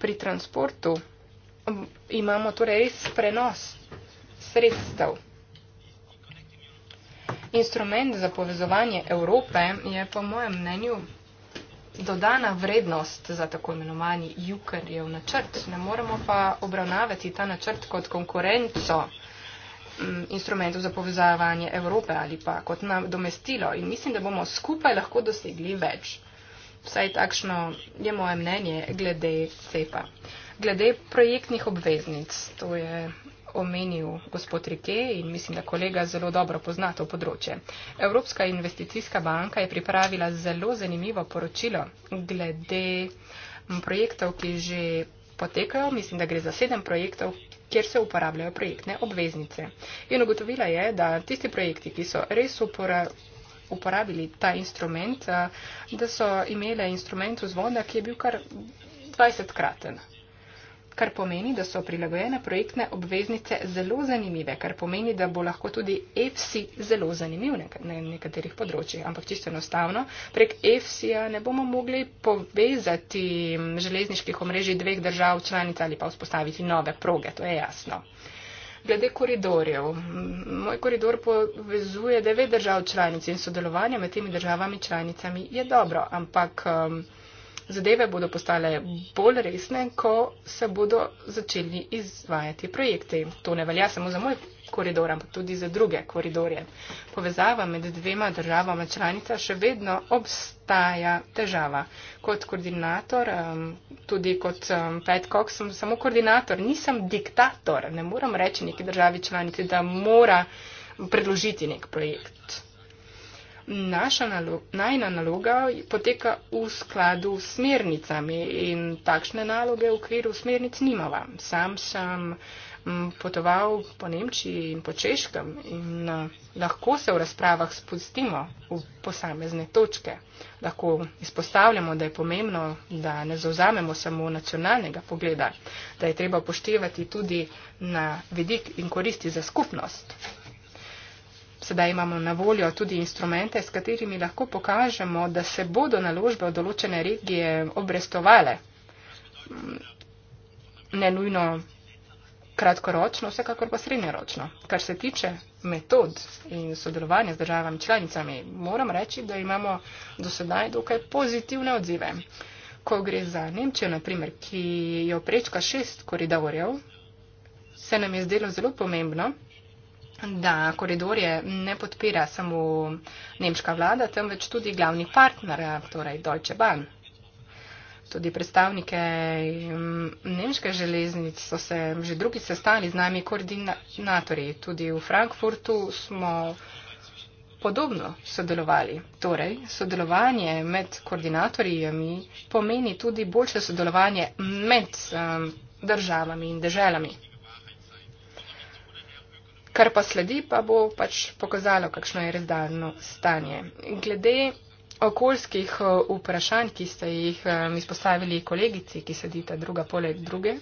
Pri transportu um, imamo torej res prenos sredstev. Instrument za povezovanje Evrope je po mojem mnenju dodana vrednost za tako imenovani Junckerjev načrt. Ne moremo pa obravnavati ta načrt kot konkurenco. Mm, instrumentov za povezavanje Evrope ali pa kot na domestilo in mislim, da bomo skupaj lahko dosegli več. Vsaj takšno je moje mnenje glede CEPA. Glede projektnih obveznic, to je omenil gospod Rike in mislim, da kolega zelo dobro pozna to področje. Evropska investicijska banka je pripravila zelo zanimivo poročilo glede projektov, ki že potekajo. Mislim, da gre za sedem projektov, kjer se uporabljajo projektne obveznice. In ugotovila je, da tisti projekti, ki so res uporabili ta instrument, eh, da so imele instrument vzvoda, ki je bil kar 20-kraten kar pomeni, da so prilagojene projektne obveznice zelo zanimive, kar pomeni, da bo lahko tudi EFSI zelo zanimiv na nekaterih področjih. Ampak čisto enostavno, prek EFSI-ja ne bomo mogli povezati mm, železniških omrežij dveh držav članic ali pa vzpostaviti nove proge, to je jasno. Glede koridorjev. Mm, moj koridor povezuje devet držav članic in sodelovanje med temi državami članicami je dobro, ampak. Um, zadeve bodo postale bolj resne, ko se bodo začeli izvajati projekti. To ne velja samo za moj koridor, ampak tudi za druge koridorje. Povezava med dvema državama članica še vedno obstaja težava. Kot koordinator, tudi kot Pat Cox, sem samo koordinator, nisem diktator. Ne moram reči neki državi članici, da mora predložiti nek projekt naša naloga, najna naloga poteka v skladu s smernicami in takšne naloge v okviru smernic nimava. Sam sem mm, potoval po Nemčiji in po Češkem in eh, lahko se v razpravah spustimo v posamezne točke. Lahko izpostavljamo, da je pomembno, da ne zauzamemo samo nacionalnega pogleda, da je treba upoštevati tudi na vidik in koristi za skupnost. Sedaj imamo na voljo tudi instrumente, s katerimi lahko pokažemo, da se bodo naložbe v določene regije obrestovale. Mm, ne nujno kratkoročno, vsekakor pa srednjeročno. Kar se tiče metod in sodelovanja z državami članicami, moram reči, da imamo do sedaj dokaj pozitivne odzive. Ko gre za Nemčijo, naprimer, ki jo prečka šest koridorjev, se nam je zdelo zelo pomembno, da koridorje ne podpira samo nemška vlada, temveč tudi glavni partner, torej Deutsche Bahn. Tudi predstavnike mm, nemške železnice so se že drugi sestali z nami koordinatorji. Tudi v Frankfurtu smo podobno sodelovali. Torej, sodelovanje med koordinatorji pomeni tudi boljše sodelovanje med mm, državami in državami kar pa sledi, pa bo pač pokazalo, kakšno je res dano stanje. Glede okoljskih eh, vprašanj, ki ste jih eh, izpostavili kolegici, ki sedite druga poleg druge.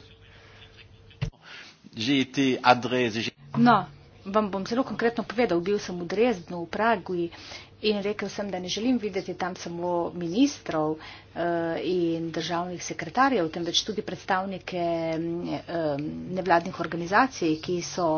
No, vam bom zelo konkretno povedal, bil sem v Drezdnu, v Pragui in rekel sem, da ne želim videti tam samo ministrov eh, in državnih sekretarjev, temveč tudi predstavnike mm, nevladnih organizacij, ki so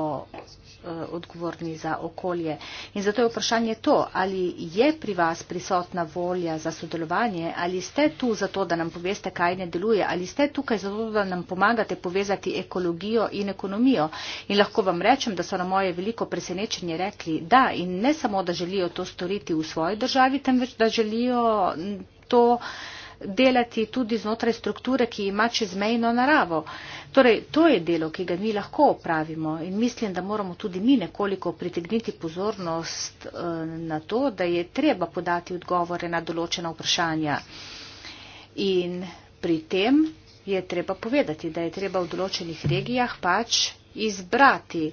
Eh, odgovorni za okolje. In zato je vprašanje to, ali je pri vas prisotna volja za sodelovanje, ali ste tu zato, da nam poveste, kaj ne deluje, ali ste tukaj zato, da nam pomagate povezati ekologijo in ekonomijo. In lahko vam rečem, da so na moje veliko presenečenje rekli, da in ne samo, da želijo to storiti v svoji državi, temveč da želijo mm, to delati tudi znotraj strukture, ki ima čezmejno naravo. Torej, to je delo, ki ga mi lahko opravimo in mislim, da moramo tudi mi nekoliko pritegniti pozornost eh, na to, da je treba podati odgovore na določena vprašanja. In pri tem je treba povedati, da je treba v določenih regijah pač izbrati.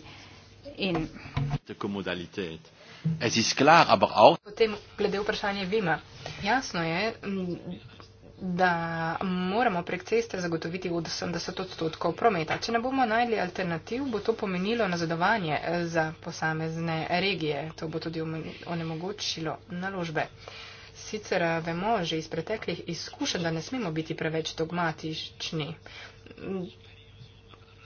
In Es ist klar, aber auch. Potem, glede vprašanja Vima. Jasno je, da moramo prek ceste zagotoviti 80 odstotkov prometa. Če ne bomo najli alternativ, bo to pomenilo nazadovanje eh, za posamezne regije. To bo tudi onemogočilo naložbe. Sicer eh, vemo že iz preteklih izkušenj, da ne smemo biti preveč dogmatični.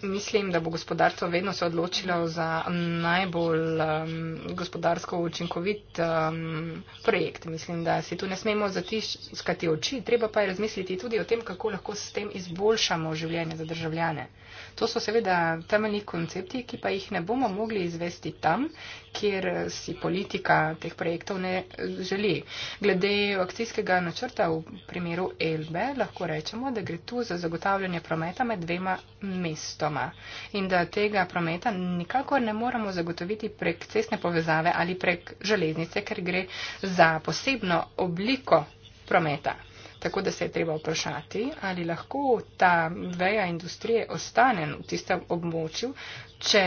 Mislim, da bo gospodarstvo vedno se odločilo za najbolj um, gospodarsko učinkovit um, projekt. Mislim, da si tu ne smemo zatiskati oči, treba pa je razmisliti tudi o tem, kako lahko s tem izboljšamo življenje za državljane. To so seveda temeljni koncepti, ki pa jih ne bomo mogli izvesti tam, kjer si politika teh projektov ne želi. Glede akcijskega načrta v primeru Elbe lahko rečemo, da gre tu za zagotavljanje prometa med dvema mestoma in da tega prometa nikakor ne moramo zagotoviti prek cestne povezave ali prek železnice, ker gre za posebno obliko prometa. Tako da se je treba vprašati, ali lahko ta veja industrije ostane v tistem območju, če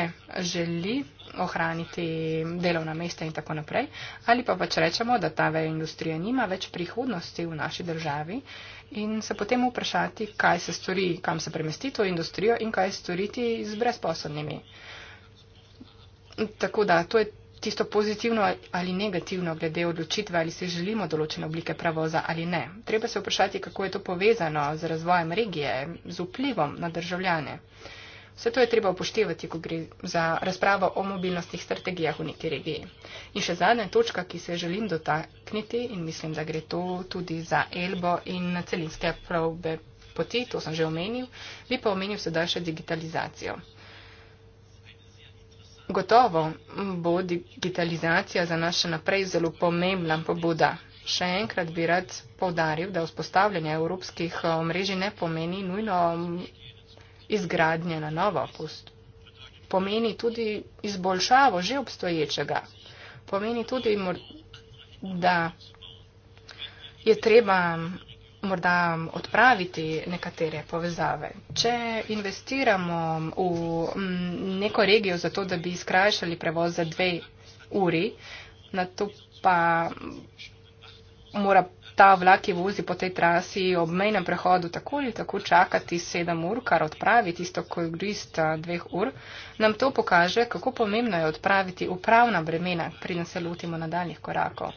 želi ohraniti delovna mesta in tako naprej, ali pa pač rečemo, da ta veja industrije nima več prihodnosti v naši državi in se potem vprašati, kaj se stori, kam se premesti to industrijo in kaj storiti z brezposobnimi. Tako da to je tisto pozitivno ali negativno glede odločitve, ali se želimo določene oblike prevoza ali ne. Treba se vprašati, kako je to povezano z razvojem regije, z vplivom na državljane. Vse to je treba upoštevati, ko gre za razpravo o mobilnostnih strategijah v neki regiji. In še zadnja točka, ki se želim dotakniti in mislim, da gre to tudi za Elbo in celinske probe poti, to sem že omenil, bi pa omenil sedaj še digitalizacijo. Gotovo bo digitalizacija za nas še naprej zelo pomembna pobuda. Še enkrat bi rad povdaril, da vzpostavljanje evropskih eh, omrežij ne pomeni nujno mm, izgradnje na novo opust. Pomeni tudi izboljšavo že obstoječega. Pomeni tudi, da je treba morda odpraviti nekatere povezave. Če investiramo v mm, neko regijo za to, da bi skrajšali prevoz za dve uri, na to pa mora ta vlak, ki vozi po tej trasi ob mejnem prehodu tako ali tako čakati sedem ur, kar odpravi tisto korist eh, dveh ur, nam to pokaže, kako pomembno je odpraviti upravna bremena, preden se lotimo nadaljnih korakov.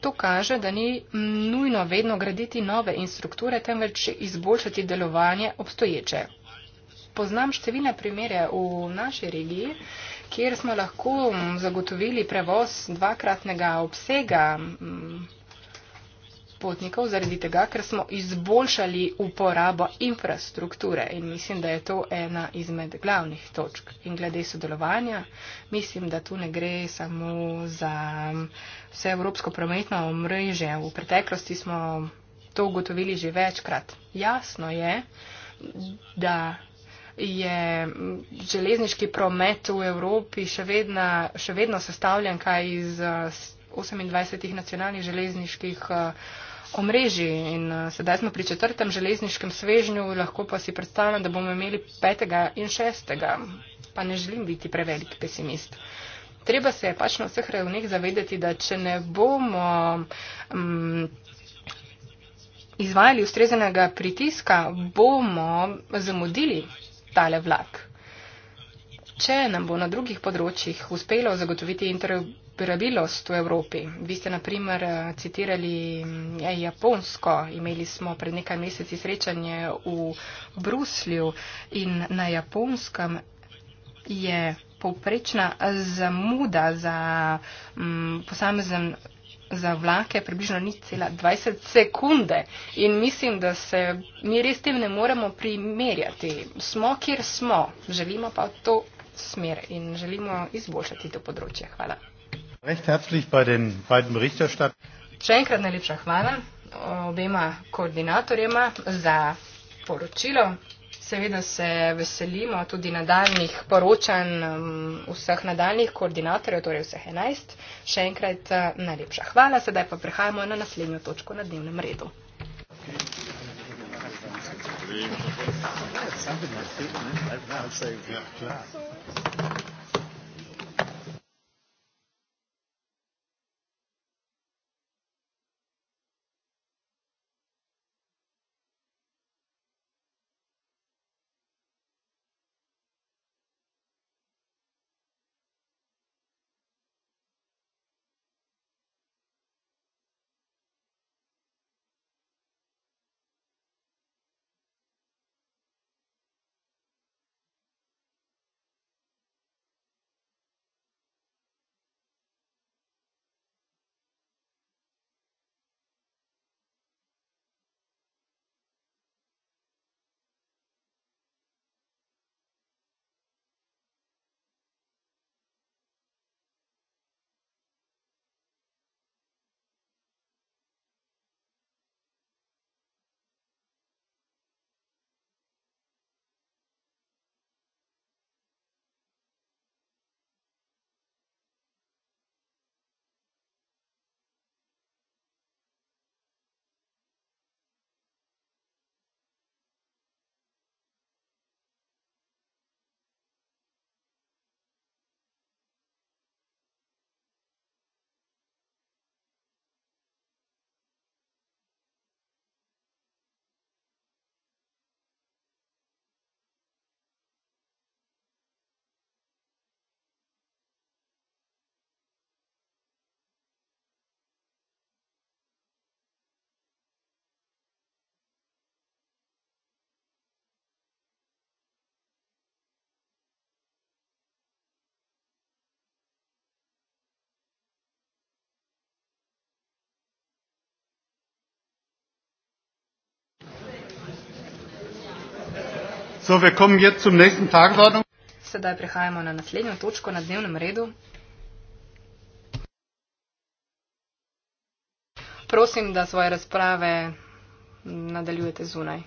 To kaže, da ni nujno vedno graditi nove strukture, temveč izboljšati delovanje obstoječe. Poznam številne primere v naši regiji, kjer smo lahko zagotovili prevoz dvakratnega obsega potnikov, zaradi tega, ker smo izboljšali uporabo infrastrukture in mislim, da je to ena izmed glavnih točk. In glede sodelovanja, mislim, da tu ne gre samo za um, vse evropsko prometno omrežje. V preteklosti smo to ugotovili že večkrat. Jasno je, da je železniški promet v Evropi še vedno, še vedno sestavljen kaj iz 28 uh, nacionalnih železniških uh, omrežji. In eh, sedaj smo pri četrtem železniškem svežnju, lahko pa si predstavljam, da bomo imeli petega in šestega. Pa ne želim biti prevelik pesimist. Treba se pač na vseh ravneh zavedati, da če ne bomo um, izvajali ustrezenega pritiska, bomo zamudili tale vlak. Če nam bo na drugih področjih uspelo zagotoviti interoperabilnost, interoperabilnost v Evropi. Vi ste naprimer citirali ja, Japonsko, imeli smo pred nekaj meseci srečanje v Bruslju in na Japonskem je povprečna zamuda za m, mm, posamezen za vlake približno ni cela 20 sekunde in mislim, da se mi res tem ne moremo primerjati. Smo, kjer smo, želimo pa to smer in želimo izboljšati to področje. Hvala. Še enkrat najlepša hvala obema koordinatorjema za poročilo. Seveda se veselimo tudi nadaljnih poročanj um, vseh nadaljnih koordinatorjev, torej vseh enajst. Še enkrat uh, najlepša hvala, sedaj pa prehajamo na naslednjo točko na dnevnem redu. Okay. So, wir kommen jetzt zum nächsten Tagesordnung. Sedaj prehajamo na naslednjo točko na dnevnem redu. Prosim, da svoje razprave nadaljujete zunaj.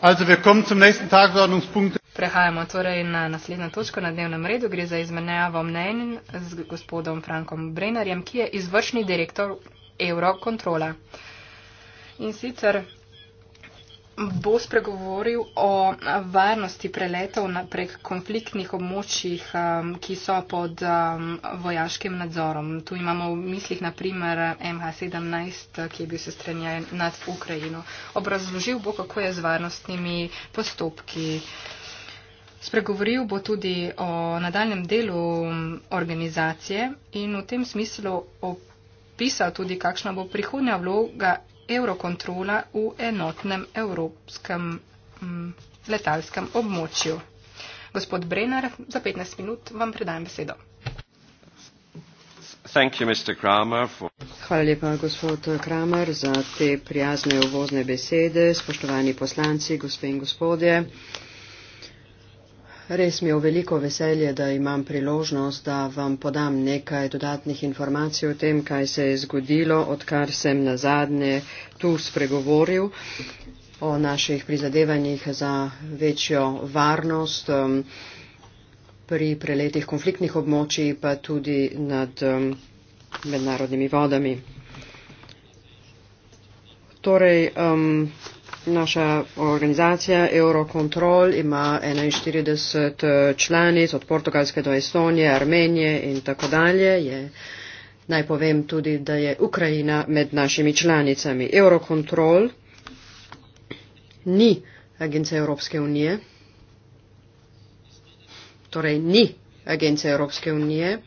Also, wir kommen zum nächsten Tagesordnungspunkt. Prehajamo torej na naslednjo točko na dnevnem redu. Gre za izmenjavo mnenj z gospodom Frankom Brenarjem, ki je izvršni direktor Eurocontrola. kontrola in sicer bo spregovoril o varnosti preletov prek konfliktnih območjih, um, ki so pod um, vojaškim nadzorom. Tu imamo v mislih naprimer eh, MH17, eh, ki je bil sestrenjen nad Ukrajino. Obrazložil bo, kako je z varnostnimi postopki. Spregovoril bo tudi o nadaljem delu um, organizacije in v tem smislu opisal tudi, kakšna bo prihodnja vloga Eurocontrola v enotnem evropskem m, mm, letalskem območju. Gospod Brenner, za 15 minut vam predajam besedo. You, for... Hvala lepa, gospod Kramer, za te prijazne uvozne besede. Spoštovani poslanci, gospe in gospodje. Res mi je veliko veselje, da imam priložnost, da vam podam nekaj dodatnih informacij o tem, kaj se je zgodilo, odkar sem na zadnje tu spregovoril o naših prizadevanjih za večjo varnost um, pri preletih konfliktnih območij, pa tudi nad um, mednarodnimi vodami. Torej, um, Naša organizacija Eurocontrol ima 41 eh, članic od Portugalske do Estonije, Armenije in tako dalje. Je, naj povem tudi, da je Ukrajina med našimi članicami. Eurocontrol ni agencija Evropske unije. Torej ni agencija Evropske unije,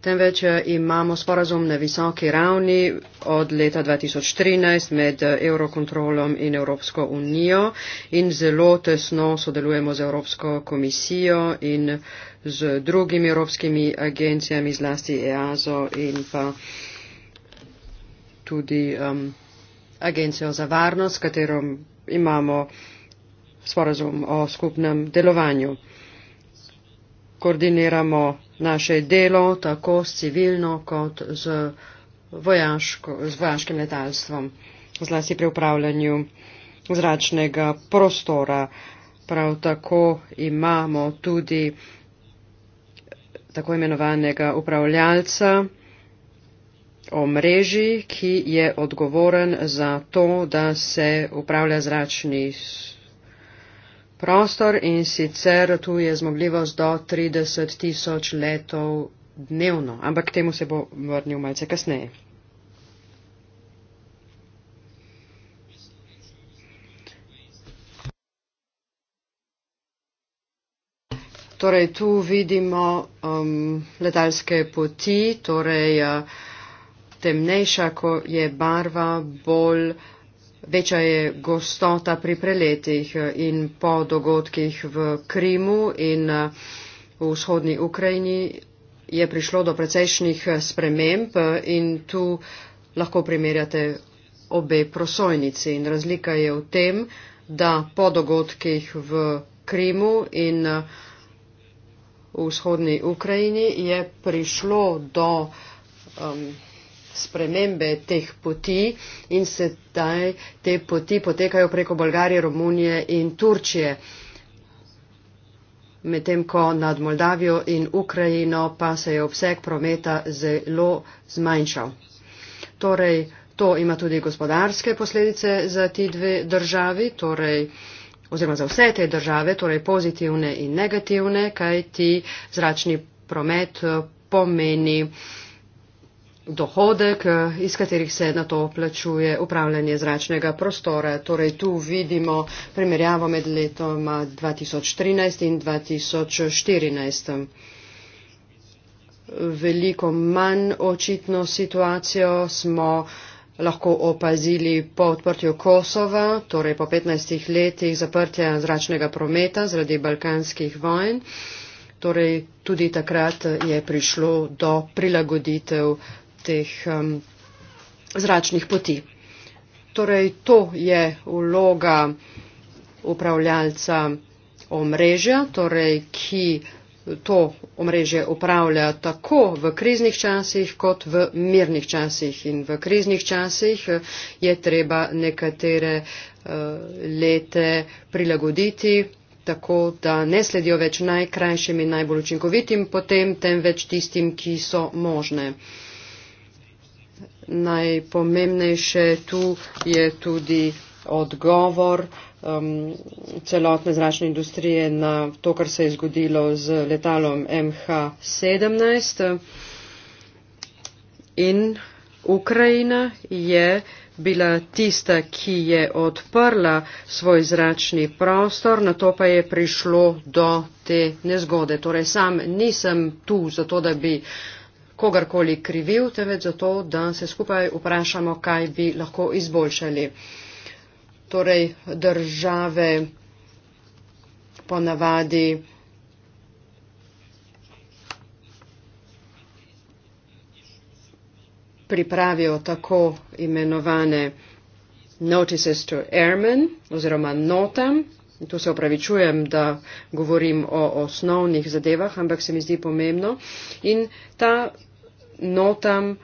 temveč eh, imamo sporazum na visoki ravni od leta 2013 med eh, Eurokontrolom in Evropsko unijo in zelo tesno sodelujemo z Evropsko komisijo in z drugimi evropskimi agencijami, zlasti EASO in pa tudi um, Agencijo za varnost, s katero imamo sporazum o skupnem delovanju. Koordiniramo naše delo, tako s civilno kot z, vojaško, z vojaškim letalstvom, zlasti pri upravljanju zračnega prostora. Prav tako imamo tudi tako imenovanega upravljalca omrežji, ki je odgovoren za to, da se upravlja zračni prostor prostor in sicer tu je zmogljivost do 30 tisoč letov dnevno, ampak k temu se bo vrnil malce kasneje. Torej, tu vidimo um, letalske poti, torej uh, temnejša, ko je barva bolj. Večja je gostota pri preletih eh, in po dogodkih v Krimu in eh, v vzhodni Ukrajini je prišlo do precejšnjih eh, sprememb in tu lahko primerjate obe prosojnici. In razlika je v tem, da po dogodkih v Krimu in v vzhodni Ukrajini je prišlo do. Um, spremembe teh poti in sedaj te poti potekajo preko Bolgarije, Romunije in Turčije. Medtem ko nad Moldavijo in Ukrajino pa se je obseg prometa zelo zmanjšal. Torej, to ima tudi gospodarske posledice za ti dve državi, torej, oziroma za vse te države, torej pozitivne in negativne, kaj ti zračni promet pomeni. Uh, dohodek, eh, iz katerih se na to plačuje upravljanje zračnega prostora. Torej tu vidimo primerjavo med letoma 2013 in 2014. Veliko manj očitno situacijo smo lahko opazili po odprtju Kosova, torej po 15 letih zaprtja zračnega prometa zaradi balkanskih vojn. Torej tudi takrat je prišlo do prilagoditev teh um, zračnih poti. Torej, to je vloga upravljalca omrežja, torej, ki to omrežje upravlja tako v kriznih časih kot v mirnih časih. In v kriznih časih eh, je treba nekatere eh, lete prilagoditi tako, da ne sledijo več najkrajšim in najbolj učinkovitim potem, temveč tistim, ki so možne najpomembnejše tu je tudi odgovor um, celotne zračne industrije na to, kar se je zgodilo z letalom MH17 in Ukrajina je bila tista, ki je odprla svoj zračni prostor, na to pa je prišlo do te nezgode. Torej, sam nisem tu zato, da bi uh, kogarkoli krivil, temveč zato, da se skupaj vprašamo, kaj bi lahko izboljšali. Torej, države ponavadi pripravijo tako imenovane notices to airmen oziroma notam. Tu se opravičujem, da govorim o osnovnih zadevah, ampak se mi zdi pomembno. In ta notam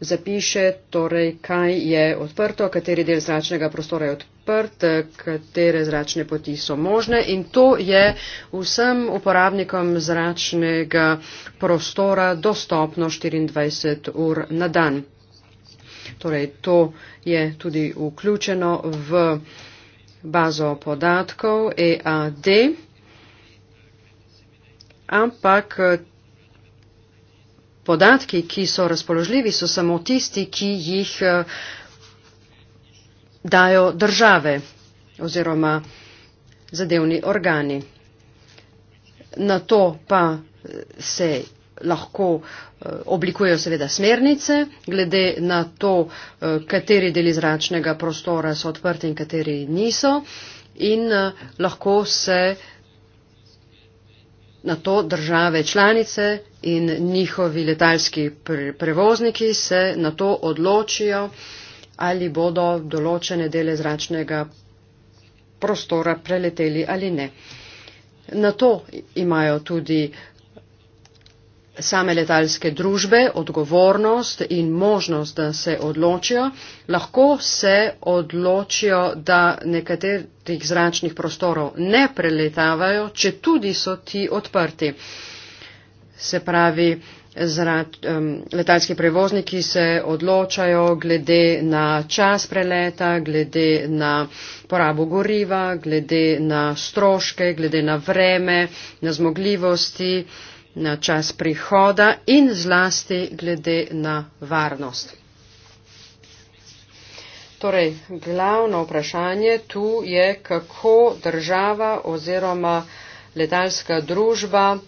zapiše, torej, kaj je odprto, kateri del zračnega prostora je odprt, katere zračne poti so možne in to je vsem uporabnikom zračnega prostora dostopno 24 ur na dan. Torej, to je tudi vključeno v bazo podatkov EAD, ampak podatki, ki so razpoložljivi, so samo tisti, ki jih eh, dajo države oziroma zadevni organi. Na to pa eh, se lahko eh, oblikujejo seveda smernice, glede na to, kateri deli zračnega prostora so odprti in kateri niso. In lahko se Na to države članice in njihovi letalski prevozniki se na to odločijo, ali bodo določene dele zračnega prostora preleteli ali ne. Na to imajo tudi uh, same letalske družbe odgovornost in možnost, da se odločijo. Lahko se odločijo, da nekaterih zračnih prostorov ne preletavajo, če tudi so ti odprti. Se pravi, zrač, um, letalski prevozniki se odločajo glede na čas preleta, glede na porabo goriva, glede na stroške, glede na vreme, na zmogljivosti na čas prihoda in zlasti glede na varnost. Torej, glavno vprašanje tu je, kako država oziroma letalska družba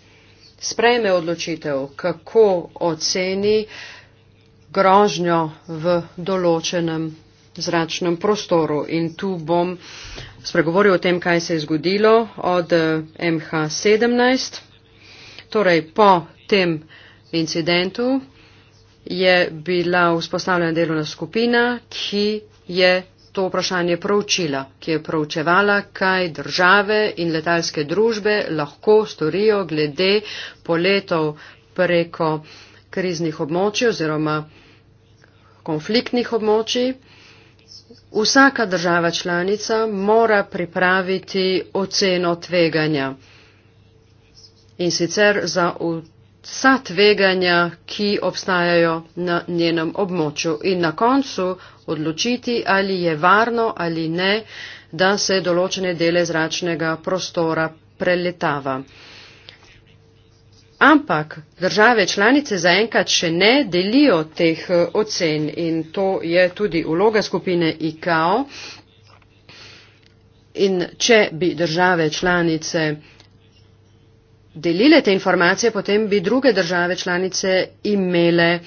sprejme odločitev, kako oceni grožnjo v določenem zračnem prostoru. In tu bom spregovoril o tem, kaj se je zgodilo od eh, MH17. Torej, po tem incidentu je bila vzpostavljena delovna skupina, ki je to vprašanje proučila, ki je proučevala, kaj države in letalske družbe lahko storijo glede poletov preko kriznih območij oziroma konfliktnih območij. Vsaka država članica mora pripraviti oceno tveganja in sicer za vsa tveganja, ki obstajajo na njenem območju in na koncu odločiti, ali je varno ali ne, da se določene dele zračnega prostora preletava. Ampak države članice zaenkrat še ne delijo teh eh, ocen in to je tudi uloga skupine ICAO. In če bi države članice delile te informacije, potem bi druge države članice imele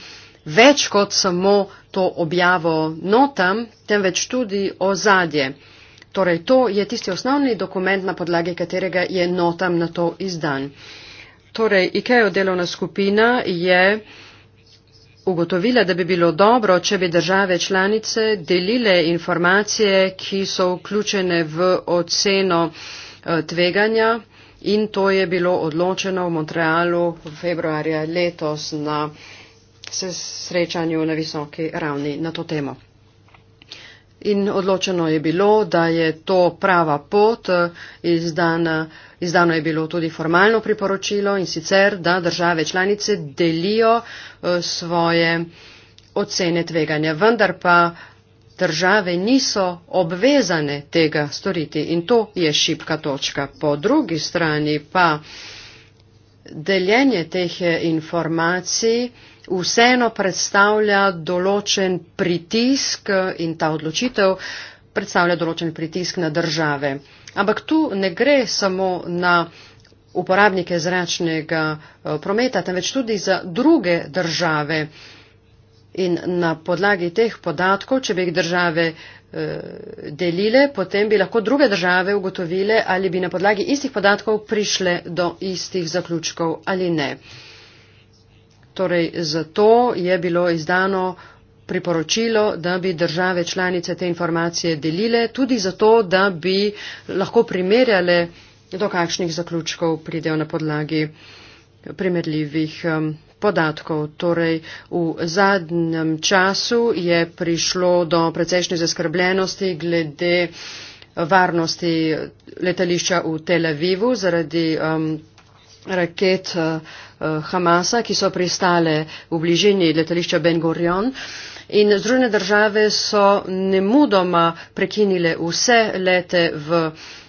več kot samo to objavo notam, temveč tudi ozadje. Torej, to je tisti osnovni dokument, na podlagi katerega je notam na to izdan. Torej, IKEA delovna skupina je ugotovila, da bi bilo dobro, če bi države članice delile informacije, ki so vključene v oceno eh, tveganja, in to je bilo odločeno v Montrealu v februarja letos na srečanju na visoki ravni na to temo. In odločeno je bilo, da je to prava pot, izdana, izdano je bilo tudi formalno priporočilo in sicer, da države članice delijo eh, svoje ocene tveganja. Vendar pa države niso obvezane tega storiti in to je šipka točka. Po drugi strani pa deljenje teh informacij vseeno predstavlja določen pritisk in ta odločitev predstavlja določen pritisk na države. Ampak tu ne gre samo na uporabnike zračnega eh, prometa, temveč tudi za druge države. In na podlagi teh podatkov, če bi jih države eh, delile, potem bi lahko druge države ugotovile, ali bi na podlagi istih podatkov prišle do istih zaključkov ali ne. Torej, zato je bilo izdano priporočilo, da bi države članice te informacije delile, tudi zato, da bi lahko primerjale, do kakšnih zaključkov pridejo na podlagi primerljivih um, podatkov. Torej, v zadnjem času je prišlo do precejšnje zaskrbljenosti glede varnosti letališča v Tel Avivu zaradi um, raket uh, uh Hamasa, ki so pristale v bližini letališča Ben Gurion. In Združene države so nemudoma prekinile vse lete v Tel Avivu.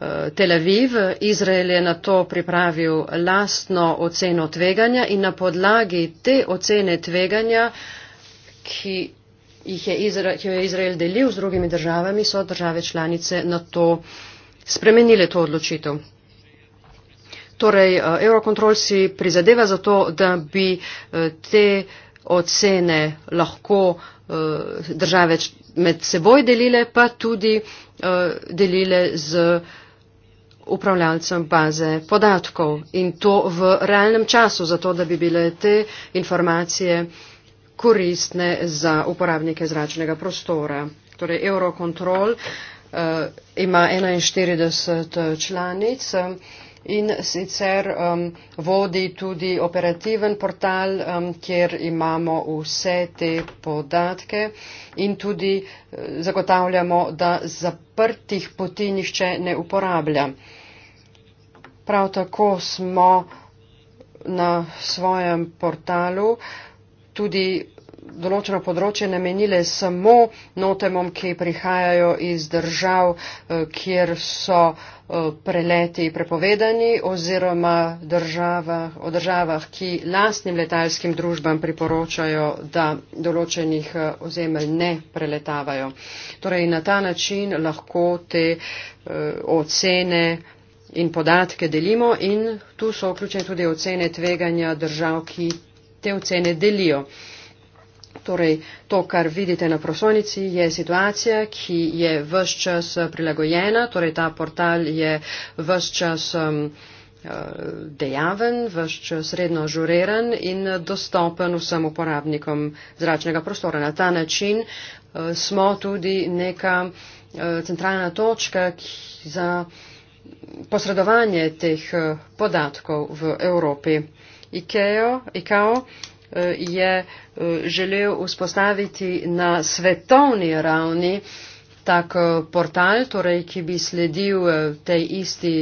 Eh, Tel Aviv. Izrael je na to pripravil lastno oceno tveganja in na podlagi te ocene tveganja, ki jih je Izrael, ki jo je Izrael delil z drugimi državami, so države članice na to spremenile to odločitev. Torej, eh, Eurocontrol si prizadeva za to, da bi eh, te ocene lahko države med seboj delile, pa tudi delile z upravljalcem baze podatkov in to v realnem času, zato da bi bile te informacije koristne za uporabnike zračnega prostora. Torej Eurocontrol uh, ima 41 eh, članic eh, in sicer um, vodi tudi operativen portal, um, kjer imamo vse te podatke in tudi uh, zagotavljamo, da zaprtih poti nišče ne uporablja. Prav tako smo na svojem portalu tudi določeno področje namenile samo notemom, ki prihajajo iz držav, eh, kjer so eh, preleti prepovedani oziroma državah, o državah, ki lastnim letalskim družbam priporočajo, da določenih eh, ozemelj ne preletavajo. Torej na ta način lahko te ocene in podatke delimo in tu so vključene tudi ocene tveganja držav, ki te ocene delijo. Torej, to, kar vidite na prosojnici, je situacija, ki je vse čas prilagojena, torej ta portal je vse čas um, uh, dejaven, vse čas redno žureran in dostopen vsem uporabnikom zračnega prostora. Na ta način uh, smo tudi neka uh, centralna točka za posredovanje teh eh, podatkov v Evropi. IKEO, IKAO eh, je eh, želel vzpostaviti na svetovni ravni tak portal, torej, ki bi sledil tej isti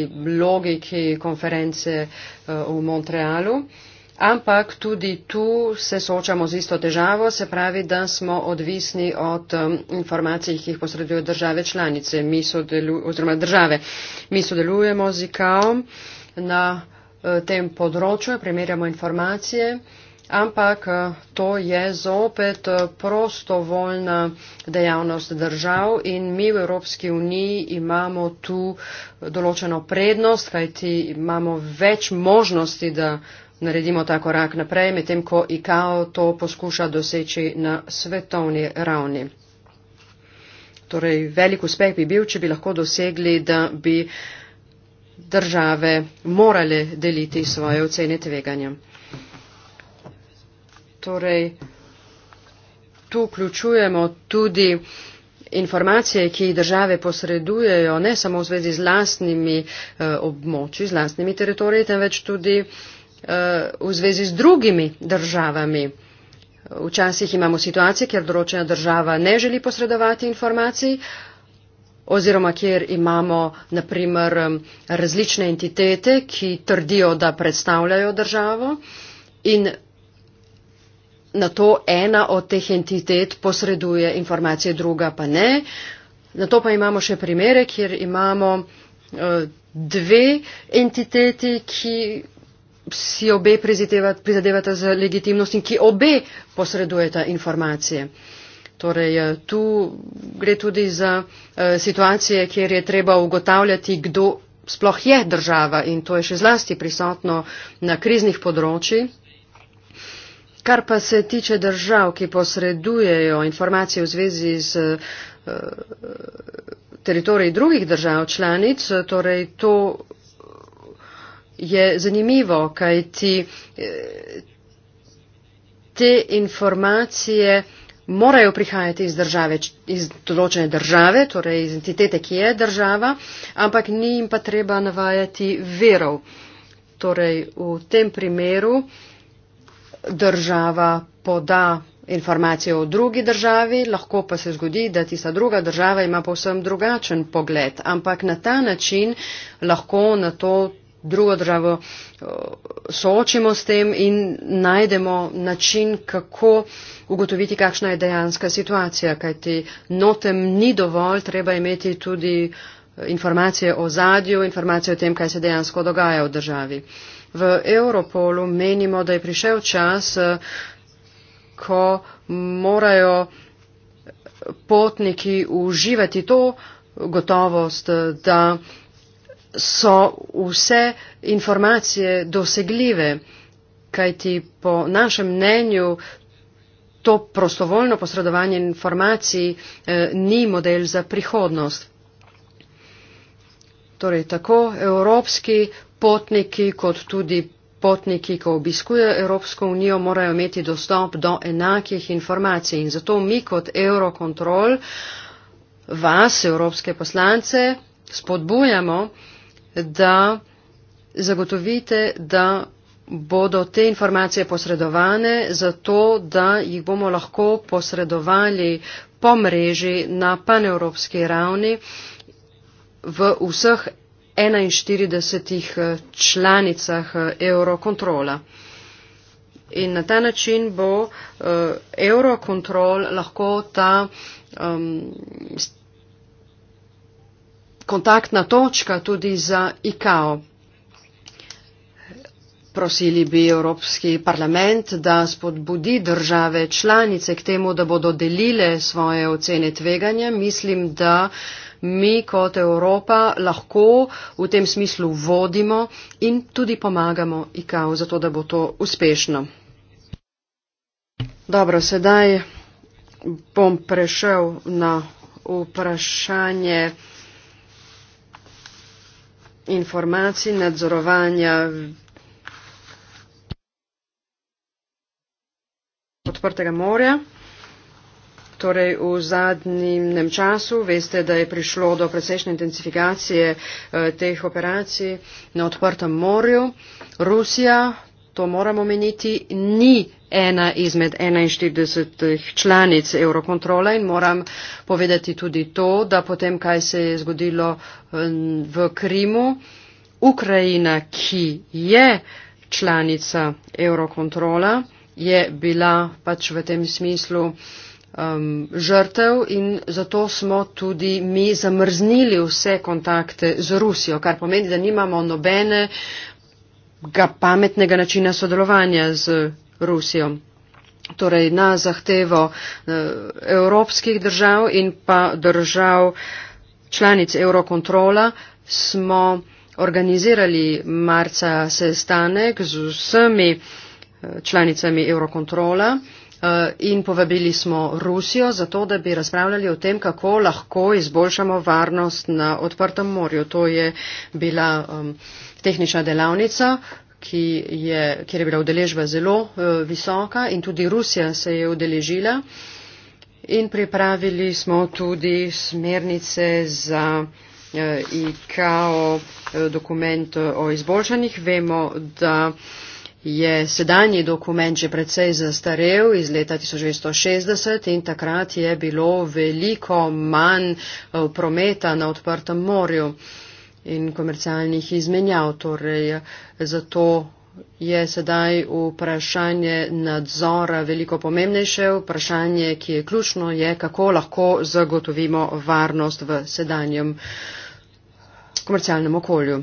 logiki konference v Montrealu. Ampak tudi tu se soočamo z isto težavo, se pravi, da smo odvisni od um, informacij, ki jih posredujejo države članice, mi oziroma države. Mi sodelujemo z IKAOM na uh, tem področju, primerjamo informacije, ampak uh, to je zopet uh, prostovoljna dejavnost držav in mi v Evropski uniji imamo tu določeno prednost, kajti imamo več možnosti, da naredimo ta korak naprej, medtem ko ICAO to poskuša doseči na svetovni ravni. Torej, velik uspeh bi bil, če bi lahko dosegli, da bi države morale deliti svoje ocene tveganja. Torej, tu vključujemo tudi informacije, ki jih države posredujejo, ne samo v zvezi z lastnimi eh, območji, z lastnimi teritoriji, temveč tudi eh, v zvezi z drugimi državami. Včasih imamo situacije, kjer določena država ne želi posredovati informacij oziroma kjer imamo, naprimer, različne entitete, ki trdijo, da predstavljajo državo in na to ena od teh entitet posreduje informacije, druga pa ne. Na to pa imamo še primere, kjer imamo eh, dve entiteti, ki si obe prizadevata za legitimnost in ki obe posredujeta informacije. Torej, eh, tu gre tudi za eh, situacije, kjer je treba ugotavljati, kdo sploh je država in to je še zlasti prisotno na kriznih področji. Kar pa se tiče držav, ki posredujejo informacije v zvezi z eh, teritoriji drugih držav članic, torej to je zanimivo, kajti eh, te informacije morajo prihajati iz, države, iz določene države, torej iz entitete, ki je država, ampak ni jim pa treba navajati verov. Torej v tem primeru država poda informacije o drugi državi, lahko pa se zgodi, da tista druga država ima povsem drugačen pogled, ampak na ta način lahko na to drugo državo eh, soočimo s tem in najdemo način, kako ugotoviti, kakšna je dejanska situacija, kajti notem ni dovolj, treba imeti tudi eh, informacije o zadju, informacije o tem, kaj se dejansko dogaja v državi. V Europolu menimo, da je prišel čas, eh, ko morajo potniki uživati to gotovost, da so vse informacije dosegljive, kajti po našem mnenju to prostovoljno posredovanje informacij eh, ni model za prihodnost. Torej, tako evropski potniki kot tudi potniki, ko obiskujejo Evropsko unijo, morajo imeti dostop do enakih informacij. In zato mi kot Eurocontrol vas, evropske poslance, spodbujamo, eh, da zagotovite, da bodo te informacije posredovane, zato da jih bomo lahko posredovali po mreži na panevropski ravni v vseh 41 eh, članicah eh, Eurokontrola. In na ta način bo uh, eh, Eurokontrol lahko ta um, kontaktna točka tudi za ICAO. Prosili bi Evropski parlament, da spodbudi države članice k temu, da bodo delile svoje ocene tveganja. Mislim, da mi kot Evropa lahko v tem smislu vodimo in tudi pomagamo ICAO, zato da bo to uspešno. Dobro, sedaj bom prešel na vprašanje informacij, nadzorovanja, odprtega morja. Torej v zadnjem času veste, da je prišlo do precejšnje intensifikacije eh, teh operacij na odprtem morju. Rusija to moram omeniti, ni ena izmed 41 članic Eurokontrola in moram povedati tudi to, da potem, kaj se je zgodilo v Krimu, Ukrajina, ki je članica Eurokontrola, je bila pač v tem smislu um, žrtev in zato smo tudi mi zamrznili vse kontakte z Rusijo, kar pomeni, da nimamo nobene ga pametnega načina sodelovanja z Rusijo. Torej na zahtevo eh, evropskih držav in pa držav članic Eurokontrola smo organizirali marca sestanek z vsemi eh, članicami Eurokontrola. Eh, in povabili smo Rusijo za to, da bi razpravljali o tem, kako lahko izboljšamo varnost na odprtem morju. To je bila um, tehnična delavnica, ki je, kjer je bila udeležba zelo uh, visoka in tudi Rusija se je udeležila. In pripravili smo tudi smernice za uh, eh, IKO uh, dokument uh, o izboljšanjih. Vemo, da. Uh, je sedanji dokument že precej zastarev iz leta 1960 in takrat je bilo veliko manj eh, prometa na odprtem morju in komercialnih izmenjav. Torej, zato je sedaj vprašanje nadzora veliko pomembnejše. Vprašanje, ki je ključno, je, kako lahko zagotovimo varnost v sedanjem komercialnem okolju.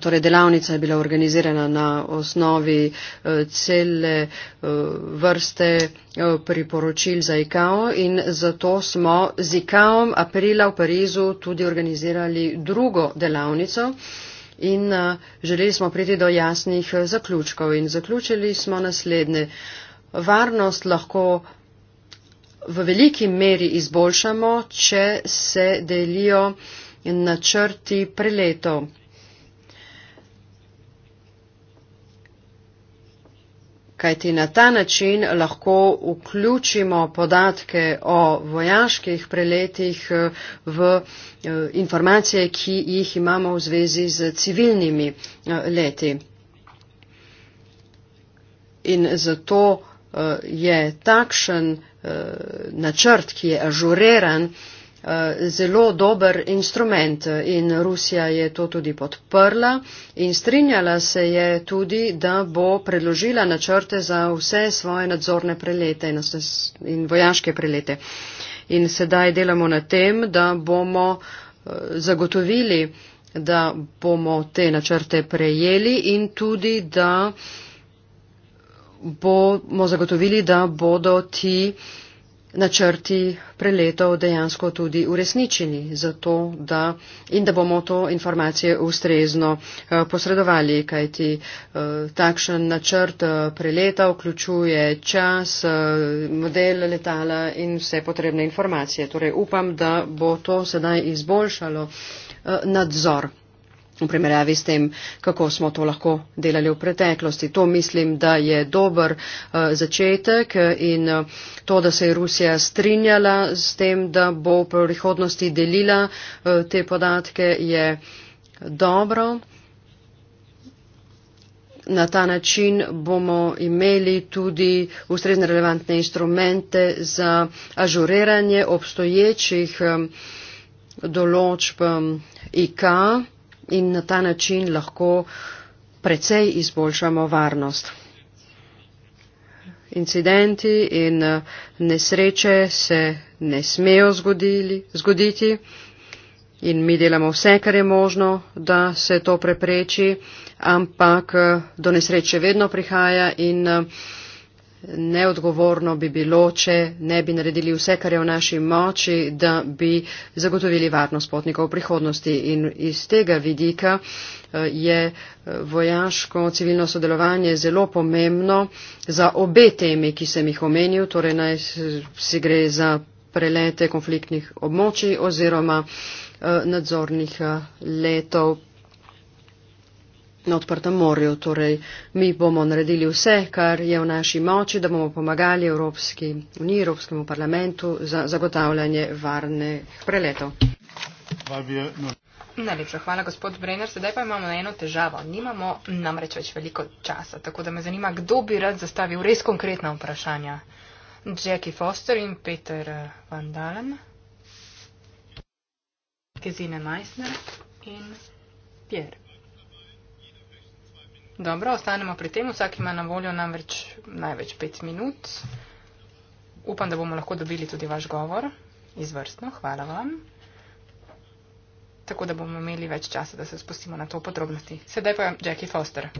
Torej, delavnica je bila organizirana na osnovi eh, cele eh, vrste eh, priporočil za ICAO in zato smo z ICAO aprila v Parizu tudi organizirali drugo delavnico in želeli smo priti do jasnih zaključkov in zaključili smo naslednje. Varnost lahko v veliki meri izboljšamo, če se delijo načrti preletov. kajti na ta način lahko vključimo podatke o vojaških preletih eh, v eh, informacije, ki jih imamo v zvezi z civilnimi eh, leti. In zato je takšen načrt, ki je ažureran, Eh, zelo dober instrument eh, in Rusija je to tudi podprla in strinjala se je tudi, da bo predložila načrte za vse svoje nadzorne prelete in vojaške prelete. In sedaj delamo na tem, da bomo eh, zagotovili, da bomo te načrte prejeli in tudi, da bomo zagotovili, da bodo ti načrti preletov dejansko tudi uresničili, zato da in da bomo to informacije ustrezno eh, posredovali, kajti eh, takšen načrt eh, preleta vključuje čas, model letala in vse potrebne informacije. Torej upam, da bo to sedaj izboljšalo nadzor v primerjavi s tem, kako smo to lahko delali v preteklosti. To mislim, da je dober eh, začetek in eh, to, da se je Rusija strinjala s tem, da bo v prihodnosti delila eh, te podatke, je dobro. Na ta način bomo imeli tudi ustrezne relevantne instrumente za ažuriranje obstoječih določb IK in na ta način lahko precej izboljšamo varnost. Incidenti in eh, nesreče se ne smejo zgodili, zgoditi in mi delamo vse, kar je možno, da se to prepreči, ampak eh, do nesreče vedno prihaja in uh, Neodgovorno bi bilo, če ne bi naredili vse, kar je v naši moči, da bi zagotovili varnost potnikov v prihodnosti. In iz tega vidika eh, je eh, vojaško civilno sodelovanje zelo pomembno za obe temi, ki sem jih omenil, torej naj si gre za prelete konfliktnih območij oziroma eh, nadzornih letov na odprtem morju. Torej, mi bomo naredili vse, kar je v naši moči, da bomo pomagali Evropski uniji, Evropskemu parlamentu za zagotavljanje varnih preletov. Najlepša hvala, gospod Brenner. Sedaj pa imamo eno težavo. Nimamo namreč več veliko časa, tako da me zanima, kdo bi rad zastavil res konkretna vprašanja. Jackie Foster in Peter eh, Van Dalen. Kezine Meissner in Pierre. Dobro, ostanemo pri tem. Vsak ima na voljo namreč največ pet minut. Upam, da bomo lahko dobili tudi vaš govor. Izvrstno, hvala vam. Tako da bomo imeli več časa, da se spustimo na to podrobnosti. Sedaj pa Jackie Foster.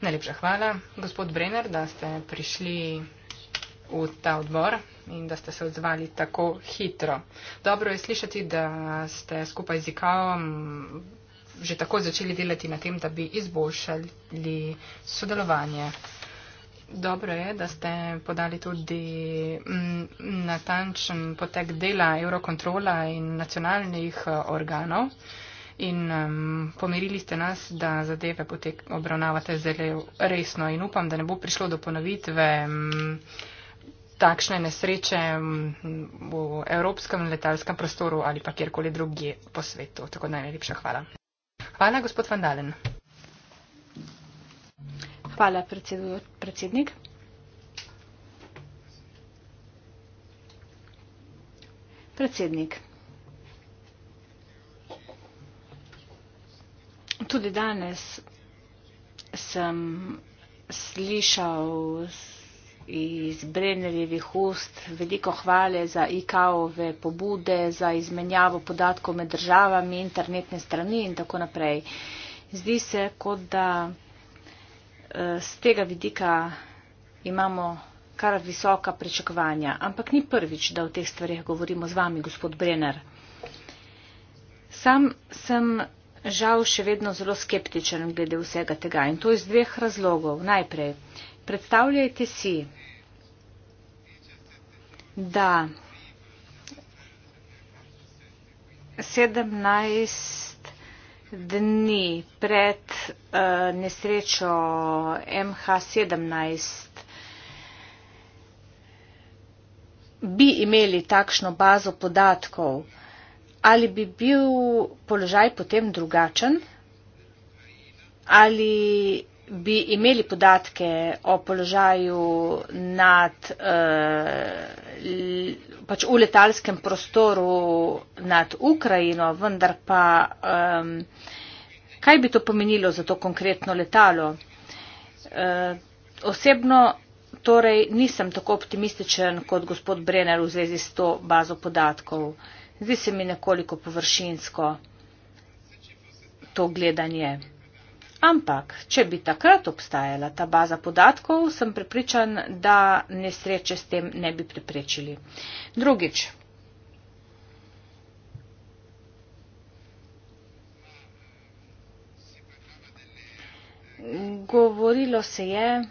Najlepša hvala, gospod Brenner, da ste prišli v ta odbor in da ste se odzvali tako hitro. Dobro je slišati, da ste skupaj z IKO-om že tako začeli delati na tem, da bi izboljšali sodelovanje. Dobro je, da ste podali tudi mm, natančen potek dela Eurokontrola in nacionalnih eh, organov in mm, pomirili ste nas, da zadeve potek obravnavate zelo resno in upam, da ne bo prišlo do ponovitve mm, takšne nesreče v evropskem letalskem prostoru ali pa kjerkoli drugi po svetu. Tako da najlepša hvala. Hvala, gospod Van Dalen. Hvala, predsednik. Predsednik. Tudi danes sem slišal iz Brennerjevih ust veliko hvale za IKO-ove pobude, za izmenjavo podatkov med državami, internetne strani in tako naprej. Zdi se, kot da z eh, tega vidika imamo kar visoka pričakovanja. Ampak ni prvič, da o teh stvarih govorimo z vami, gospod Brenner. Sam sem žal še vedno zelo skeptičen glede vsega tega in to iz dveh razlogov. Najprej, Predstavljajte si, da 17 dni pred uh, nesrečo MH17 bi imeli takšno bazo podatkov, ali bi bil položaj potem drugačen, ali bi imeli podatke o položaju nad, uh, pač v letalskem prostoru nad Ukrajino, vendar pa um, kaj bi to pomenilo za to konkretno letalo? Uh, osebno torej nisem tako optimističen kot gospod Brenner v zvezi s to bazo podatkov. Zdi se mi nekoliko površinsko to gledanje. Ampak, če bi takrat obstajala ta baza podatkov, sem prepričan, da nesreče s tem ne bi preprečili. Drugič. Govorilo se je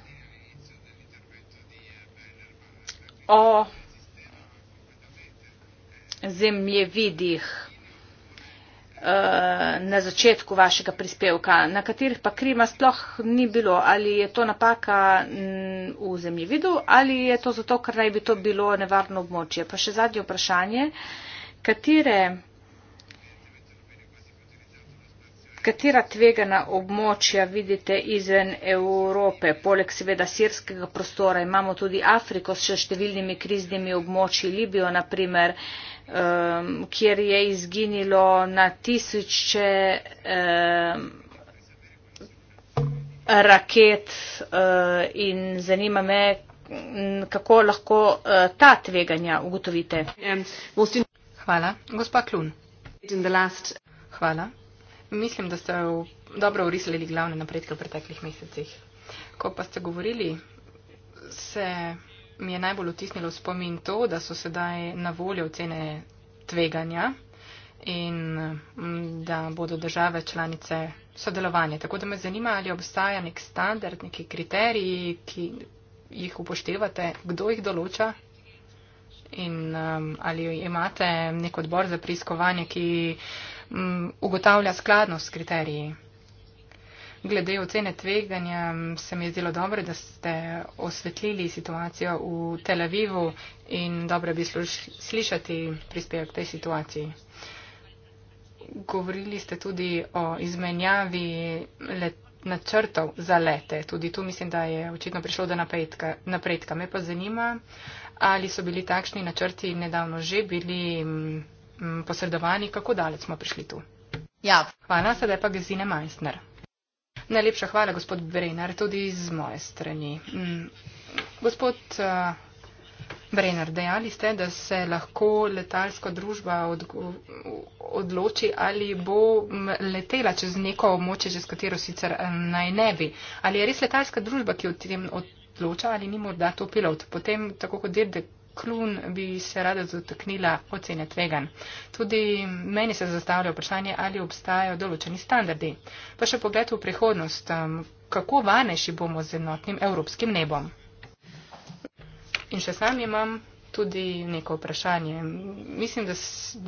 o zemljevidih. Eh, na začetku vašega prispevka, na katerih pa krima sploh ni bilo. Ali je to napaka mm, v zemljevidu ali je to zato, ker naj bi to bilo nevarno območje. Pa še zadnje vprašanje. Katere, katera tvegana območja vidite izven Evrope, poleg seveda sirskega prostora? Imamo tudi Afriko s številnimi kriznimi območji, Libijo naprimer um, kjer je izginilo na tisoče um, raket uh, in zanima me, kako lahko uh, ta tveganja ugotovite. Um, Hvala. Gospa Klun. Hvala. Mislim, da ste v, dobro urisali glavne napredke v preteklih mesecih. Ko pa ste govorili, se mi je najbolj vtisnilo spomin to, da so sedaj na voljo cene tveganja in mm, da bodo države članice sodelovanje. Tako da me zanima, ali obstaja nek standard, neki kriteriji, ki jih upoštevate, kdo jih določa in um, ali imate nek odbor za preiskovanje, ki um, ugotavlja skladnost s kriteriji. Glede ocene tveganja se mi je zdelo dobro, da ste osvetlili situacijo v Tel Avivu in dobro bi slišati prispevek tej situaciji. Govorili ste tudi o izmenjavi let, načrtov za lete. Tudi tu mislim, da je očitno prišlo do napredka. napredka. Me pa zanima, ali so bili takšni načrti nedavno že bili mm, posredovani, kako daleč smo prišli tu. Ja. Hvala, sedaj pa Gezine Meissner. Najlepša hvala, gospod Brenar, tudi z moje strani. Mm. Gospod uh, Brenar, dejali ste, da se lahko letalska družba od, odloči, ali bo letela čez neko območje, čez katero sicer eh, naj ne bi. Ali je res letalska družba, ki o tem odloča, ali ni morda to pilot? Potem, tako kot Dirdek Klun bi se rada dotaknila ocene tvegan. Tudi meni se zastavlja vprašanje, ali obstajajo določeni standardi. Pa še pogled v prihodnost, um, kako vanejši bomo z enotnim evropskim nebom. In še sam imam tudi neko vprašanje. Mislim, da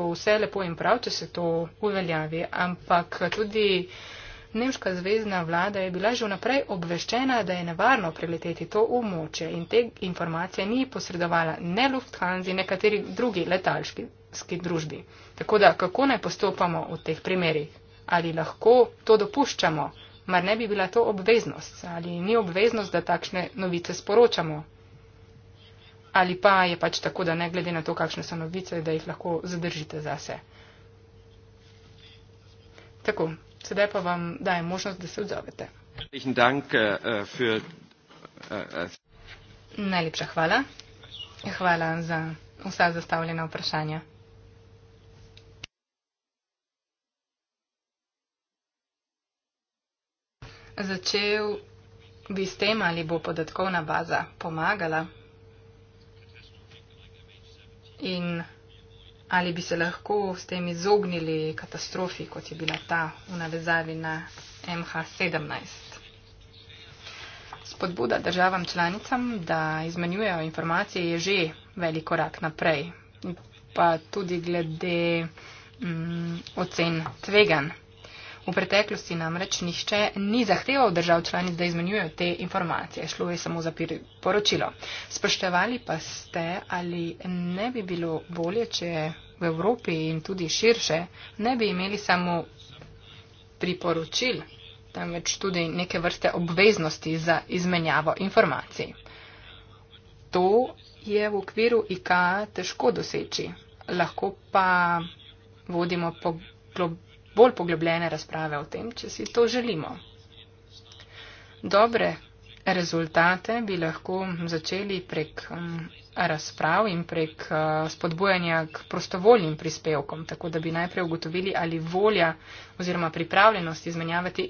bo vse lepo in prav, če se to uveljavi, ampak tudi. Nemška zvezdna vlada je bila že vnaprej obveščena, da je nevarno preleteti to območje in te informacije ni posredovala ne Lufthansa, ne kateri drugi letalški družbi. Tako da kako naj postopamo v teh primerih? Ali lahko to dopuščamo? Mar ne bi bila to obveznost? Ali ni obveznost, da takšne novice sporočamo? Ali pa je pač tako, da ne glede na to, kakšne so novice, da jih lahko zadržite zase? Tako, Sedaj pa vam dajem možnost, da se odzovete. Äh, äh, äh, Najlepša hvala. Hvala za vsa zastavljena vprašanja. Začel bi s tem, ali bo podatkovna baza pomagala in ali bi se lahko s tem izognili katastrofi, kot je bila ta v navezavi na MH17. Spodbuda državam članicam, da izmenjujejo informacije, je že velik korak naprej, pa tudi glede mm, ocen tveganj. V preteklosti namreč nihče ni zahteval držav članic, da izmenjujejo te informacije. Šlo je samo za poročilo. Spoštevali pa ste, ali ne bi bilo bolje, če v Evropi in tudi širše ne bi imeli samo priporočil, temveč tudi neke vrste obveznosti za izmenjavo informacij. To je v okviru IK težko doseči. Lahko pa vodimo po globalno bolj poglobljene razprave o tem, če si to želimo. Dobre rezultate bi lahko začeli prek um, razprav in prek uh, spodbujanja k prostovoljnim prispevkom, tako da bi najprej ugotovili, ali volja oziroma pripravljenost izmenjavati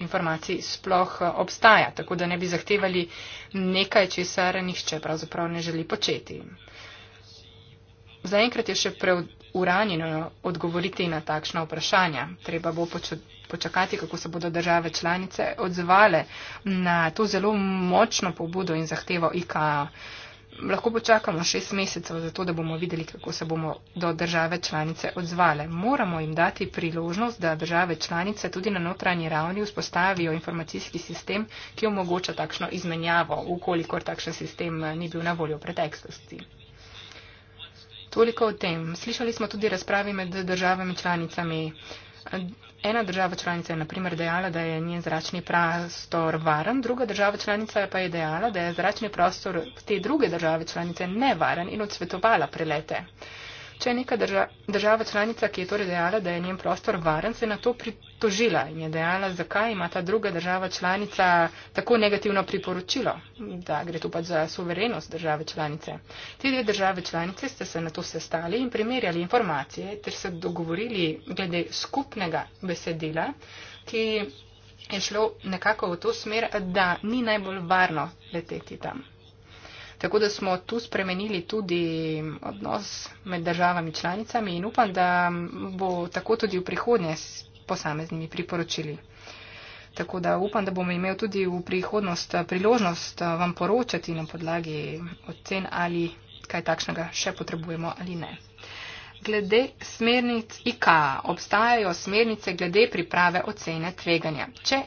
informacij sploh uh, obstaja, tako da ne bi zahtevali nekaj, česar nihče pravzaprav ne želi početi. Zaenkrat je še preudarjeno uranjeno odgovoriti na takšna vprašanja. Treba bo počakati, kako se bodo države članice odzvale na to zelo močno pobudo in zahtevo IKA. Lahko počakamo šest mesecev, zato da bomo videli, kako se bomo do države članice odzvale. Moramo jim dati priložnost, da države članice tudi na notranji ravni vzpostavijo informacijski sistem, ki omogoča takšno izmenjavo, ukolikor takšen sistem ni bil na voljo v preteklosti. Toliko o tem. Slišali smo tudi razprave med državami članicami. Ena država članica je naprimer dejala, da je njen zračni prostor varen, druga država članica pa je dejala, da je zračni prostor te druge države članice nevaren in odsvetovala prelete. Uh, Če je neka drža, država članica, ki je torej dejala, da je njen prostor varen, se je na to pritožila in je dejala, zakaj ima ta druga država članica tako negativno priporočilo, da gre tu pač za soverenost države članice. Ti dve države članice ste se na to sestali in primerjali informacije ter se dogovorili glede skupnega besedila, ki je šlo nekako v to smer, da ni najbolj varno leteti tam. Tako da smo tu spremenili tudi odnos med državami članicami in upam, da bo tako tudi v prihodnje s posameznimi priporočili. Tako da upam, da bom imel tudi v prihodnost priložnost eh, vam poročati na podlagi ocen, ali kaj takšnega še potrebujemo ali ne. Glede smernic IKA obstajajo smernice glede priprave ocene tveganja. Če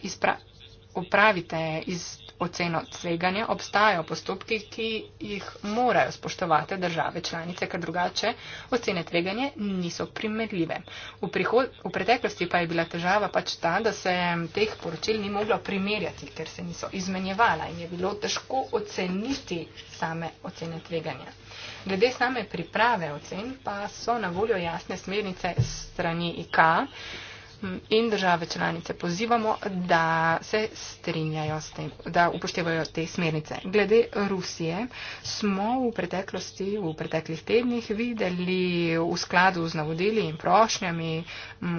opravite iz oceno tveganja, obstajajo postopki, ki jih morajo spoštovati države članice, ker drugače ocene tveganja niso primerljive. V, prihod, v preteklosti pa je bila težava pač ta, da se teh poročil ni moglo primerjati, ker se niso izmenjevala in je bilo težko oceniti same ocene tveganja. Glede same priprave ocen pa so na voljo jasne smernice strani IKA in države članice pozivamo, da se strinjajo s tem, da upoštevajo te smernice. Glede Rusije smo v preteklosti, v preteklih tednih videli v skladu z navodili in prošnjami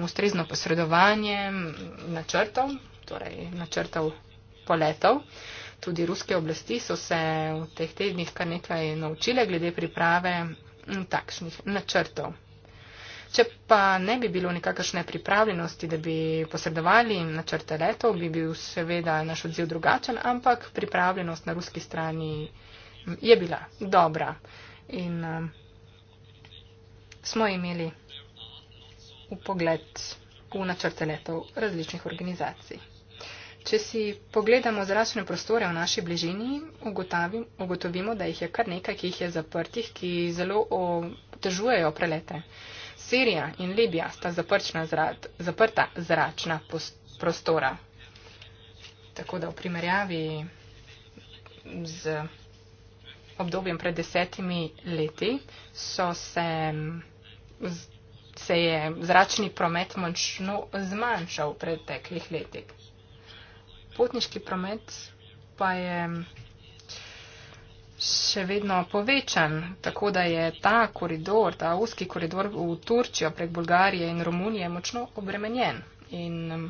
ustrezno posredovanje načrtov, torej načrtov poletov. Tudi ruske oblasti so se v teh tednih kar nekaj naučile glede priprave takšnih načrtov. Če pa ne bi bilo nikakršne pripravljenosti, da bi posredovali načrte letov, bi bil seveda naš odziv drugačen, ampak pripravljenost na ruski strani je bila dobra. In uh, smo imeli v pogled v načrte letov različnih organizacij. Če si pogledamo zračne prostore v naši bližini, ugotovimo, da jih je kar nekaj, ki jih je zaprtih, ki zelo otežujejo prelete. Sirija in Libija sta zrad, zaprta zračna prostora. Tako da v primerjavi z obdobjem pred desetimi leti so se, se je zračni promet močno zmanjšal v preteklih letih. Potniški promet pa je še vedno povečan, tako da je ta koridor, ta uski koridor v Turčijo prek Bulgarije in Romunije močno obremenjen. In um,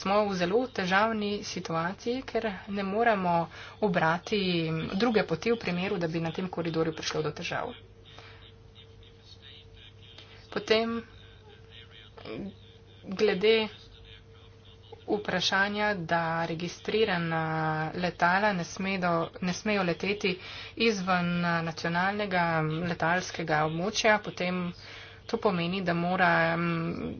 smo v zelo težavni situaciji, ker ne moremo obrati um, druge poti v primeru, da bi na tem koridorju prišlo do težav. Potem glede vprašanja, da registrirana letala ne, smedo, ne smejo leteti izven eh, nacionalnega mm, letalskega območja, potem to pomeni, da mora mm,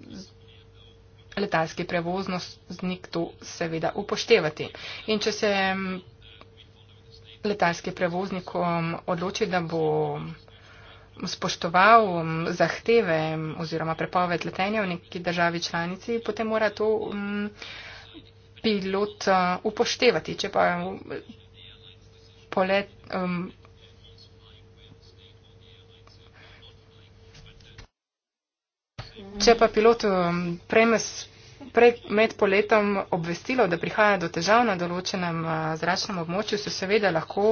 letalski prevoznostnik to seveda upoštevati. In če se mm, letalski prevoznik odloči, da bo spoštoval um, zahteve um, oziroma prepoved letenja v neki državi članici, potem mora to um, pilot uh, upoštevati. Če pa polet. Če pa pilot prejme prej med poletom obvestilo, da prihaja do težav na določenem eh, zračnem območju, se seveda lahko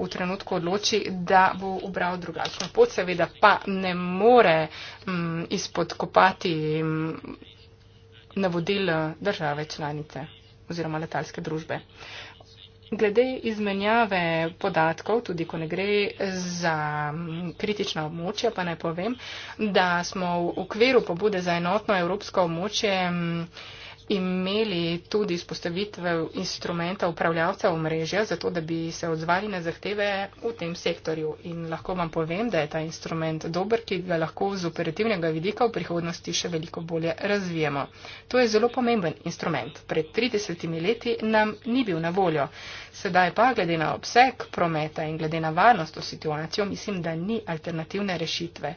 v trenutku odloči, da bo ubral drugačno pot, seveda pa ne more mm, izpodkopati mm, navodil eh, države članice oziroma letalske družbe. Glede izmenjave podatkov, tudi ko ne gre za kritična območja, pa naj povem, da smo v okviru pobude za enotno evropsko območje imeli tudi spostavitve instrumenta upravljavca omrežja, zato da bi se odzvali na zahteve v tem sektorju. In lahko vam povem, da je ta instrument dober, ki ga lahko z operativnega vidika v prihodnosti še veliko bolje razvijemo. To je zelo pomemben instrument. Pred 30 leti nam ni bil na voljo. Sedaj pa, glede na obseg prometa in glede na varnost v situacijo, mislim, da ni alternativne rešitve.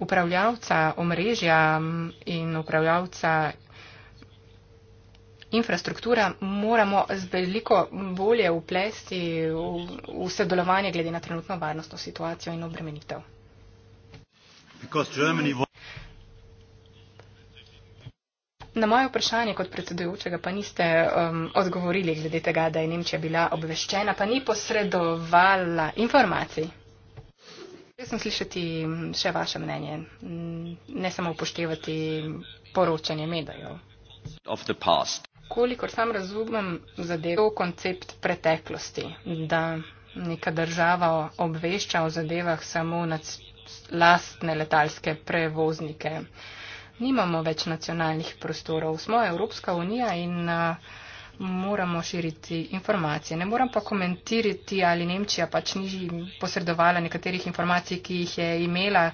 Upravljavca omrežja mm, in upravljavca infrastruktura, moramo z veliko bolje uplesti v, v sodelovanje glede na trenutno varnostno situacijo in obremenitev. Na moje vprašanje kot predsedujočega pa niste um, odgovorili glede tega, da je Nemčija bila obveščena, pa ni posredovala informacij. Jaz sem slišati še vaše mnenje, ne samo upoštevati poročanje medijev kolikor sam razumem zadevo, koncept preteklosti, da neka država obvešča o zadevah samo nad lastne letalske prevoznike. Nimamo več nacionalnih prostorov, smo Evropska unija in moramo širiti informacije. Ne moram pa komentirati, ali Nemčija pač ni posredovala nekaterih informacij, ki jih je imela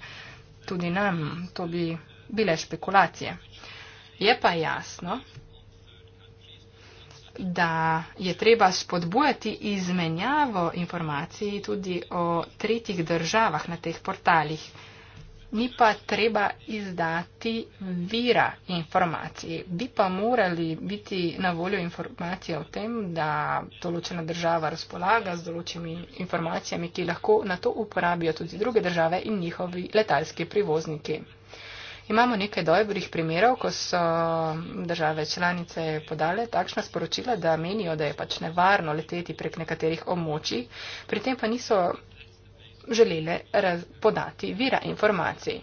tudi nam. To bi bile špekulacije. Je pa jasno, da je treba spodbujati izmenjavo informacij tudi o tretjih državah na teh portalih. Ni pa treba izdati vira informacij. Bi pa morali biti na voljo informacije o tem, da določena država razpolaga z določenimi informacijami, ki lahko na to uporabijo tudi druge države in njihovi letalski privozniki. Imamo nekaj dobrih primerov, ko so države članice podale takšna sporočila, da menijo, da je pač nevarno leteti prek nekaterih območij, pri tem pa niso želele podati vira informacij.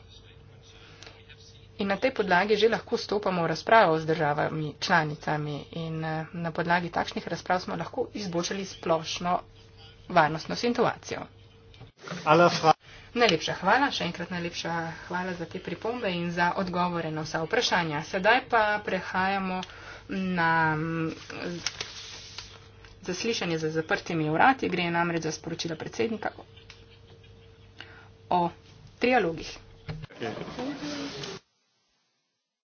In na tej podlagi že lahko stopamo v razpravo z državami članicami in eh, na podlagi takšnih razprav smo lahko izboljšali splošno varnostno situacijo. Hvala. Najlepša hvala, še enkrat najlepša hvala za te pripombe in za odgovore na vsa vprašanja. Sedaj pa prehajamo na mm, zaslišanje za zaprtimi vrati. Gre namreč za sporočila predsednika o trialogih. Okay.